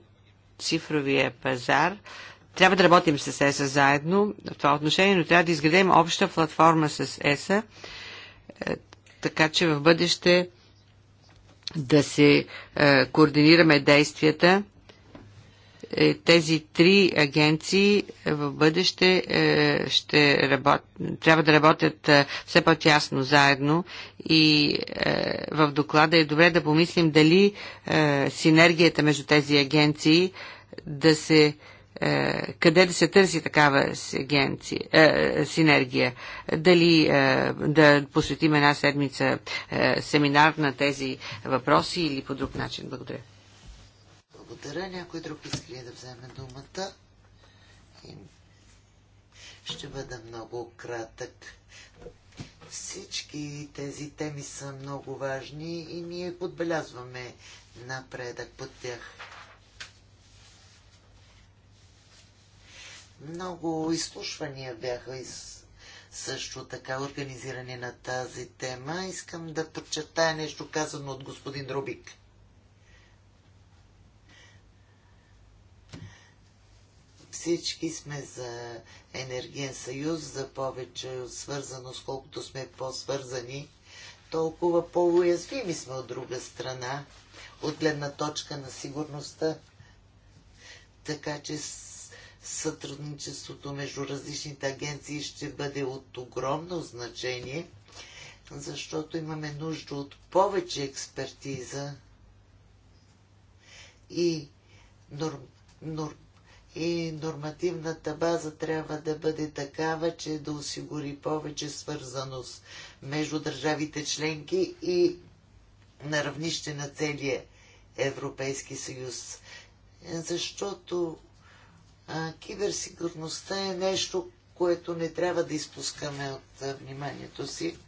цифровия пазар. Трябва да работим с ЕСА заедно в това отношение, но трябва да изградим обща платформа с ЕСА, така че в бъдеще да се е, координираме действията. Е, тези три агенции в бъдеще е, ще работ... трябва да работят все по-тясно заедно и в доклада е добре да помислим дали синергията между тези агенции да се е, къде да се търси такава е, синергия. Дали е, да посветим една седмица е, семинар на тези въпроси или по друг начин. Благодаря. Благодаря. Някой друг иска ли да вземе думата? Ще бъда много кратък. Всички тези теми са много важни и ние подбелязваме напредък по тях. Много изслушвания бяха из... също така организирани на тази тема. Искам да подчертая нещо казано от господин Рубик. Всички сме за енергиен съюз, за повече свързаност, колкото сме по-свързани, толкова по-уязвими сме от друга страна, от гледна точка на сигурността. Така че сътрудничеството между различните агенции ще бъде от огромно значение, защото имаме нужда от повече експертиза и, норм, норм, и нормативната база трябва да бъде такава, че да осигури повече свързаност между държавите членки и на равнище на целия Европейски съюз. Защото Киберсигурността е нещо, което не трябва да изпускаме от вниманието си.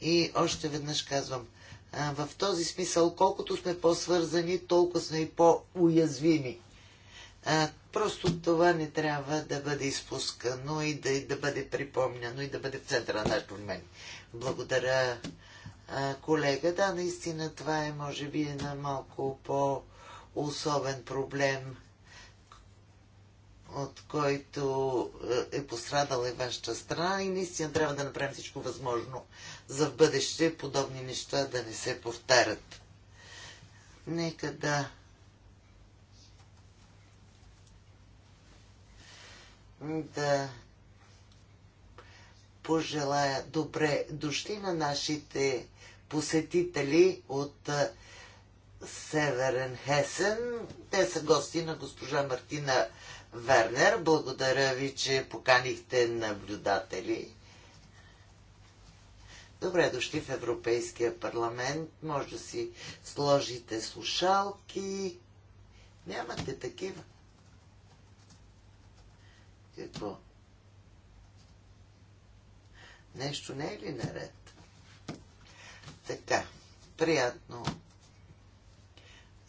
И още веднъж казвам, в този смисъл, колкото сме по-свързани, толкова сме и по-уязвими. Просто това не трябва да бъде изпускано и да, и да бъде припомняно и да бъде в центъра на нашето внимание. Благодаря, колега. Да, наистина това е, може би, една малко по-особен проблем от който е, е пострадала и вашата страна и наистина трябва да направим всичко възможно за в бъдеще подобни неща да не се повтарят. Нека да да пожелая добре дошли на нашите посетители от е, Северен Хесен. Те са гости на госпожа Мартина Вернер. Благодаря ви, че поканихте наблюдатели. Добре дошли в Европейския парламент. Може да си сложите слушалки. Нямате такива. Какво? Нещо не е ли наред? Така, приятно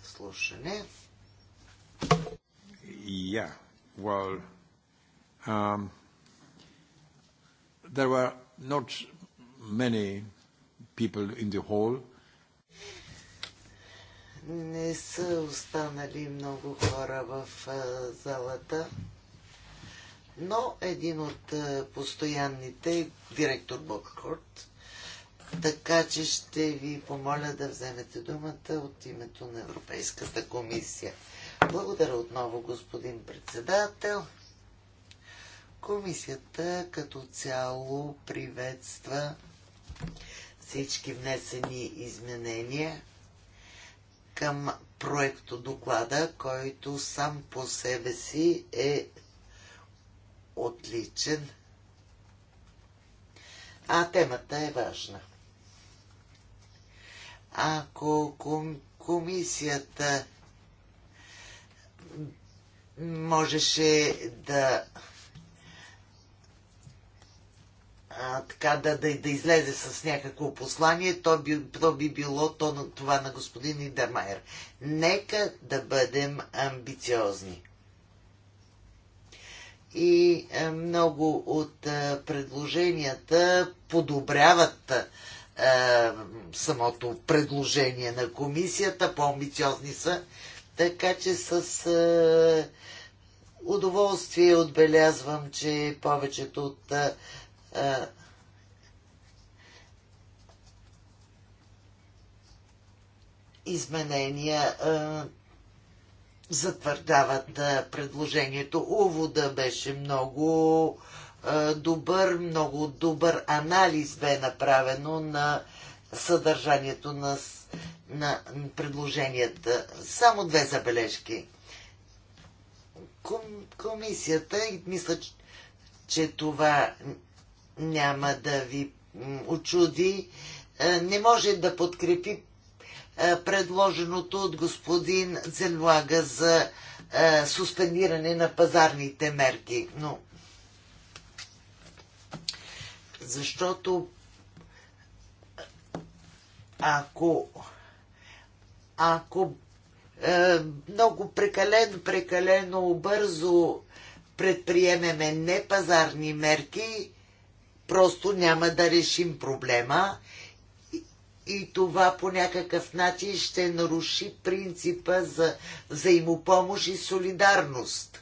слушане. Yeah world, um, there were not many people in the hall. Не са останали много хора в залата, но един от постоянните, директор Бокхорт, така че ще ви помоля да вземете думата от името на Европейската комисия. Благодаря отново, господин председател. Комисията като цяло приветства всички внесени изменения към проекто доклада, който сам по себе си е отличен. А темата е важна. Ако комисията можеше да а, така да, да, да излезе с някакво послание, то би, то би било то на, това на господин Идермайер. Нека да бъдем амбициозни. И а, много от а, предложенията подобряват а, самото предложение на комисията, по-амбициозни са така че с е, удоволствие отбелязвам, че повечето от е, е изменения е, затвърждават е, предложението. Увода беше много е, добър, много добър анализ бе направено на съдържанието на, на предложенията. Само две забележки. Ком, комисията, и мисля, че това няма да ви очуди, е, не може да подкрепи е, предложеното от господин Зелуага за е, суспендиране на пазарните мерки. Но защото ако, ако е, много прекалено, прекалено бързо предприемеме непазарни мерки, просто няма да решим проблема и това по някакъв начин ще наруши принципа за взаимопомощ и солидарност.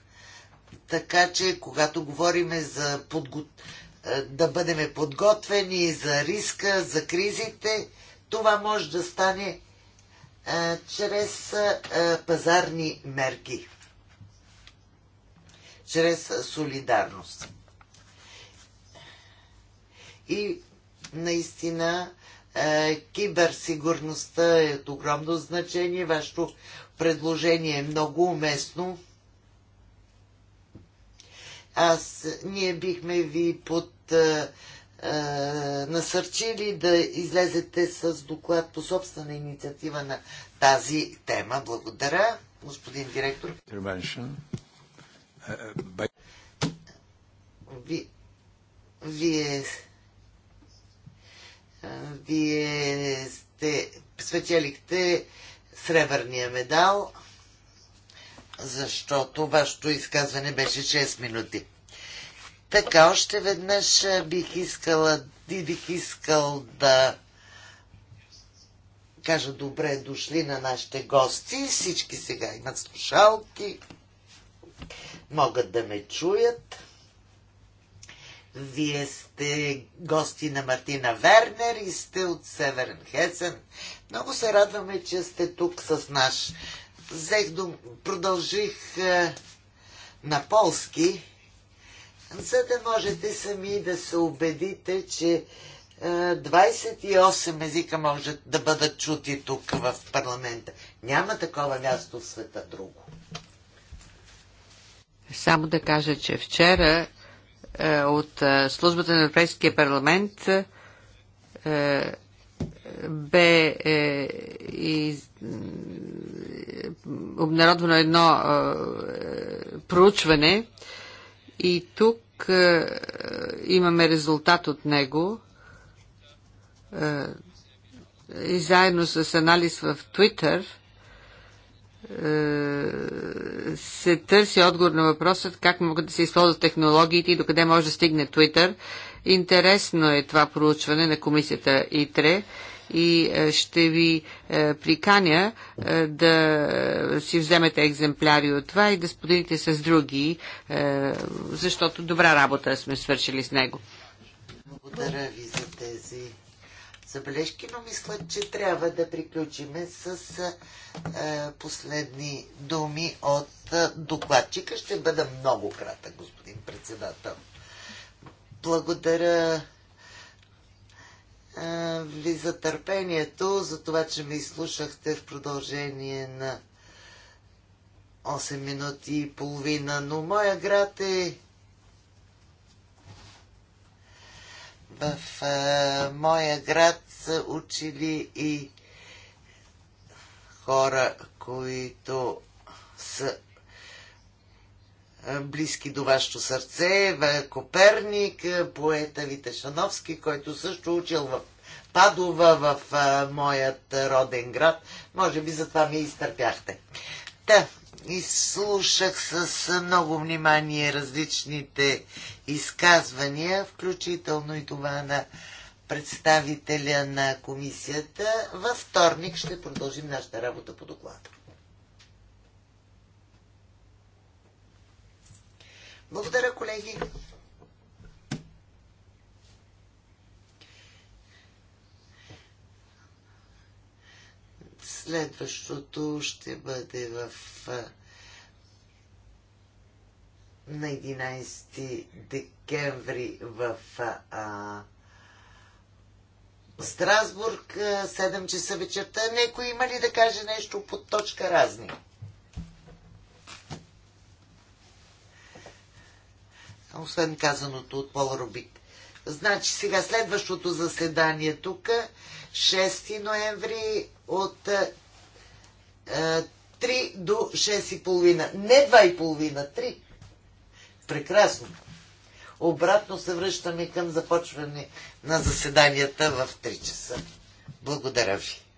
Така че, когато говорим за подго... Е, да бъдем подготвени за риска, за кризите, това може да стане а, е, чрез а, е, пазарни мерки, чрез солидарност. И наистина е, киберсигурността е от огромно значение. Вашето предложение е много уместно. Аз, ние бихме ви под е, насърчили да излезете с доклад по собствена инициатива на тази тема. Благодаря, господин директор. Е, е, Ви, вие, вие сте спечелихте сребърния медал, защото вашето изказване беше 6 минути. Така, още веднъж бих искала, и бих искал да кажа добре дошли на нашите гости. Всички сега имат слушалки, могат да ме чуят. Вие сте гости на Мартина Вернер и сте от Северен Хесен. Много се радваме, че сте тук с наш. Взех дум... продължих е, на полски, за да можете сами да се убедите, че 28 езика може да бъдат чути тук в парламента. Няма такова място в света друго. Само да кажа, че вчера е, от е, службата на Европейския парламент е, бе обнародвано едно проучване, и тук е, е, имаме резултат от него. Е, и заедно с анализ в Твитър е, се търси отговор на въпросът как могат да се използват технологиите и докъде може да стигне Твитър. Интересно е това проучване на комисията ИТРЕ и е, ще ви е, приканя е, да си вземете екземпляри от това и да споделите с други, защото добра работа сме свършили с него. Благодаря ви за тези забележки, но мисля, че трябва да приключиме с е, последни думи от е, докладчика. Ще бъда много кратък, господин председател. Благодаря ви за търпението, за това, че ме изслушахте в продължение на 8 минути и половина, но моя град е в а, моя град са учили и хора, които са е, близки до вашето сърце, Коперник, е, поета Витешановски, който също учил в Падова, в а, е, моят роден град. Може би затова ми изтърпяхте. Та, изслушах с много внимание различните изказвания, включително и това на представителя на комисията. Във вторник ще продължим нашата работа по доклада. Благодаря, колеги. Следващото ще бъде в на 11 декември в а, Страсбург, 7 часа вечерта. Некой има ли да каже нещо под точка разни? освен казаното от Пол Рубик. Значи сега следващото заседание тук, 6 ноември от е, 3 е, до 6.30. Не 2.30, 3. Прекрасно. Обратно се връщаме към започване на заседанията в 3 часа. Благодаря ви.